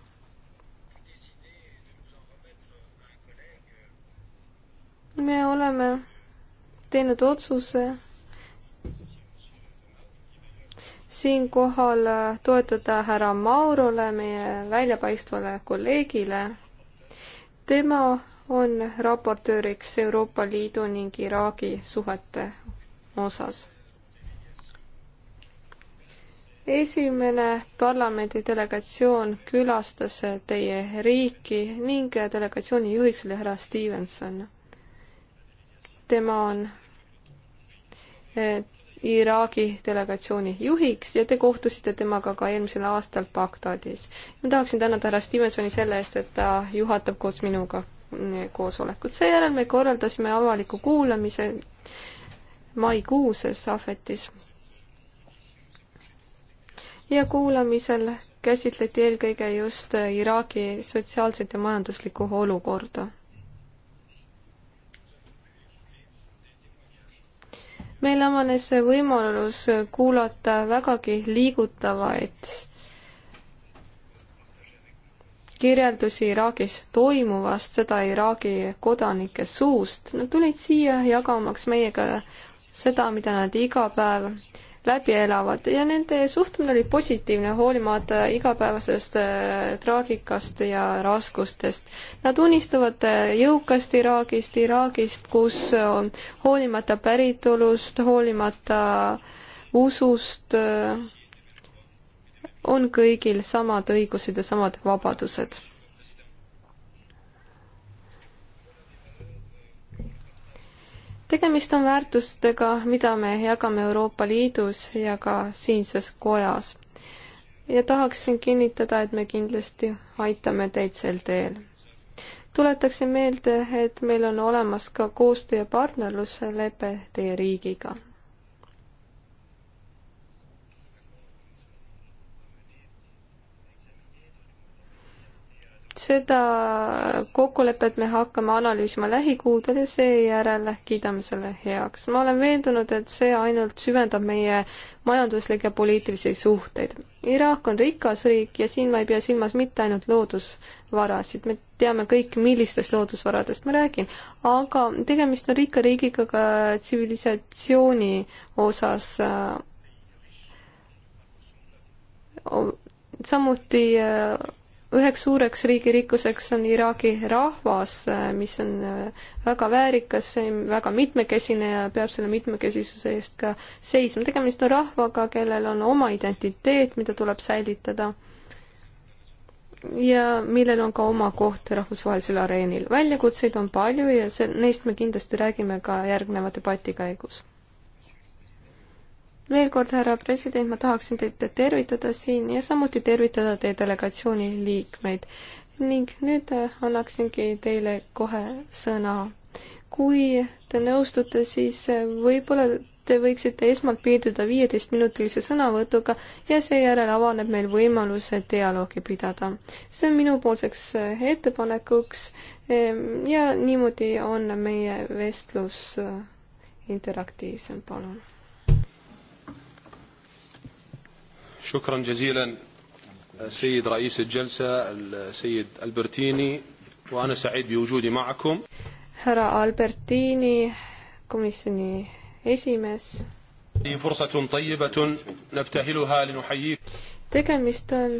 me oleme teinud otsuse siinkohal toetuda härra Maurole, meie väljapaistvale kolleegile. tema on raportööriks Euroopa Liidu ning Iraagi suhete osas. esimene parlamendi delegatsioon külastas teie riiki ning delegatsiooni juhiks oli härra Stevenson tema on eh, Iraagi delegatsiooni juhiks ja te kohtusite temaga ka eelmisel aastal Bagdadis. ma tahaksin tänada härra Stevensoni selle eest, et ta juhatab koos minuga mm, koosolekut. seejärel me korraldasime avaliku kuulamise maikuus Sahvetis. ja kuulamisel käsitleti eelkõige just Iraagi sotsiaalset ja majanduslikku olukorda meil avanes võimalus kuulata vägagi liigutavaid kirjeldusi Iraagis toimuvast, seda Iraagi kodanike suust. Nad tulid siia jagamaks meiega seda, mida nad iga päev läbi elavad ja nende suhtumine oli positiivne, hoolimata igapäevasest äh, traagikast ja raskustest. Nad unistavad äh, jõukast Iraagist, Iraagist, kus äh, hoolimata päritolust, hoolimata usust on kõigil samad õigused ja samad vabadused tegemist on väärtustega, mida me jagame Euroopa Liidus ja ka siinses kojas. ja tahaksin kinnitada, et me kindlasti aitame teid sel teel. tuletaksin meelde, et meil on olemas ka koostöö- ja partnerluslepe teie riigiga seda kokkulepet me hakkame analüüsima lähikuudel ja seejärel kiidame selle heaks. ma olen veendunud, et see ainult süvendab meie majanduslikke ja poliitilisi suhteid. Iraak on rikas riik ja siin ma ei pea silmas mitte ainult loodusvarasid, me teame kõik, millistest loodusvaradest ma räägin, aga tegemist on rikka riigiga ka tsivilisatsiooni osas samuti äh, üheks suureks riigi rikkuseks on Iraagi rahvas, mis on äh, väga väärikas, väga mitmekesine ja peab selle mitmekesisuse eest ka seisma. tegemist on rahvaga, kellel on oma identiteet, mida tuleb säilitada ja millel on ka oma koht rahvusvahelisel areenil. väljakutseid on palju ja see, neist me kindlasti räägime ka järgneva debati käigus veel kord, härra president, ma tahaksin teid tervitada siin ja samuti tervitada teie delegatsiooni liikmeid. ning nüüd äh, annaksingi teile kohe sõna. kui te nõustute, siis äh, võib-olla te võiksite esmalt piirduda viieteistminutilise sõnavõtuga ja seejärel avaneb meil võimalus dialoogi pidada. see on minupoolseks äh, ettepanekuks ehm, ja niimoodi on meie vestlus interaktiivsem, palun شكرا جزيلا سيد رئيس الجلسة السيد البرتيني وأنا سعيد بوجودي معكم härra Albertini, komisjoni esimees. tegemist on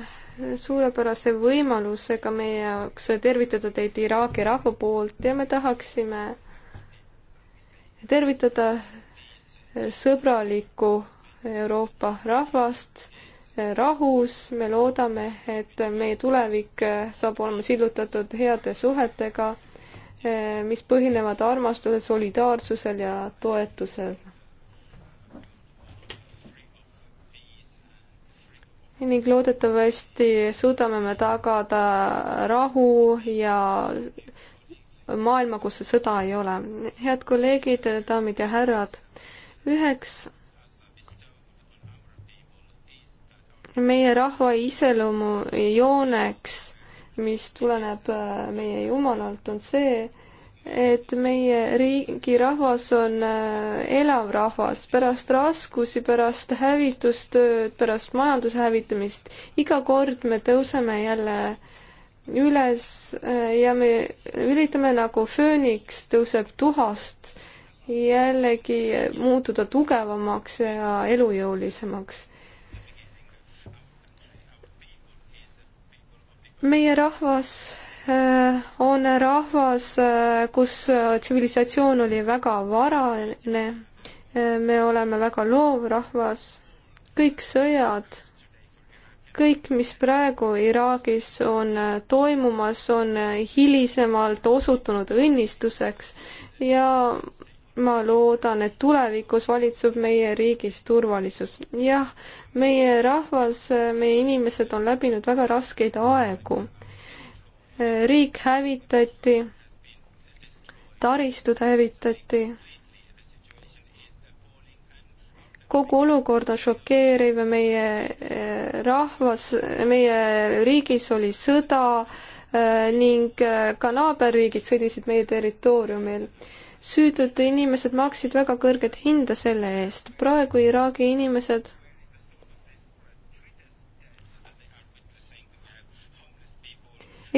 suurepärase võimalusega meie jaoks tervitada teid Iraagi rahva poolt ja me tahaksime tervitada sõbralikku Euroopa rahvast rahus, me loodame, et meie tulevik saab olema sillutatud heade suhetega, eh, mis põhinevad armastusel, solidaarsusel ja toetusel. ning loodetavasti suudame me tagada rahu ja maailma, kus sõda ei ole. head kolleegid, daamid ja härrad, üheks meie rahva iseloomu jooneks, mis tuleneb äh, meie Jumalalt, on see, et meie riigi rahvas on äh, elav rahvas, pärast raskusi, pärast hävitustööd, pärast majanduse hävitamist, iga kord me tõuseme jälle üles äh, ja me üritame nagu fööniks tõuseb tuhast jällegi muutuda tugevamaks ja elujõulisemaks meie rahvas äh, on rahvas, äh, kus äh, tsivilisatsioon oli väga varane, me oleme väga loov rahvas, kõik sõjad, kõik, mis praegu Iraagis on toimumas, on hilisemalt osutunud õnnistuseks ja ma loodan, et tulevikus valitseb meie riigis turvalisus. jah, meie rahvas, meie inimesed on läbinud väga raskeid aegu. riik hävitati, taristud hävitati. kogu olukord on šokeeriv ja meie eh, rahvas, meie riigis oli sõda eh, ning eh, ka naaberriigid sõdisid meie territooriumil süütud inimesed maksid väga kõrget hinda selle eest. praegu Iraagi inimesed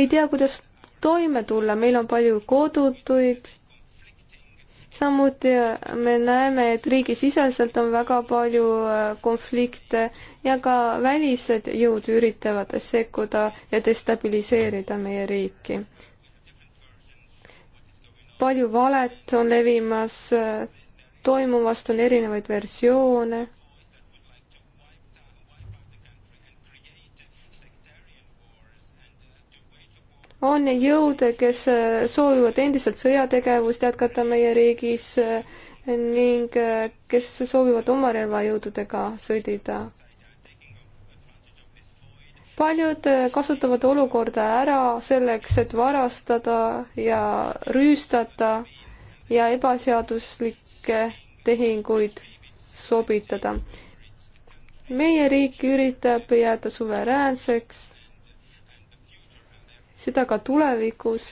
ei tea, kuidas toime tulla, meil on palju kodutuid, samuti me näeme, et riigisiseselt on väga palju äh, konflikte ja ka välised jõud üritavad sekkuda ja destabiliseerida meie riiki palju valet on levimas, toimuvast on erinevaid versioone. on jõude, kes soovivad endiselt sõjategevust jätkata meie riigis ning kes soovivad oma relvajõududega sõdida paljud äh, kasutavad olukorda ära selleks, et varastada ja rüüstata ja ebaseaduslikke tehinguid sobitada. meie riik üritab jääda suveräänseks, seda ka tulevikus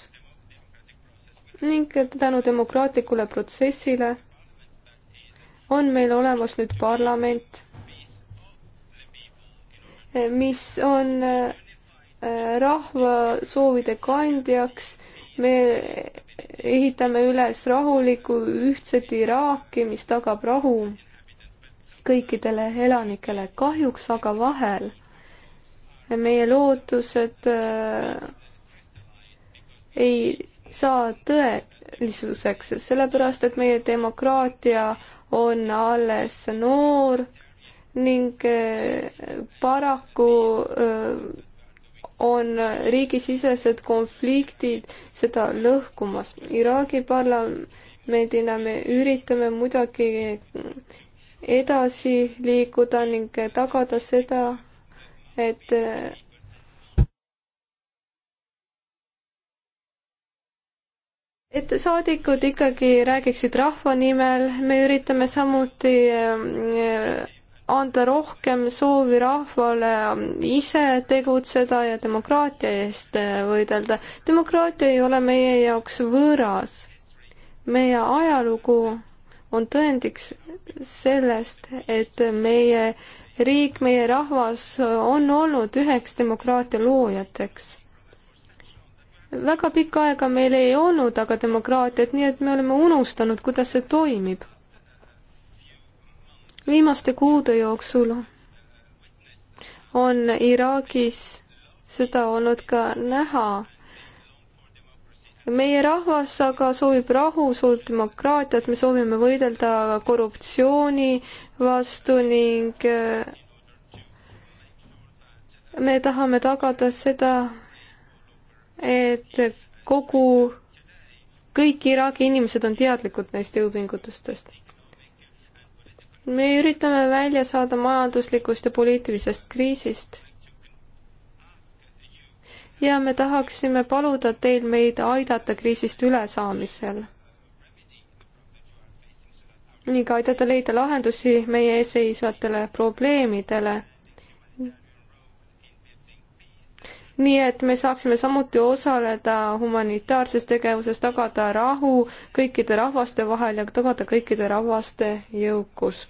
ning tänu demokraatlikule protsessile on meil olemas nüüd parlament mis on äh, rahva soovide kandjaks. me ehitame üles rahulikku ühtset Iraaki, mis tagab rahu kõikidele elanikele. kahjuks aga vahel meie lootused äh, ei saa tõelisuseks, sellepärast et meie demokraatia on alles noor ning eh, paraku eh, on riigisisesed konfliktid seda lõhkumas. Iraagi parlamendina me üritame muidugi edasi liikuda ning tagada seda, et et saadikud ikkagi räägiksid rahva nimel, me üritame samuti eh, anda rohkem soovi rahvale ise tegutseda ja demokraatia eest võidelda. demokraatia ei ole meie jaoks võõras. meie ajalugu on tõendiks sellest, et meie riik, meie rahvas on olnud üheks demokraatia loojateks väga pikka aega meil ei olnud aga demokraatiat, nii et me oleme unustanud, kuidas see toimib viimaste kuude jooksul on Iraagis seda olnud ka näha. meie rahvas aga soovib rahu, soovib demokraatiat, me soovime võidelda korruptsiooni vastu ning äh, me tahame tagada seda, et kogu, kõik Iraagi inimesed on teadlikud neist jõupingutustest me üritame välja saada majanduslikust ja poliitilisest kriisist. ja me tahaksime paluda teil meid aidata kriisist ülesaamisel ning aidata leida lahendusi meie ees seisvatele probleemidele. nii et me saaksime samuti osaleda humanitaarses tegevuses, tagada rahu kõikide rahvaste vahel ja tagada kõikide rahvaste jõukus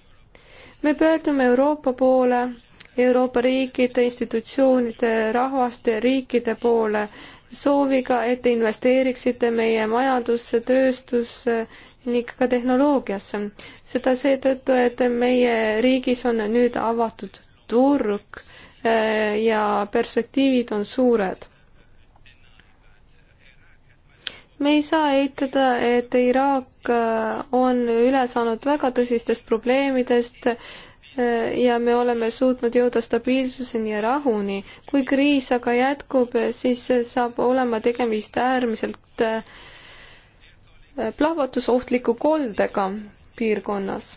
me pöördume Euroopa poole, Euroopa riikide, institutsioonide, rahvaste, riikide poole sooviga, et te investeeriksite meie majandusse, tööstusse ning ka tehnoloogiasse. seda seetõttu, et meie riigis on nüüd avatud turg äh, ja perspektiivid on suured me ei saa eitada, et Iraak äh, on üle saanud väga tõsistest probleemidest äh, ja me oleme suutnud jõuda stabiilsuseni ja rahuni. kui kriis aga jätkub, siis saab olema tegemist äärmiselt äh, plahvatusohtliku koldega piirkonnas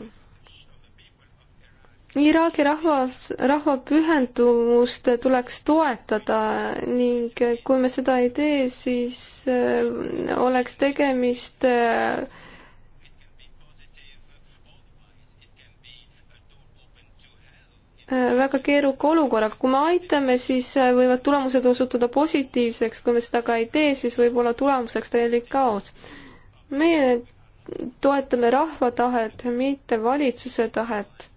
Iraagi rahvas, rahvapühendust tuleks toetada ning kui me seda ei tee, siis äh, oleks tegemist äh, väga keeruka olukorraga, kui me aitame, siis äh, võivad tulemused osutuda positiivseks, kui me seda ka ei tee, siis võib olla tulemuseks täielik kaos. meie toetame rahva tahet, mitte valitsuse tahet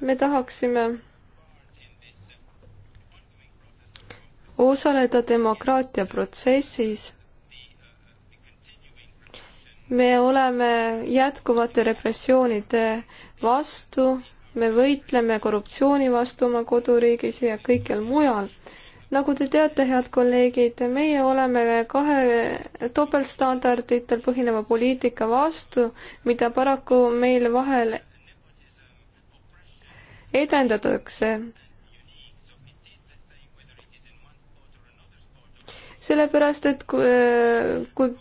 me tahaksime osaleda demokraatia protsessis. me oleme jätkuvate repressioonide vastu, me võitleme korruptsiooni vastu oma koduriigis ja kõikjal mujal. nagu te teate, head kolleegid, meie oleme kahe topeltstandarditel põhineva poliitika vastu, mida paraku meil vahel edendatakse. sellepärast, et kui, kui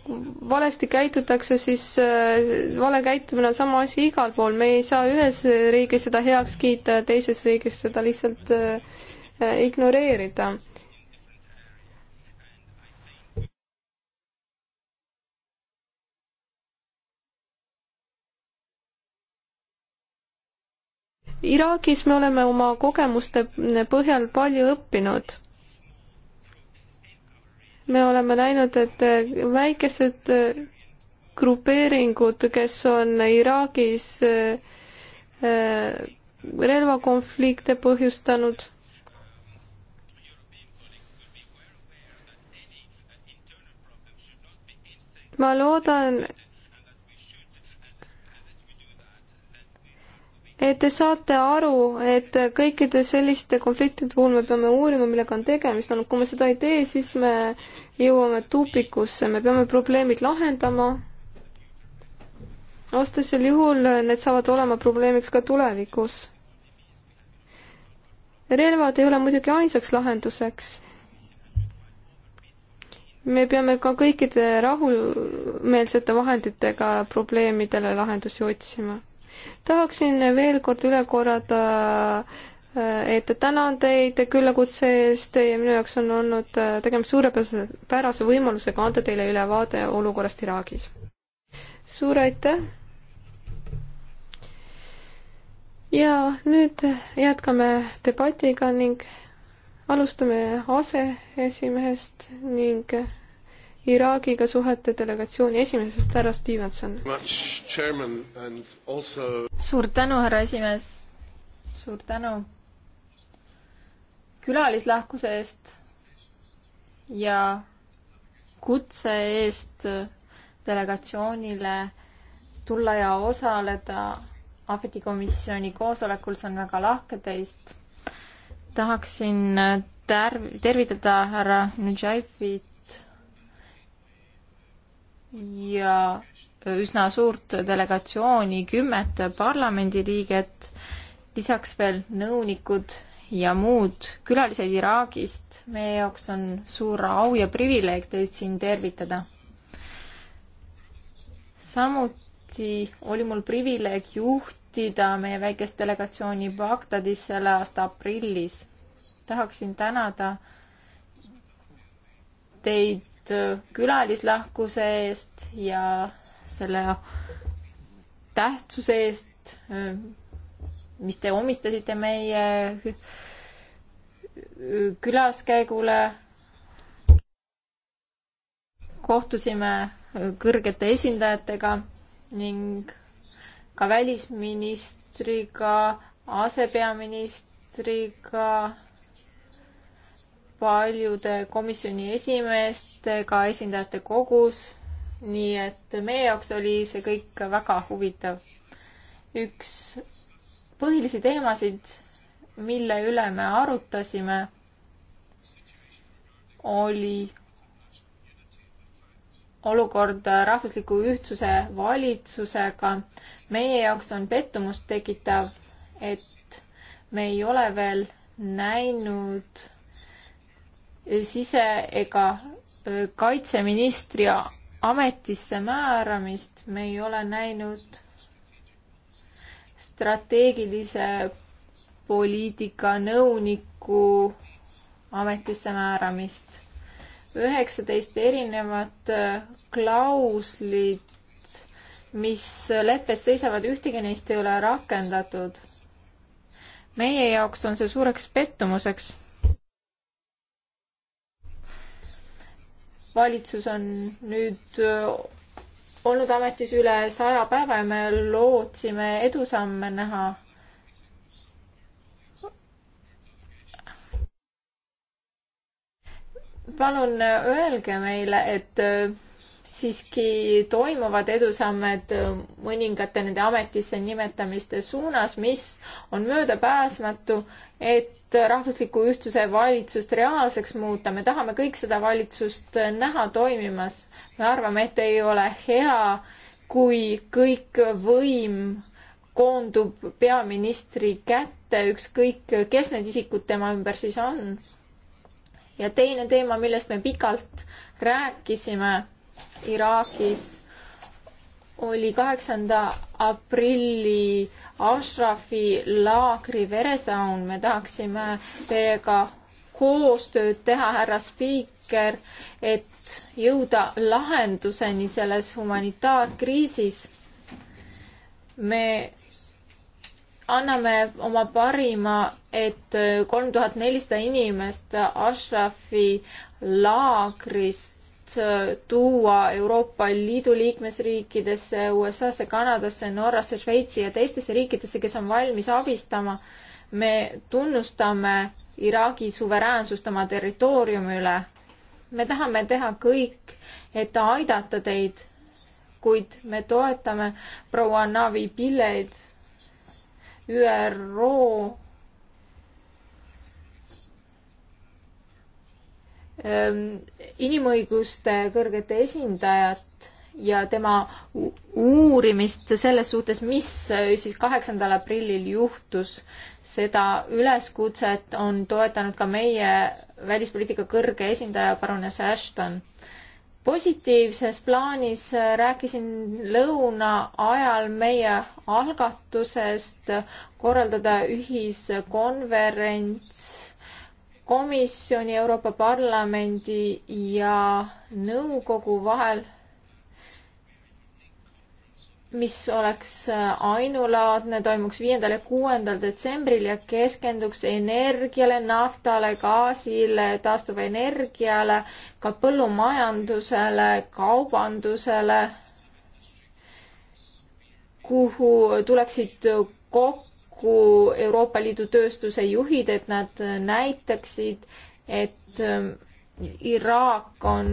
valesti käitutakse, siis äh, vale käitumine on sama asi igal pool, me ei saa ühes riigis seda heaks kiita ja teises riigis seda lihtsalt äh, äh, ignoreerida Iraagis me oleme oma kogemuste põhjal palju õppinud. me oleme näinud, et väikesed grupeeringud, kes on Iraagis äh, äh, relvakonflikte põhjustanud ma loodan, et te saate aru, et kõikide selliste konfliktide puhul me peame uurima, millega on tegemist olnud, kui me seda ei tee, siis me jõuame tupikusse, me peame probleemid lahendama. vastasel juhul need saavad olema probleemiks ka tulevikus. relvad ei ole muidugi ainsaks lahenduseks. me peame ka kõikide rahumeelsete vahenditega probleemidele lahendusi otsima tahaksin veel kord üle korrata, äh, et tänan teid küllakutse eest ja minu jaoks on olnud äh, tegemist suurepärase võimalusega anda teile ülevaade olukorrast Iraagis. suur aitäh! ja nüüd jätkame debatiga ning alustame aseesimehest ning Iraagiga suhete delegatsiooni esimesest, härra Stevenson. Also... suur tänu, härra esimees. suur tänu külalislahkuse eest ja kutse eest delegatsioonile tulla ja osaleda Ahveti komisjoni koosolekul, see on väga lahke teist. tahaksin tärv-, tervitada härra Nudžaifit ja üsna suurt delegatsiooni, kümmet parlamendiliiget, lisaks veel nõunikud ja muud külalised Iraagist. meie jaoks on suur au ja privileeg teid siin tervitada. samuti oli mul privileeg juhtida meie väikest delegatsiooni Bagdadis selle aasta aprillis. tahaksin tänada teid tänud äh, külalislahkuse eest ja selle tähtsuse eest, äh, mis te omistasite meie äh, külaskäigule. kohtusime kõrgete esindajatega ning ka välisministriga, asepeaministriga paljude komisjoni esimeestega esindajate kogus, nii et meie jaoks oli see kõik väga huvitav. üks põhilisi teemasid, mille üle me arutasime, oli olukord rahvusliku ühtsuse valitsusega. meie jaoks on pettumust tekitav, et me ei ole veel näinud sise- ega kaitseministri ametisse määramist me ei ole näinud strateegilise poliitika nõuniku ametisse määramist. üheksateist erinevat klauslit, mis leppes seisavad, ühtegi neist ei ole rakendatud. meie jaoks on see suureks pettumuseks valitsus on nüüd äh, olnud ametis üle saja päeva ja me lootsime edusamme näha. palun äh, öelge meile, et äh, siiski toimuvad edusammed äh, mõningate nende ametisse nimetamiste suunas, mis on möödapääsmatu, et rahvusliku ühtsuse valitsust reaalseks muuta. me tahame kõik seda valitsust äh, näha toimimas. me arvame, et ei ole hea, kui kõik võim koondub peaministri kätte, ükskõik kes need isikud tema ümber siis on. ja teine teema, millest me pikalt rääkisime Iraagis oli kaheksanda aprilli Ashrafi laagri veresaun, me tahaksime teiega koostööd teha, härra spiiker, et jõuda lahenduseni selles humanitaarkriisis. me anname oma parima, et kolm tuhat nelisada inimest Ashrafi laagrist Äh, tuua Euroopa Liidu liikmesriikidesse, USA-sse, Kanadasse, Norrasse, Šveitsi ja teistesse riikidesse, kes on valmis abistama. me tunnustame Iraagi suveräänsust oma territooriumi üle. me tahame teha kõik, et aidata teid, kuid me toetame proua Navi Pilleid, ÜRO Ehm, inimõiguste kõrget esindajat ja tema uurimist selles suhtes, mis äh, siis kaheksandal aprillil juhtus. seda üleskutset on toetanud ka meie välispoliitika kõrge esindaja, parunes Ashton. positiivses plaanis äh, rääkisin lõuna ajal meie algatusest korraldada ühiskonverents komisjoni, Euroopa Parlamendi ja nõukogu vahel, mis oleks ainulaadne, toimuks viiendal ja kuuendal detsembril ja keskenduks energiale, naftale, gaasile, taastuvenergiale, ka põllumajandusele, kaubandusele, kuhu tuleksid kokku kokku Euroopa Liidu tööstuse juhid, et nad näitaksid, et äh, Iraak on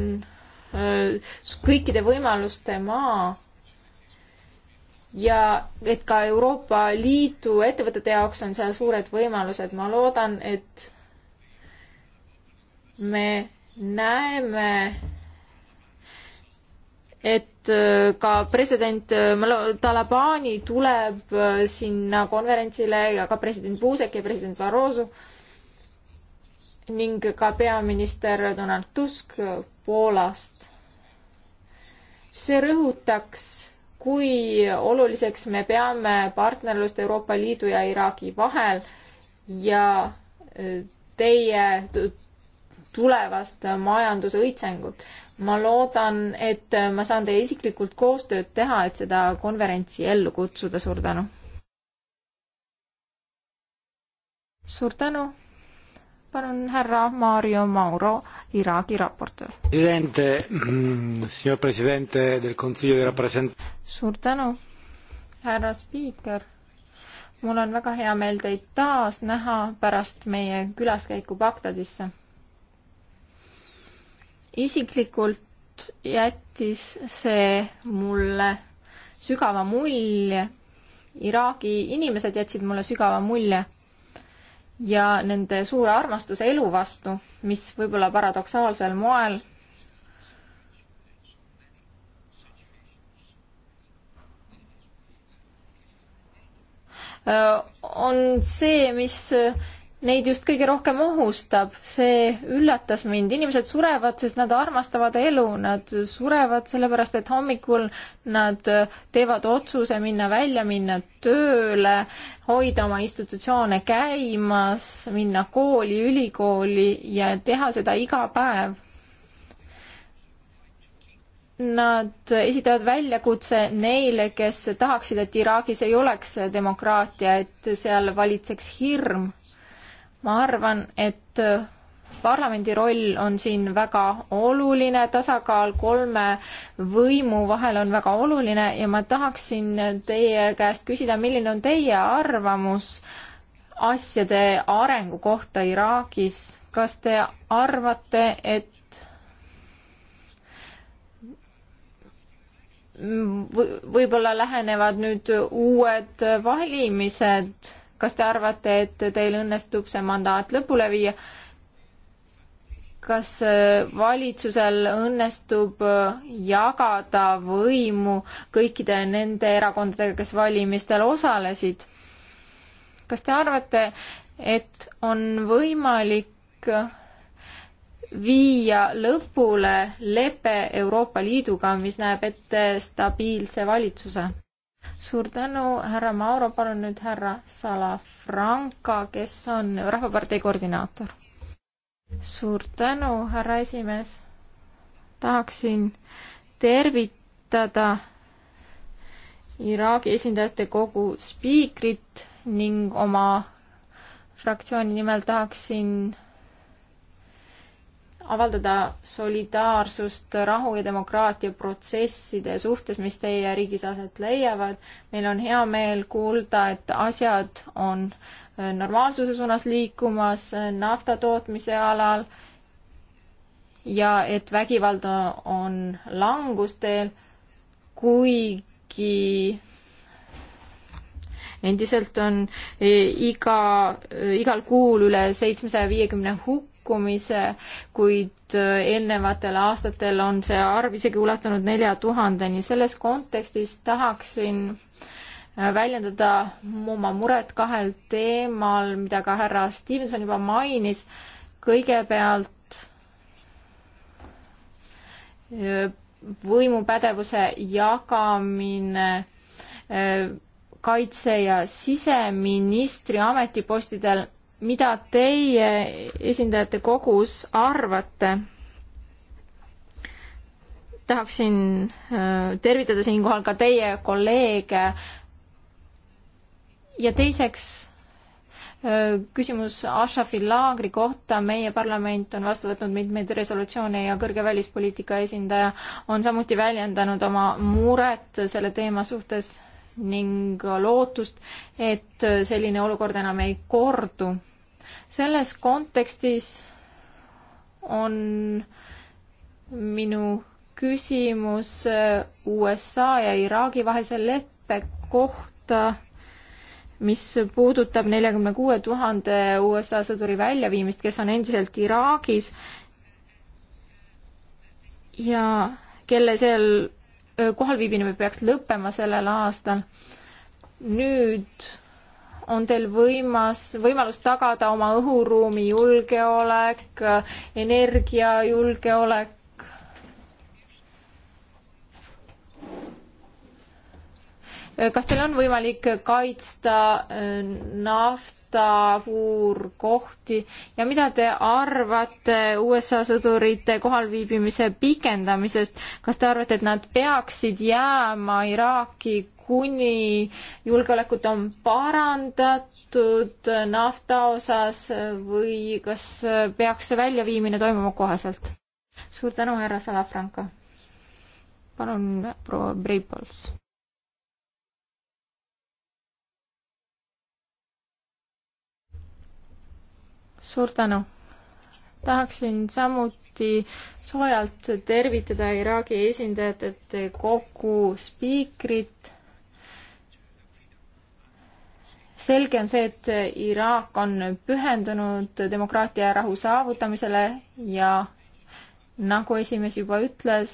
äh, kõikide võimaluste maa ja et ka Euroopa Liidu ettevõtete jaoks on seal suured võimalused. ma loodan, et me näeme et äh, ka president äh, Talabani tuleb äh, sinna konverentsile ja ka president Buzek ja president Barroso ning ka peaminister Donald Tusk Poolast. see rõhutaks, kui oluliseks me peame partnerlust Euroopa Liidu ja Iraagi vahel ja teie tulevast majanduse õitsengut ma loodan, et ma saan teie isiklikult koostööd teha, et seda konverentsi ellu kutsuda, suur tänu! suur tänu! palun härra Mario Mauro, Iraagi raportöör. Mm, suur tänu, härra spiiker. mul on väga hea meel teid taas näha pärast meie külaskäiku Bagdadisse isiklikult jättis see mulle sügava mulje. Iraagi inimesed jätsid mulle sügava mulje ja nende suure armastuse elu vastu, mis võib-olla paradoksaalsel moel on see, mis neid just kõige rohkem ohustab. see üllatas mind. inimesed surevad, sest nad armastavad elu, nad surevad sellepärast, et hommikul nad teevad otsuse minna välja, minna tööle, hoida oma institutsioone käimas, minna kooli, ülikooli ja teha seda iga päev. Nad esitavad väljakutse neile, kes tahaksid, et Iraagis ei oleks demokraatia, et seal valitseks hirm ma arvan, et äh, parlamendi roll on siin väga oluline, tasakaal kolme võimu vahel on väga oluline ja ma tahaksin teie käest küsida, milline on teie arvamus asjade arengu kohta Iraagis, kas te arvate, et võib-olla lähenevad nüüd uued valimised kas te arvate, et teil õnnestub see mandaat lõpule viia? kas äh, valitsusel õnnestub äh, jagada võimu kõikide nende erakondadega, kes valimistel osalesid? kas te arvate, et on võimalik äh, viia lõpule lepe Euroopa Liiduga, mis näeb ette stabiilse valitsuse? suur tänu, härra Mauro, palun nüüd härra Salafranca, kes on Rahvapartei koordinaator. suur tänu, härra esimees. tahaksin tervitada Iraagi esindajate kogu spiikrit ning oma fraktsiooni nimel tahaksin avaldada solidaarsust rahu ja demokraatia protsesside suhtes, mis teie riigis aset leiavad. meil on hea meel kuulda, et asjad on äh, normaalsuse suunas liikumas äh, nafta tootmise alal ja et vägivald on langusteel, kuigi endiselt on äh, iga, igal kuul üle seitsmesaja viiekümne hukka pakkumise, kuid äh, eelnevatel aastatel on see arv isegi ulatunud nelja tuhandeni. selles kontekstis tahaksin äh, väljendada oma muret kahel teemal, mida ka härra Stevenson juba mainis. kõigepealt äh, võimupädevuse jagamine kaitse- ja siseministri ametipostidel mida teie esindajate kogus arvate? tahaksin äh, tervitada siinkohal ka teie kolleege ja teiseks äh, küsimus Ashrafi laagri kohta. meie parlament on vastu võtnud mitmeid resolutsioone ja kõrge välispoliitika esindaja on samuti väljendanud oma muret selle teema suhtes ning lootust, et selline olukord enam ei kordu selles kontekstis on minu küsimus äh, USA ja Iraagi vahelise leppe kohta, mis puudutab neljakümne kuue tuhande USA sõduri väljaviimist, kes on endiselt Iraagis ja kelle seal äh, kohalviibimine peaks lõppema sellel aastal. nüüd on teil võimas, võimalus tagada oma õhuruumi julgeolek, energiajulgeolek. kas teil on võimalik kaitsta äh, nafta puurkohti ja mida te arvate USA sõdurite kohalviibimise pikendamisest, kas te arvate, et nad peaksid jääma Iraaki kuni julgeolekut on parandatud nafta osas või kas peaks see väljaviimine toimuma koheselt? suur tänu, härra Salafranco. palun, proua Breipols. suur tänu. tahaksin samuti samuti soojalt tervitada Iraagi esindajatelt kogu spiikrit selge on see, et Iraak on pühendunud demokraatia ja rahu saavutamisele ja nagu esimees juba ütles,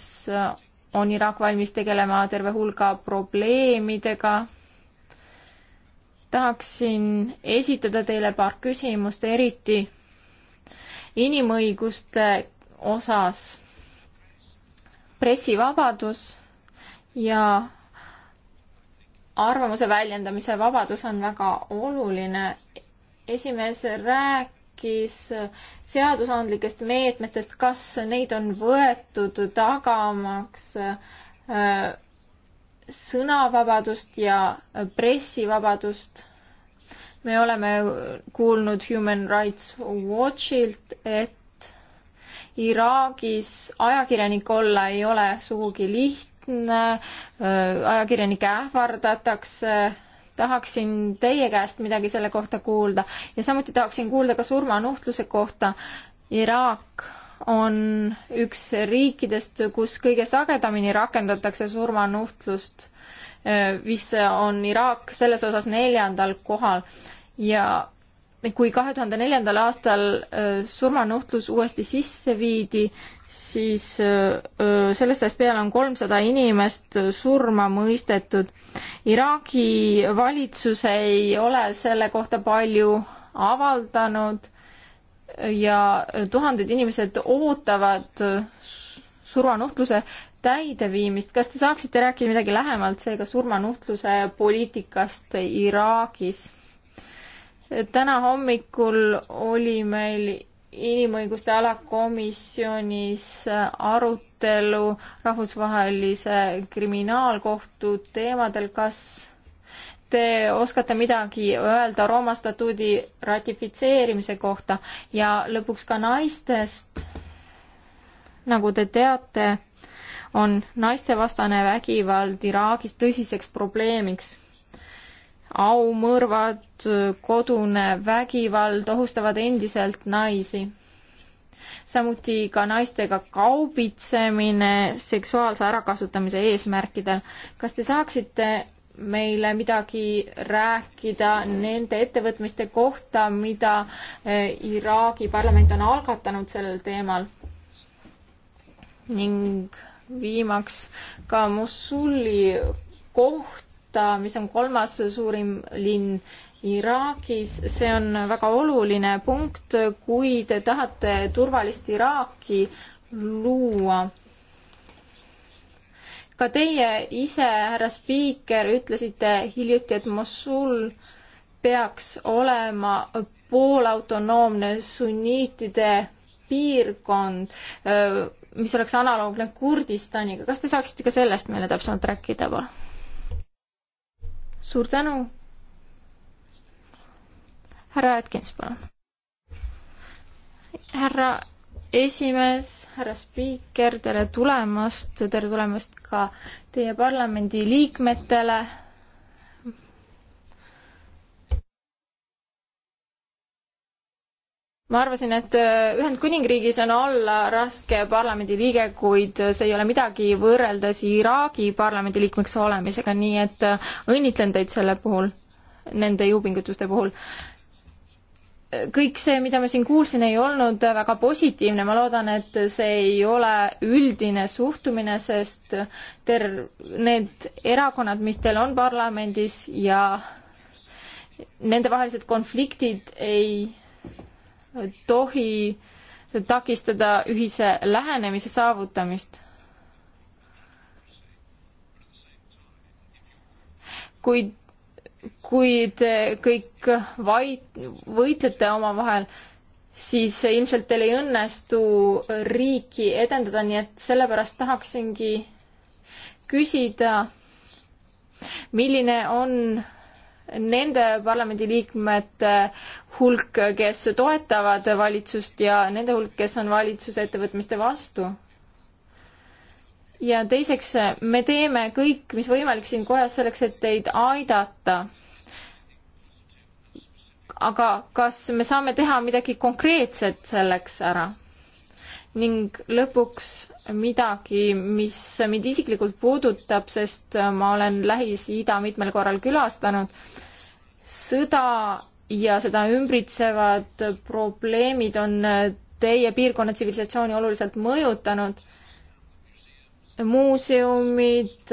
on Iraak valmis tegelema terve hulga probleemidega. tahaksin esitada teile paar küsimust, eriti inimõiguste osas. pressivabadus ja arvamuse väljendamise vabadus on väga oluline. esimees rääkis seadusandlikest meetmetest, kas neid on võetud tagamaks äh, sõnavabadust ja pressivabadust. me oleme kuulnud Human Rights Watchilt, et Iraagis ajakirjanik olla ei ole sugugi lihtne lihtne, äh, ajakirjanikke ähvardatakse tahaksin teie käest midagi selle kohta kuulda ja samuti tahaksin kuulda ka surmanuhtluse kohta. Iraak on üks riikidest, kus kõige sagedamini rakendatakse surmanuhtlust, äh, mis on Iraak selles osas neljandal kohal ja kui kahe tuhande neljandal aastal äh, surmanuhtlus uuesti sisse viidi, siis sellest ajast peale on kolmsada inimest surma mõistetud. Iraagi valitsus ei ole selle kohta palju avaldanud ja tuhanded inimesed ootavad surmanuhtluse täideviimist. kas te saaksite rääkida midagi lähemalt seega surmanuhtluse poliitikast Iraagis? täna hommikul oli meil inimõiguste alakomisjonis arutelu rahvusvahelise kriminaalkohtu teemadel, kas te oskate midagi öelda Rooma statuudi ratifitseerimise kohta ja lõpuks ka naistest. nagu te teate, on naistevastane vägivald Iraagis tõsiseks probleemiks aumõrvad, kodune vägivald ohustavad endiselt naisi. samuti ka naistega kaubitsemine seksuaalse ärakasutamise eesmärkidel. kas te saaksite meile midagi rääkida nende ettevõtmiste kohta, mida eh, Iraagi parlament on algatanud sellel teemal? ning viimaks ka Mosuli koht, Jakarta, mis on kolmas suurim linn Iraagis, see on väga oluline punkt, kui te tahate turvalist Iraaki luua. ka teie ise, härra spiiker, ütlesite hiljuti, et Mosul peaks olema poolautonoomne sunniitide piirkond, mis oleks analoogne Kurdistaniga. kas te saaksite ka sellest meile täpsemalt rääkida või? suur tänu. härra Atkins, palun. härra esimees, härra spiiker, tere tulemast, tere tulemast ka teie parlamendi liikmetele ma arvasin, et äh, Ühendkuningriigis on olla raske parlamendiliige, kuid äh, see ei ole midagi võrreldes Iraagi parlamendiliikmeks olemisega, nii et äh, õnnitlen teid selle puhul, nende jõupingutuste puhul. kõik see, mida ma siin kuulsin, ei olnud väga positiivne, ma loodan, et see ei ole üldine suhtumine, sest ter-, need erakonnad, mis teil on parlamendis ja nendevahelised konfliktid ei tohi takistada ühise lähenemise saavutamist. kuid, kui te kõik vaid, võitlete omavahel, siis ilmselt teil ei õnnestu riiki edendada, nii et sellepärast tahaksingi küsida, milline on nende parlamendiliikmete hulk, kes toetavad valitsust ja nende hulk, kes on valitsuse ettevõtmiste vastu. ja teiseks, me teeme kõik, mis võimalik siin kojas selleks, et teid aidata aga kas me saame teha midagi konkreetset selleks ära? ning lõpuks midagi, mis mind isiklikult puudutab, sest ma olen Lähis-Ida mitmel korral külastanud. sõda ja seda ümbritsevad probleemid on teie piirkonna tsivilisatsiooni oluliselt mõjutanud. muuseumid,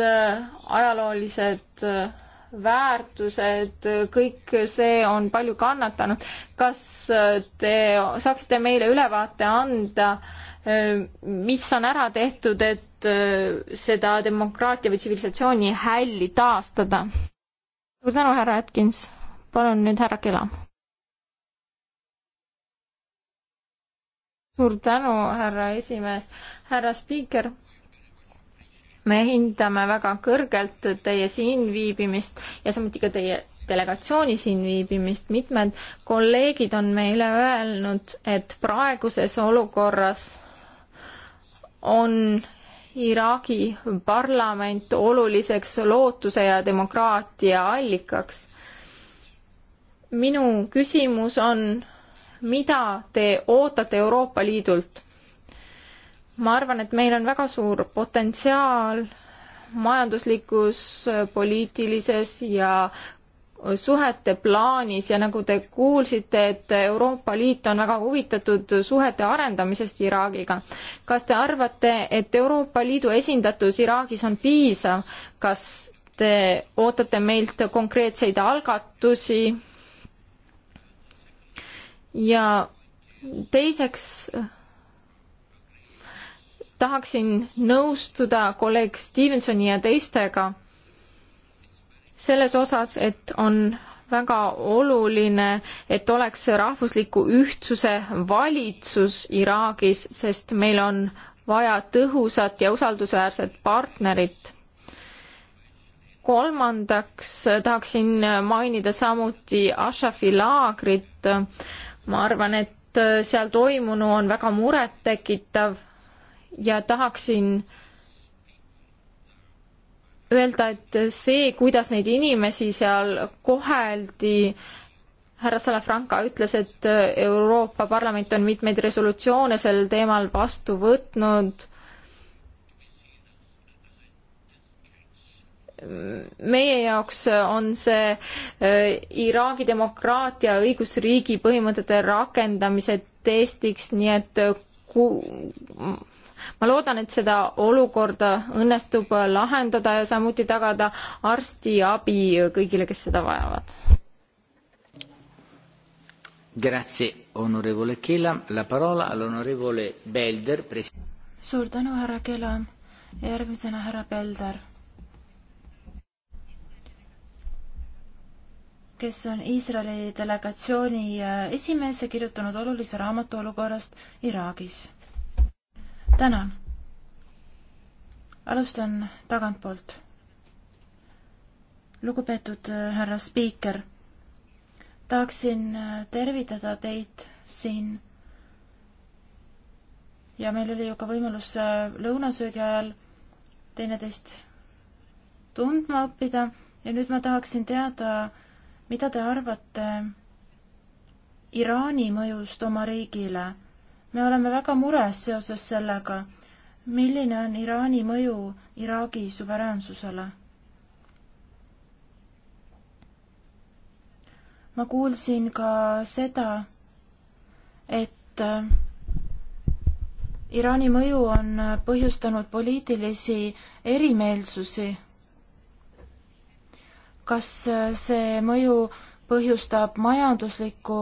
ajaloolised väärtused, kõik see on palju kannatanud. kas te saaksite meile ülevaate anda äh, mis on ära tehtud, et äh, seda demokraatia või tsivilisatsiooni hälli taastada. suur tänu, härra Atkins. palun nüüd härra Kela. suur tänu, härra esimees. härra spiiker, me hindame väga kõrgelt teie siin viibimist ja samuti ka teie delegatsiooni siin viibimist, mitmed kolleegid on meile öelnud, et praeguses olukorras on Iraagi parlament oluliseks lootuse ja demokraatia allikaks. minu küsimus on, mida te ootate Euroopa Liidult? ma arvan, et meil on väga suur potentsiaal majanduslikus, poliitilises ja suhete plaanis ja nagu te kuulsite, et Euroopa Liit on väga huvitatud suhete arendamisest Iraagiga. kas te arvate, et Euroopa Liidu esindatus Iraagis on piisav, kas te ootate meilt konkreetseid algatusi? ja teiseks tahaksin nõustuda kolleeg Stevensoni ja teistega selles osas, et on väga oluline, et oleks rahvusliku ühtsuse valitsus Iraagis, sest meil on vaja tõhusat ja usaldusväärset partnerit. kolmandaks tahaksin mainida samuti Ashrafi laagrit. ma arvan, et seal toimunu on väga murettekitav ja tahaksin öelda, et see, kuidas neid inimesi seal koheldi, härra Salafranca ütles, et Euroopa Parlament on mitmeid resolutsioone sel teemal vastu võtnud. meie jaoks on see äh, Iraagi demokraatia õigusriigi põhimõtete rakendamise testiks, nii et ku-, ma loodan, et seda olukorda õnnestub lahendada ja samuti tagada arstiabi kõigile, kes seda vajavad. Grazie, onorevole Keela, la parola all'onorevole Belder. suur tänu, härra Keela. järgmisena härra Belder kes on Iisraeli delegatsiooni äh, esimees ja kirjutanud olulise raamatu olukorrast Iraagis tänan. alustan tagantpoolt. lugupeetud äh, härra spiiker, tahaksin äh, tervitada teid siin. ja meil oli ju ka võimalus äh, lõunasöögi ajal teineteist tundma õppida ja nüüd ma tahaksin teada, mida te arvate Iraani mõjust oma riigile me oleme väga mures seoses sellega, milline on Iraani mõju Iraagi suveräänsusele. ma kuulsin ka seda, et äh, Iraani mõju on põhjustanud poliitilisi erimeelsusi. kas äh, see mõju põhjustab majanduslikku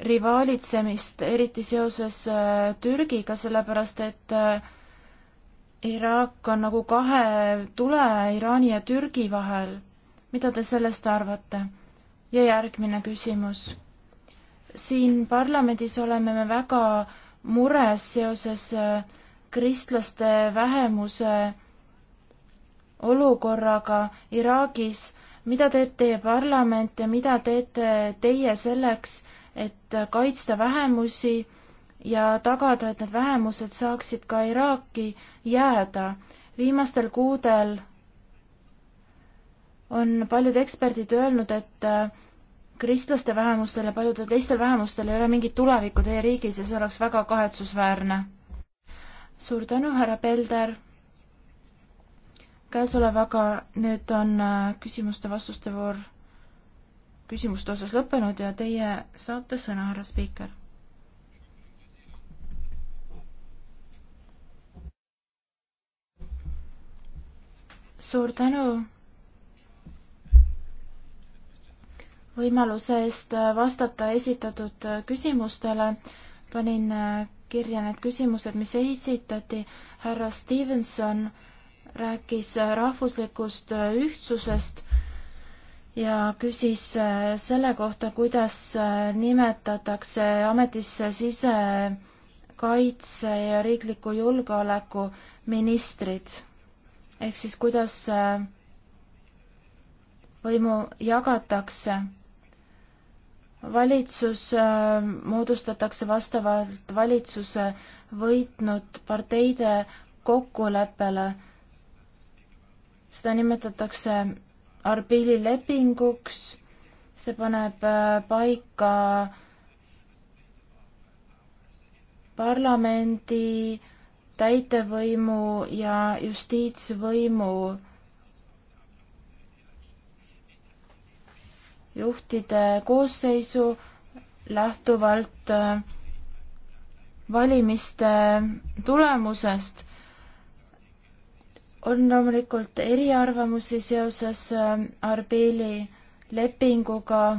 rivaalitsemist, eriti seoses äh, Türgiga, sellepärast et äh, Iraak on nagu kahe tule Iraani ja Türgi vahel. mida te sellest arvate? ja järgmine küsimus. siin parlamendis oleme me väga mures seoses äh, kristlaste vähemuse olukorraga Iraagis. mida teeb teie parlament ja mida teete teie selleks, et kaitsta vähemusi ja tagada, et need vähemused saaksid ka Iraaki jääda. viimastel kuudel on paljud eksperdid öelnud, et äh, kristlaste vähemustel ja paljudel teistel vähemustel ei ole mingit tulevikku teie riigis ja see oleks väga kahetsusväärne. suur tänu, härra Pelder. käesolevaga nüüd on äh, küsimuste-vastuste voor küsimuste osas lõppenud ja teie saate sõna, härra spiiker. suur tänu võimaluse eest vastata esitatud küsimustele. panin kirja need küsimused, mis esitati. härra Stevenson rääkis rahvuslikust ühtsusest ja küsis äh, selle kohta, kuidas äh, nimetatakse ametisse sisekaitse ja riikliku julgeoleku ministrid. ehk siis kuidas äh, võimu jagatakse. valitsus moodustatakse vastavalt valitsuse võitnud parteide kokkuleppele. seda nimetatakse Arbili lepinguks, see paneb äh, paika parlamendi, täitevvõimu ja justiitsvõimu juhtide koosseisu lähtuvalt äh, valimiste tulemusest on loomulikult eriarvamusi seoses ähm, Arbeeli lepinguga,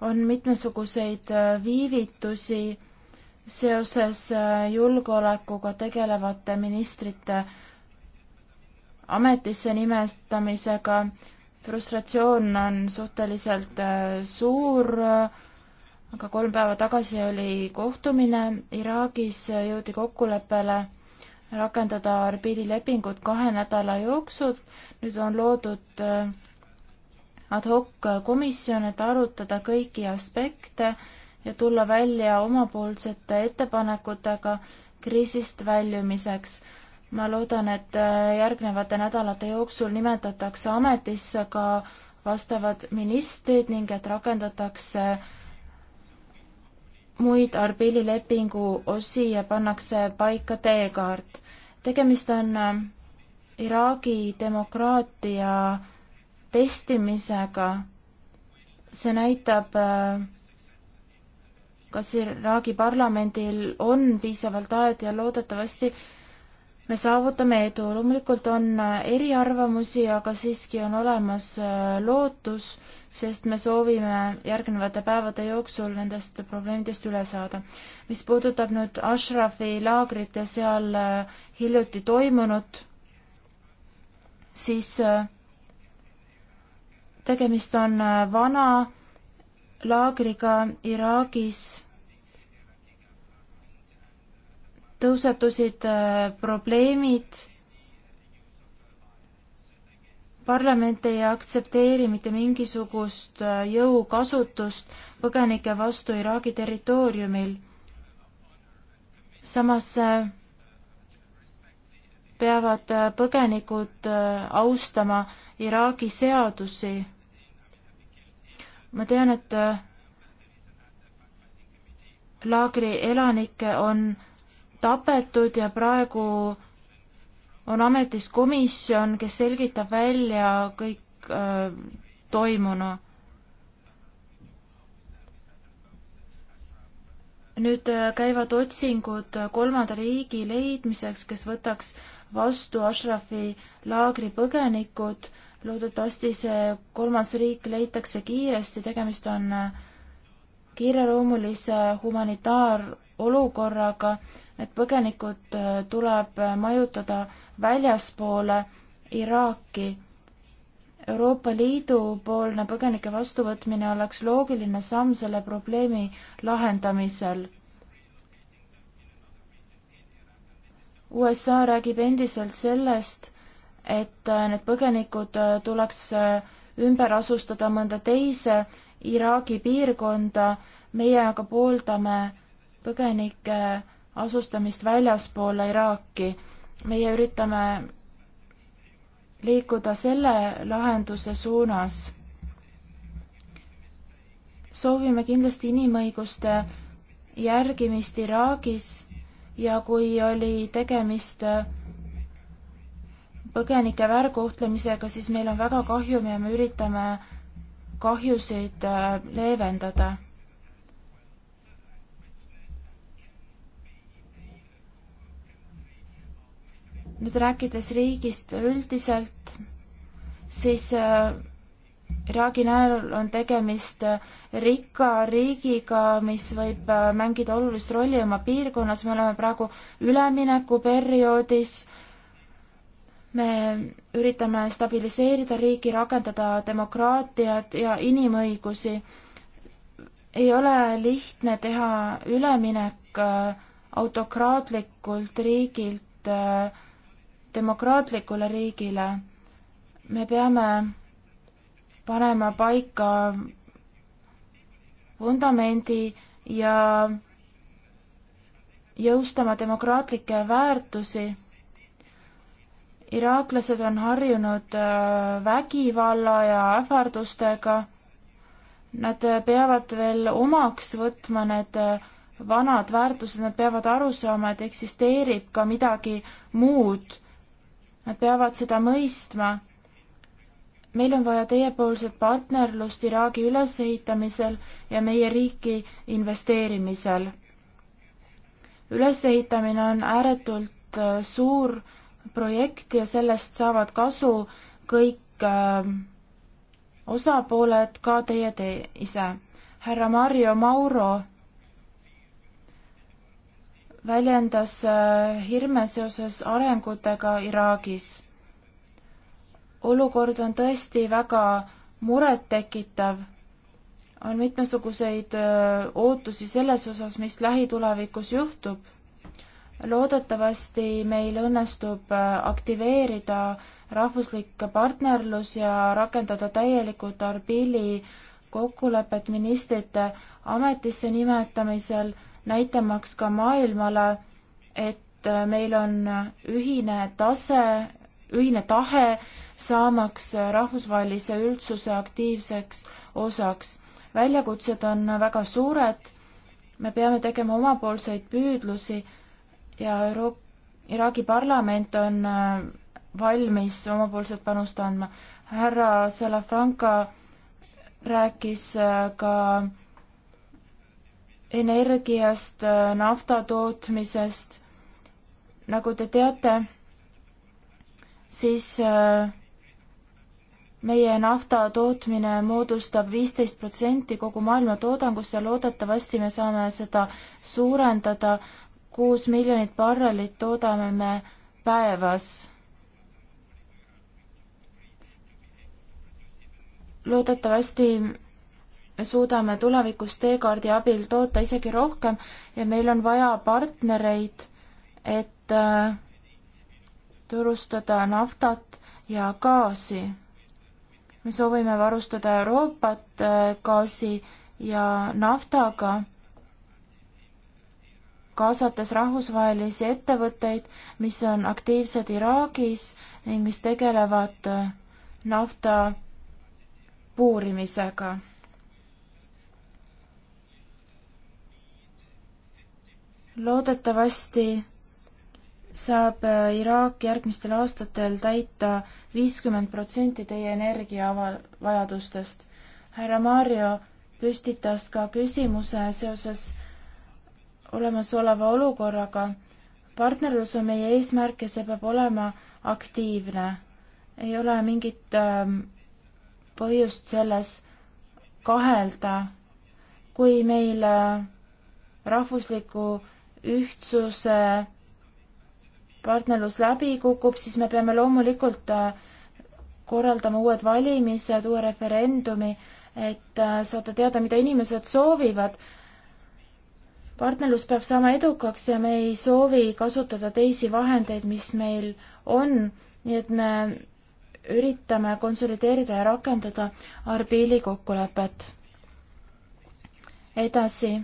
on mitmesuguseid äh, viivitusi seoses äh, julgeolekuga tegelevate ministrite ametisse nimetamisega. frustratsioon on suhteliselt äh, suur, aga kolm päeva tagasi oli kohtumine Iraagis, jõudi kokkuleppele rakendada Arbiili lepingut kahe nädala jooksul. nüüd on loodud äh, ad hoc komisjon, et arutada kõiki aspekte ja tulla välja omapoolsete ettepanekutega kriisist väljumiseks. ma loodan, et äh, järgnevate nädalate jooksul nimetatakse ametisse ka vastavad ministrid ning et rakendatakse muid Arbiili lepingu osi ja pannakse paika teekaart. tegemist on äh, Iraagi demokraatia testimisega. see näitab, äh, kas Iraagi parlamendil on piisavalt aed ja loodetavasti me saavutame edu, loomulikult on äh, eriarvamusi, aga siiski on olemas äh, lootus, sest me soovime järgnevate päevade jooksul nendest probleemidest üle saada. mis puudutab nüüd Ashrafi laagrit ja seal äh, hiljuti toimunut, siis tegemist on vana laagriga Iraagis tõusetusid äh, probleemid. parlament ei aktsepteeri mitte mingisugust äh, jõu kasutust põgenike vastu Iraagi territooriumil. samas äh, peavad põgenikud austama Iraagi seadusi. ma tean, et laagri elanikke on tapetud ja praegu on ametis komisjon, kes selgitab välja kõik äh, toimunu. nüüd äh, käivad otsingud kolmanda riigi leidmiseks, kes võtaks vastu Ashrafi laagri põgenikud. loodetavasti see kolmas riik leitakse kiiresti, tegemist on äh, kiireloomulise humanitaarolukorraga et põgenikud äh, tuleb äh, majutada väljaspoole Iraaki. Euroopa Liidu poolne põgenike vastuvõtmine oleks loogiline samm selle probleemi lahendamisel. USA räägib endiselt sellest, et äh, need põgenikud tuleks ümber asustada mõnda teise Iraagi piirkonda, meie aga pooldame põgenike asustamist väljaspoole Iraaki. meie üritame liikuda selle lahenduse suunas. soovime kindlasti inimõiguste järgimist Iraagis ja kui oli tegemist põgenike väärkohtlemisega, siis meil on väga kahju ja me üritame kahjusid äh, leevendada nüüd rääkides riigist üldiselt, siis äh, Iraagi näol on tegemist äh, rikka riigiga, mis võib äh, mängida olulist rolli oma piirkonnas, me oleme praegu üleminekuperioodis, me üritame stabiliseerida riiki, rakendada demokraatiat ja inimõigusi. ei ole lihtne teha üleminek autokraatlikult riigilt äh, demokraatlikule riigile me peame panema paika vundamendi ja jõustama demokraatlikke väärtusi. iraaklased on harjunud äh, vägivalla ja ähvardustega. Nad äh, peavad veel omaks võtma need äh, vanad väärtused, nad peavad aru saama, et eksisteerib ka midagi muud Nad peavad seda mõistma. meil on vaja teiepoolset partnerlust Iraagi ülesehitamisel ja meie riiki investeerimisel. ülesehitamine on ääretult äh, suur projekt ja sellest saavad kasu kõik äh, osapooled, ka teie te ise. härra Mario Mauro väljendas äh, hirme seoses arengutega Iraagis. olukord on tõesti väga murettekitav. on mitmesuguseid äh, ootusi selles osas, mis lähitulevikus juhtub. loodetavasti meil õnnestub äh, aktiveerida rahvuslik partnerlus ja rakendada täielikult Arbili kokkulepet ministrite ametisse nimetamisel näitamaks ka maailmale, et äh, meil on ühine tase, ühine tahe saamaks äh, rahvusvahelise üldsuse aktiivseks osaks. väljakutsed on väga suured, me peame tegema omapoolseid püüdlusi ja Euro-, Iraagi parlament on äh, valmis omapoolset panust andma. härra Salafranca rääkis ka äh, energiast, äh, nafta tootmisest. nagu te teate, siis äh, meie nafta tootmine moodustab viisteist protsenti kogu maailma toodangust ja loodetavasti me saame seda suurendada. kuus miljonit barrelit toodame me päevas. loodetavasti me suudame tulevikus teekaardi abil toota isegi rohkem ja meil on vaja partnereid, et äh, turustada naftat ja gaasi. me soovime varustada Euroopat äh, gaasi ja naftaga, kaasates rahvusvahelisi ettevõtteid, mis on aktiivsed Iraagis ning mis tegelevad äh, nafta puurimisega loodetavasti saab äh, Iraak järgmistel aastatel täita viiskümmend protsenti teie energiavajadustest. härra Mario püstitas ka küsimuse seoses olemasoleva olukorraga. partnerlus on meie eesmärk ja see peab olema aktiivne. ei ole mingit ähm, põhjust selles kahelda. kui meil äh, rahvusliku ühtsuse partnerlus läbi kukub, siis me peame loomulikult äh, korraldama uued valimised, uue referendumi, et äh, saada teada, mida inimesed soovivad. partnerlus peab saama edukaks ja me ei soovi kasutada teisi vahendeid, mis meil on, nii et me üritame konsolideerida ja rakendada Arbiili kokkulepet. edasi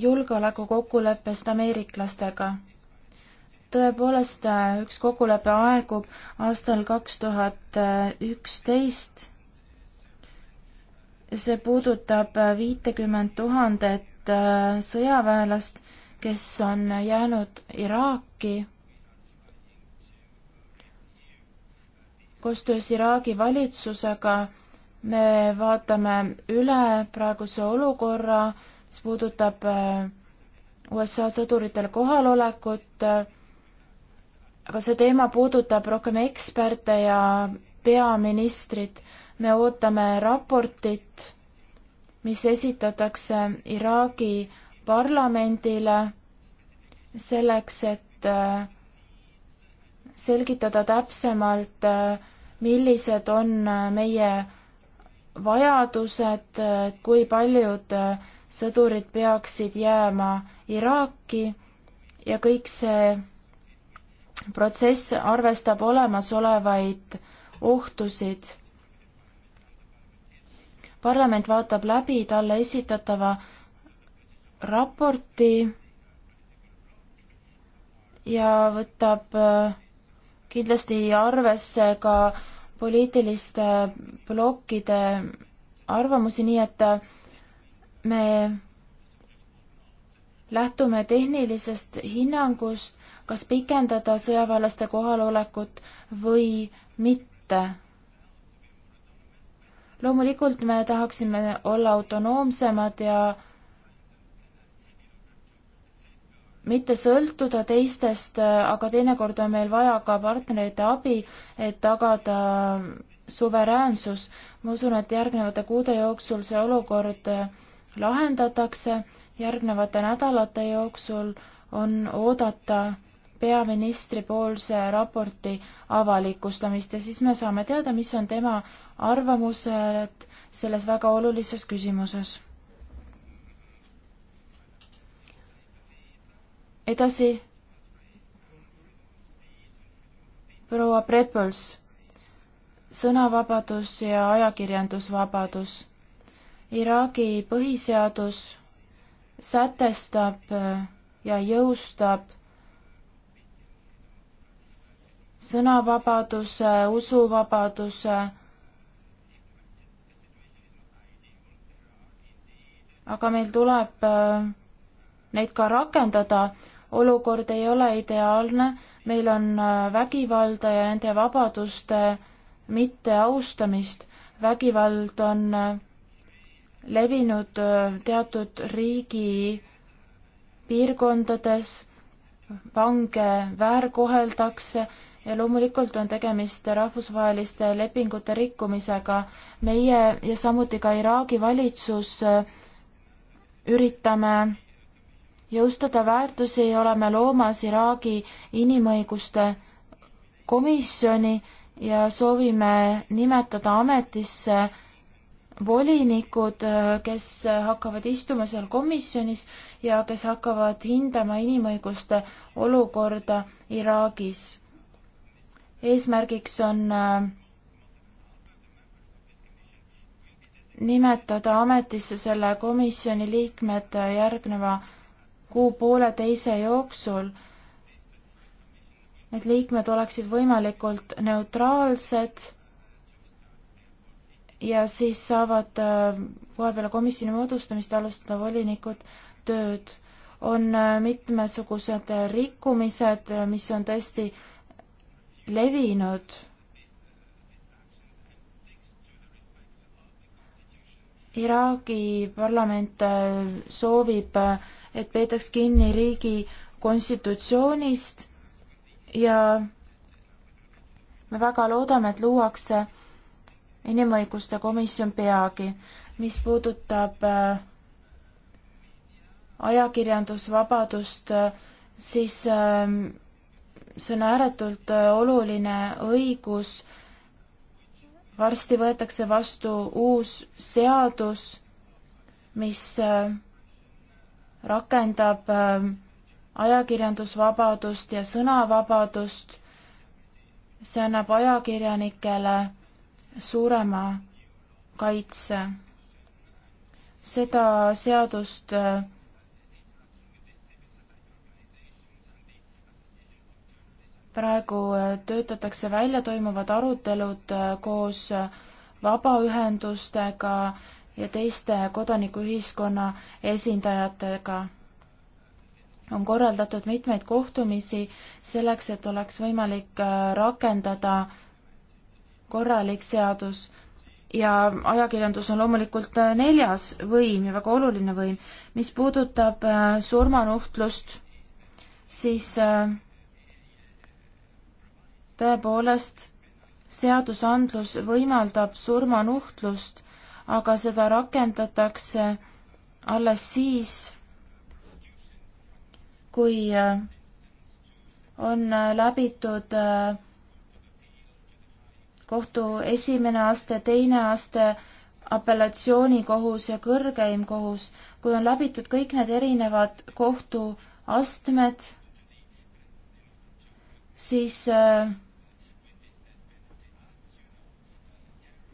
julgeolekukokkuleppest ameeriklastega. tõepoolest, üks kokkulepe aegub aastal kaks tuhat üksteist. see puudutab viitekümmet tuhandet äh, sõjaväelast, kes on jäänud Iraaki. koostöös Iraagi valitsusega me vaatame üle praeguse olukorra mis puudutab äh, USA sõduritel kohalolekut, äh, aga see teema puudutab rohkem eksperte ja peaministrit. me ootame raportit, mis esitatakse Iraagi parlamendile selleks, et äh, selgitada täpsemalt, millised on meie vajadused, kui paljud sõdurid peaksid jääma Iraaki ja kõik see protsess arvestab olemasolevaid ohtusid. parlament vaatab läbi talle esitatava raporti ja võtab äh, kindlasti arvesse ka poliitiliste blokkide arvamusi, nii et äh, me lähtume tehnilisest hinnangust, kas pikendada sõjaväelaste kohalolekut või mitte. loomulikult me tahaksime olla autonoomsemad ja mitte sõltuda teistest, aga teinekord on meil vaja ka partnerite abi, et tagada suveräänsus. ma usun, et järgnevate kuude jooksul see olukord lahendatakse. järgnevate nädalate jooksul on oodata peaministri poolse raporti avalikustamist ja siis me saame teada, mis on tema arvamused selles väga olulises küsimuses. edasi. proua Prepels, sõnavabadus ja ajakirjandusvabadus Iraagi põhiseadus sätestab äh, ja jõustab sõnavabaduse, usuvabaduse, aga meil tuleb äh, neid ka rakendada. olukord ei ole ideaalne, meil on äh, vägivalda ja nende vabaduste mitteaustamist. vägivald on levinud teatud riigi piirkondades, vange väärkoheldakse ja loomulikult on tegemist rahvusvaheliste lepingute rikkumisega. meie ja samuti ka Iraagi valitsus üritame jõustada väärtusi ja oleme loomas Iraagi inimõiguste komisjoni ja soovime nimetada ametisse volinikud, äh, kes hakkavad istuma seal komisjonis ja kes hakkavad hindama inimõiguste olukorda Iraagis. eesmärgiks on äh, nimetada ametisse selle komisjoni liikmed äh, järgneva kuu pooleteise jooksul. Need liikmed oleksid võimalikult neutraalsed ja siis saavad äh, kohapeale komisjoni moodustamist alustada volinikud tööd. on äh, mitmesugused rikkumised, äh, mis on tõesti levinud. Iraagi parlament soovib, et peetaks kinni riigi konstitutsioonist ja me väga loodame, et luuakse inimõiguste komisjon peagi. mis puudutab äh, ajakirjandusvabadust, äh, siis ähm, see on ääretult äh, oluline õigus. varsti võetakse vastu uus seadus, mis rakendab ähm, ajakirjandusvabadust ja sõnavabadust. see annab ajakirjanikele suurema kaitse. seda seadust äh, praegu äh, töötatakse välja, toimuvad arutelud äh, koos vabaühendustega ja teiste kodanikuühiskonna esindajatega. on korraldatud mitmeid kohtumisi selleks, et oleks võimalik rakendada korralik seadus ja ajakirjandus on loomulikult äh, neljas võim ja väga oluline võim. mis puudutab äh, surmanuhtlust, siis äh, tõepoolest, seadusandlus võimaldab surmanuhtlust, aga seda rakendatakse alles siis, kui on läbitud äh, kohtu esimene aste, teine aste, apellatsioonikohus ja kõrgeim kohus, kui on läbitud kõik need erinevad kohtuastmed, siis äh,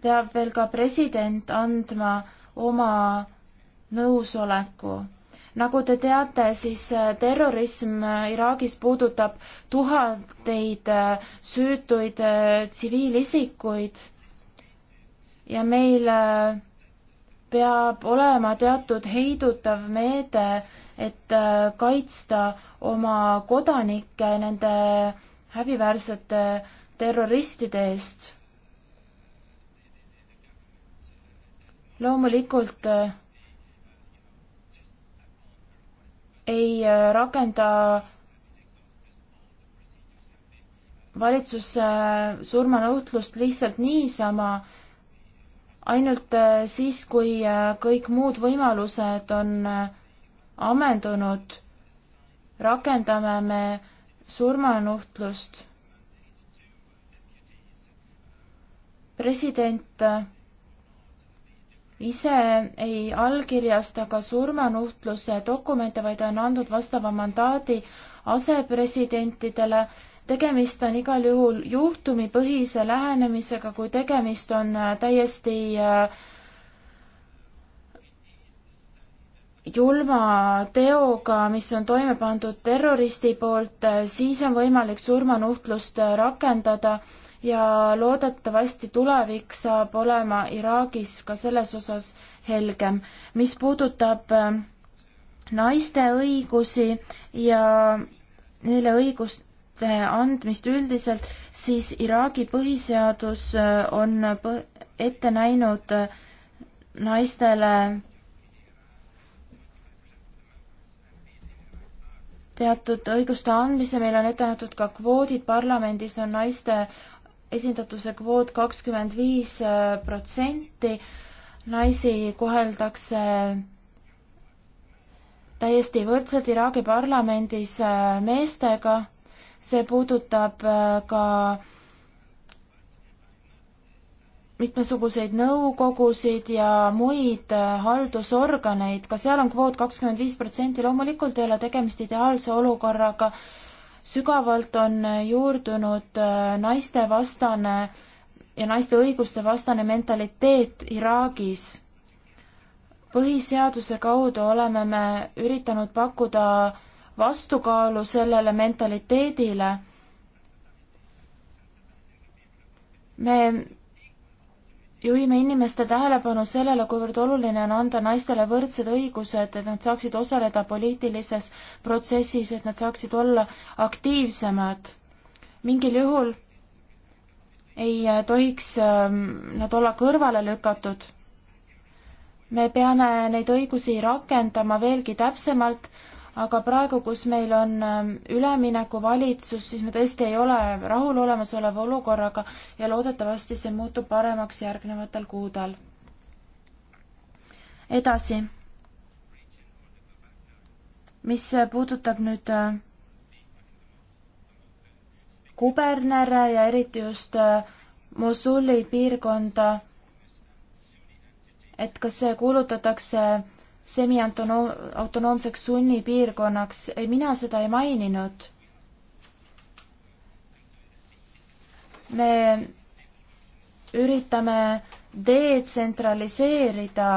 peab veel ka president andma oma nõusoleku nagu te teate, siis äh, terrorism äh, Iraagis puudutab tuhandeid äh, süütuid tsiviilisikuid ja meil peab olema teatud heidutav meede, et kaitsta oma kodanikke nende häbiväärsete terroristide eest. loomulikult ei äh, rakenda valitsus äh, surmanõutlust lihtsalt niisama, ainult äh, siis, kui kõik muud võimalused on ammendunud, rakendame me surmanuhtlust. president ise ei allkirjasta ka surmanuhtluse dokumente, vaid on andnud vastava mandaadi asepresidentidele. tegemist on igal juhul juhtumipõhise lähenemisega, kui tegemist on äh, täiesti äh, julma teoga, mis on toime pandud terroristi poolt, äh, siis on võimalik surmanuhtlust äh, rakendada ja loodetavasti tulevik saab olema Iraagis ka selles osas helgem. mis puudutab äh, naiste õigusi ja neile õiguste andmist üldiselt, siis Iraagi põhiseadus on ette näinud naistele teatud õiguste andmise, meil on ette nähtud ka kvoodid, parlamendis on naiste esindatuse kvoot kakskümmend viis äh, protsenti, naisi koheldakse täiesti võrdselt Iraagi parlamendis äh, meestega, see puudutab äh, ka äh, mitmesuguseid nõukogusid ja muid äh, haldusorganeid, ka seal on kvoot kakskümmend viis protsenti, loomulikult ei ole tegemist ideaalse olukorraga, sügavalt on äh, juurdunud äh, naistevastane ja naiste õiguste vastane mentaliteet Iraagis. põhiseaduse kaudu oleme me üritanud pakkuda vastukaalu sellele mentaliteedile. me juhime inimeste tähelepanu sellele, kuivõrd oluline on anda naistele võrdsed õigused, et nad saaksid osaleda poliitilises protsessis, et nad saaksid olla aktiivsemad. mingil juhul ei äh, tohiks ähm, nad olla kõrvale lükatud. me peame neid õigusi rakendama veelgi täpsemalt aga praegu, kus meil on ähm, üleminekuvalitsus, siis me tõesti ei ole rahul olemasoleva olukorraga ja loodetavasti see muutub paremaks järgnevatel kuudel. edasi. mis puudutab nüüd äh, kubernere ja eriti just äh, Mosuli piirkonda, et kas see kuulutatakse semiautonoomseks sunnipiirkonnaks, ei, mina seda ei maininud. me üritame detsentraliseerida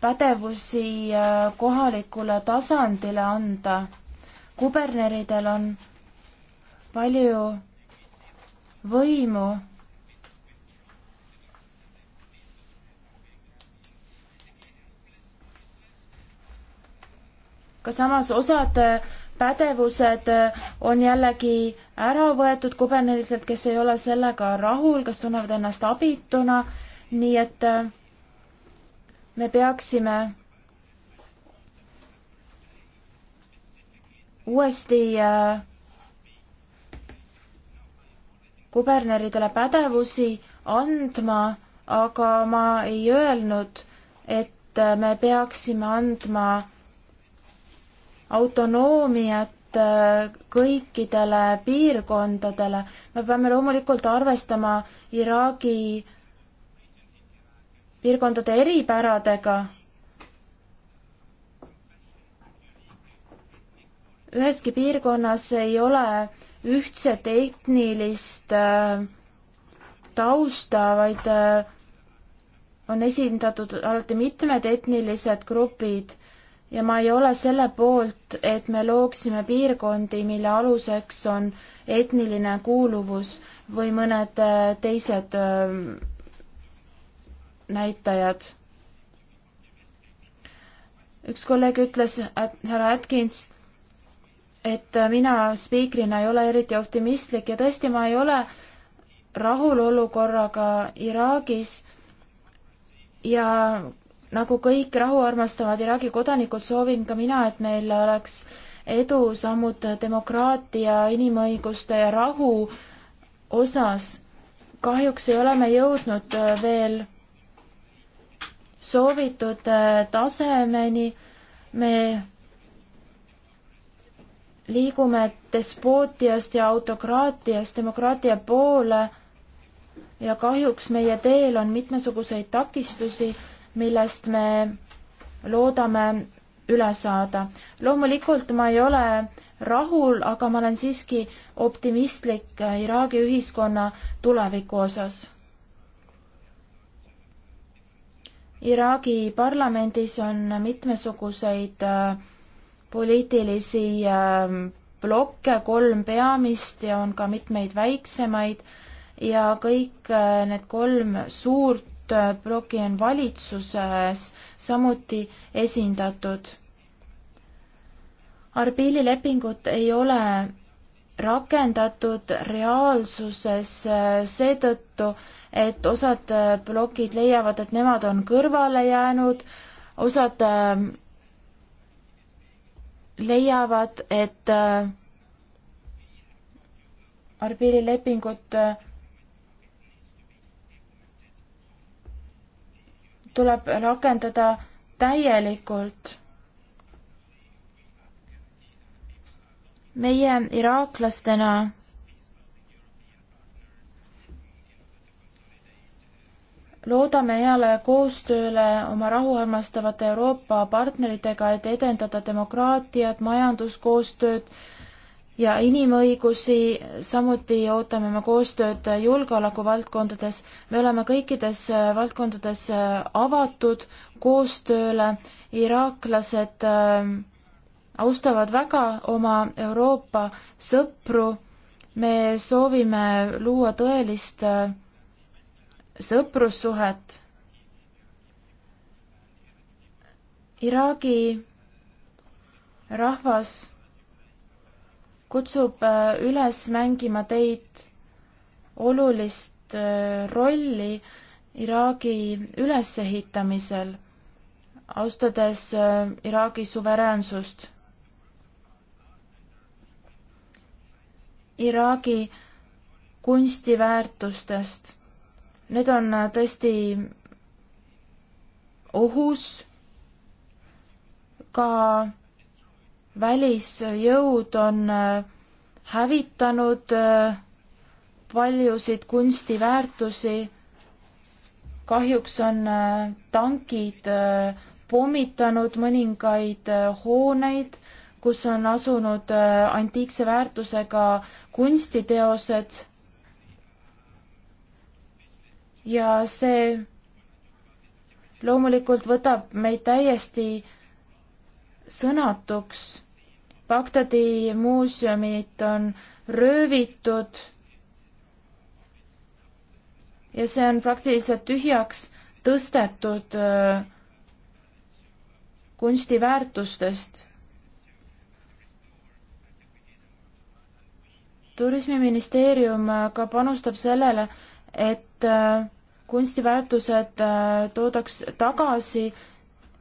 pädevusi äh, kohalikule tasandile anda. kuberneridel on palju võimu aga samas osad äh, pädevused äh, on jällegi ära võetud kuberneritelt, kes ei ole sellega rahul, kes tunnevad ennast abituna, nii et äh, me peaksime uuesti kuberneridele pädevusi andma, aga ma ei öelnud, et me peaksime andma autonoomiat äh, kõikidele piirkondadele. me peame loomulikult arvestama Iraagi piirkondade eripäradega. üheski piirkonnas ei ole ühtset etnilist äh, tausta, vaid äh, on esindatud alati mitmed etnilised grupid ja ma ei ole selle poolt, et me looksime piirkondi, mille aluseks on etniline kuuluvus või mõned äh, teised äh, näitajad. üks kolleeg ütles, et härra Atkins, et äh, mina spiikrina ei ole eriti optimistlik ja tõesti, ma ei ole rahul olukorraga Iraagis ja nagu kõik rahuarmastavad Iraagi kodanikud, soovin ka mina, et meil oleks edusammud demokraatia, inimõiguste ja rahu osas. kahjuks ei ole me jõudnud äh, veel soovitud äh, tasemeni. me liigume despootiast ja autokraatiast demokraatia poole ja kahjuks meie teel on mitmesuguseid takistusi millest me loodame üle saada. loomulikult ma ei ole rahul, aga ma olen siiski optimistlik Iraagi ühiskonna tuleviku osas. Iraagi parlamendis on mitmesuguseid äh, poliitilisi äh, blokke, kolm peamist ja on ka mitmeid väiksemaid ja kõik äh, need kolm suurt ploki äh, on valitsuses samuti esindatud. Arbiili lepingut ei ole rakendatud reaalsuses äh, seetõttu, et osad äh, blokid leiavad, et nemad on kõrvale jäänud, osad leiavad, et Arbiili lepingut tuleb rakendada täielikult. meie iraaklastena loodame heale koostööle oma rahuarmastavate Euroopa partneritega, et edendada demokraatiat, majanduskoostööd ja inimõigusi, samuti ootame me koostööd julgeolekuvaldkondades. me oleme kõikides äh, valdkondades äh, avatud koostööle, iraaklased äh, austavad väga oma Euroopa sõpru, me soovime luua tõelist sõprussuhet. Iraagi rahvas kutsub äh, üles mängima teid olulist äh, rolli Iraagi ülesehitamisel, austades äh, Iraagi suveräänsust. Iraagi kunstiväärtustest, need on tõesti ohus ka välisjõud on äh, hävitanud äh, paljusid kunstiväärtusi. kahjuks on äh, tankid pommitanud mõningaid hooneid, kus on asunud antiikse väärtusega kunstiteosed. ja see loomulikult võtab meid täiesti sõnatuks. Bagdadi muuseumid on röövitud ja see on praktiliselt tühjaks tõstetud äh, kunstiväärtustest. turismiministeerium äh, ka panustab sellele, et äh, kunstiväärtused toodaks tagasi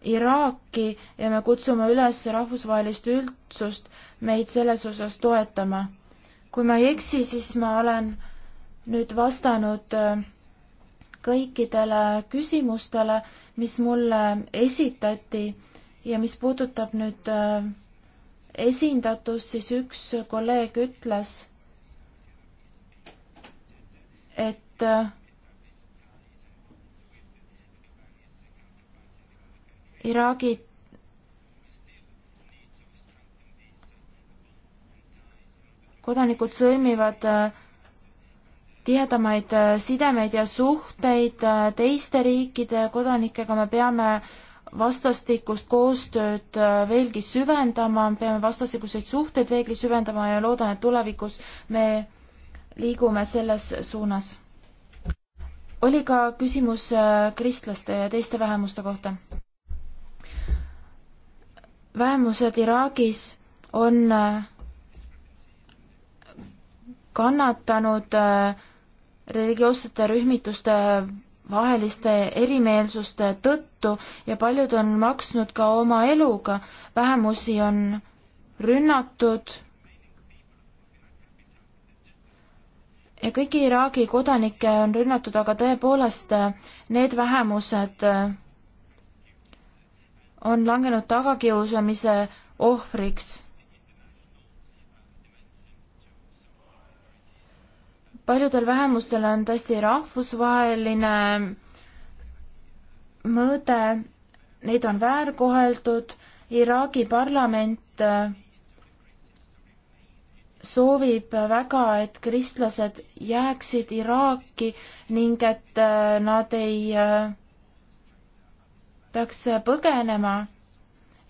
Iraaki ja me kutsume üles rahvusvahelist üldsust meid selles osas toetama. kui ma ei eksi, siis ma olen nüüd vastanud äh, kõikidele küsimustele, mis mulle esitati ja mis puudutab nüüd äh, esindatust, siis üks kolleeg ütles, et äh, Iraagi kodanikud sõlmivad äh, tihedamaid äh, sidemeid ja suhteid äh, teiste riikide kodanikega, me peame vastastikust koostööd veelgi süvendama, peame vastastikuseid suhteid veelgi süvendama ja loodan, et tulevikus me liigume selles suunas. oli ka küsimus kristlaste ja teiste vähemuste kohta vähemused Iraagis on äh, kannatanud äh, religioossete rühmituste vaheliste erimeelsuste tõttu ja paljud on maksnud ka oma eluga. vähemusi on rünnatud ja kõiki Iraagi kodanikke on rünnatud, aga tõepoolest äh, need vähemused, on langenud tagakiusamise ohvriks. paljudel vähemustel on tõesti rahvusvaheline mõõde, neid on väärkoheldud, Iraagi parlament äh, soovib väga, et kristlased jääksid Iraaki ning et äh, nad ei äh, peaks äh, põgenema.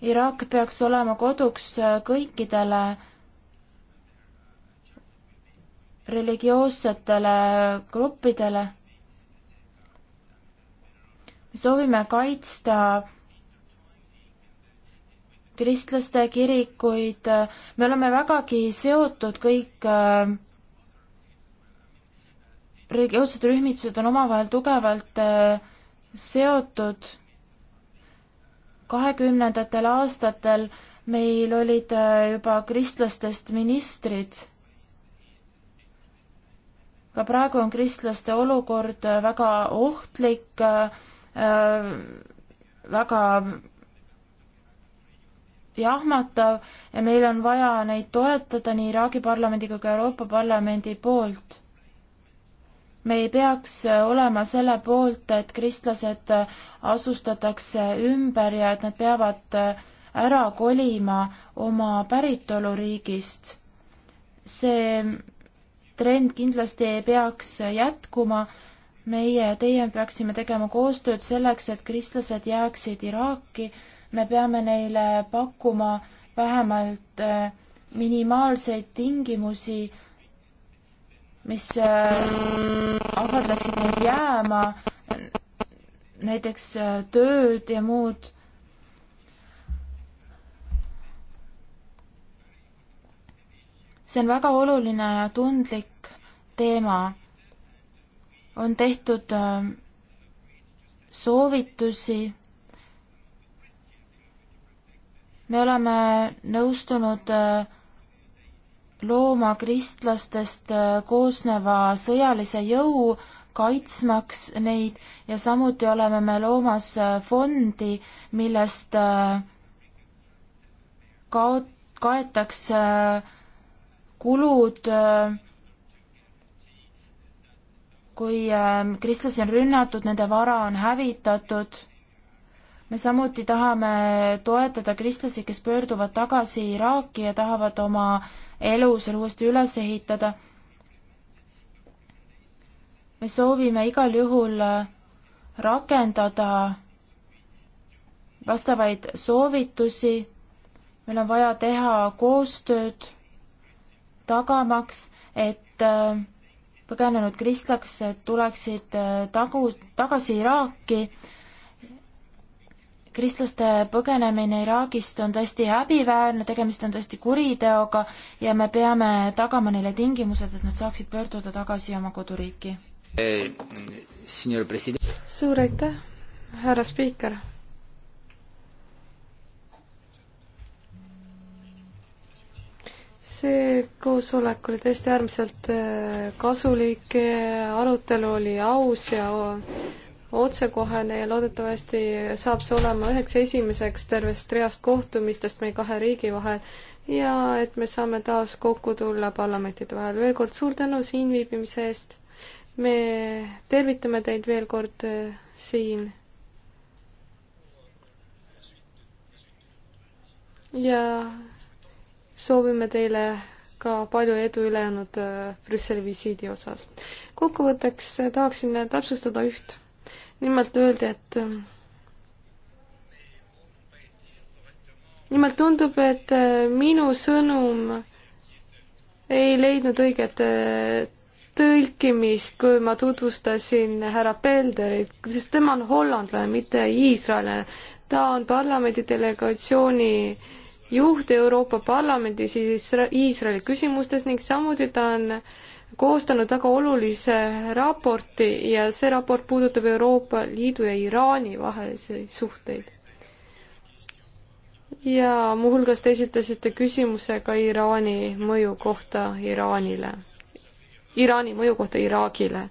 Iraak peaks olema koduks äh, kõikidele religioossetele gruppidele. me soovime kaitsta kristlaste kirikuid, me oleme vägagi seotud kõik äh, religioossed rühmitused on omavahel tugevalt äh, seotud kahekümnendatel aastatel meil olid äh, juba kristlastest ministrid. ka praegu on kristlaste olukord äh, väga ohtlik, äh, väga jahmatav ja meil on vaja neid toetada nii Iraagi parlamendi kui ka Euroopa Parlamendi poolt me ei peaks äh, olema selle poolt, et kristlased äh, asustatakse ümber ja et nad peavad äh, ära kolima oma päritoluriigist. see trend kindlasti ei peaks jätkuma. meie ja teie peaksime tegema koostööd selleks, et kristlased jääksid Iraaki. me peame neile pakkuma vähemalt minimaalseid tingimusi mis äh, ahvatleksid neid jääma, näiteks äh, tööd ja muud. see on väga oluline ja tundlik teema. on tehtud äh, soovitusi. me oleme nõustunud äh, looma kristlastest äh, koosneva sõjalise jõu, kaitsmaks neid ja samuti oleme me loomas äh, fondi, millest äh, kaot-, kaetakse kulud, kui kristlasi on rünnatud, nende vara on hävitatud. me samuti tahame toetada kristlasi, kes pöörduvad tagasi Iraaki ja tahavad oma elu seal uuesti üles ehitada. me soovime igal juhul äh, rakendada vastavaid soovitusi, meil on vaja teha koostööd, tagamaks, et äh, põgenenud kristlased tuleksid äh, tagu, tagasi Iraaki kristlaste põgenemine Iraagist on tõesti häbiväärne, tegemist on tõesti kuriteoga ja me peame tagama neile tingimused, et nad saaksid pöörduda tagasi oma koduriiki. suur aitäh, härra spiiker. see koosolek oli tõesti äärmiselt äh, kasulik, arutelu oli aus ja otsekohene ja loodetavasti saab see olema üheks esimeseks tervest reast kohtumistest meie kahe riigi vahel ja et me saame taas kokku tulla parlamentide vahel. veel kord suur tänu siin viibimise eest. me tervitame teid veel kord eh, siin. ja soovime teile ka palju edu ülejäänud eh, Brüsseli visiidi osas. kokkuvõtteks eh, tahaksin täpsustada üht nimelt öeldi, et nimelt tundub, et äh, minu sõnum ei leidnud õiget äh, tõlkimist, kui ma tutvustasin härra Pelderit, sest tema on hollandlane, mitte iisraellane. ta on parlamendi delegatsiooni juht Euroopa Parlamendis Iisraeli küsimustes ning samuti ta on äh, koostanud väga olulise raporti ja see raport puudutab Euroopa Liidu ja Iraani vahelisi suhteid. ja muuhulgas te esitasite küsimuse ka Iraani mõju kohta Iraanile, Iraani mõju kohta Iraagile.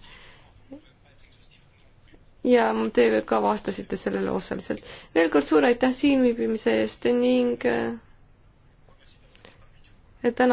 ja te ka vastasite sellele osaliselt. veel kord suur aitäh siinviibimise eest ning et eh, täna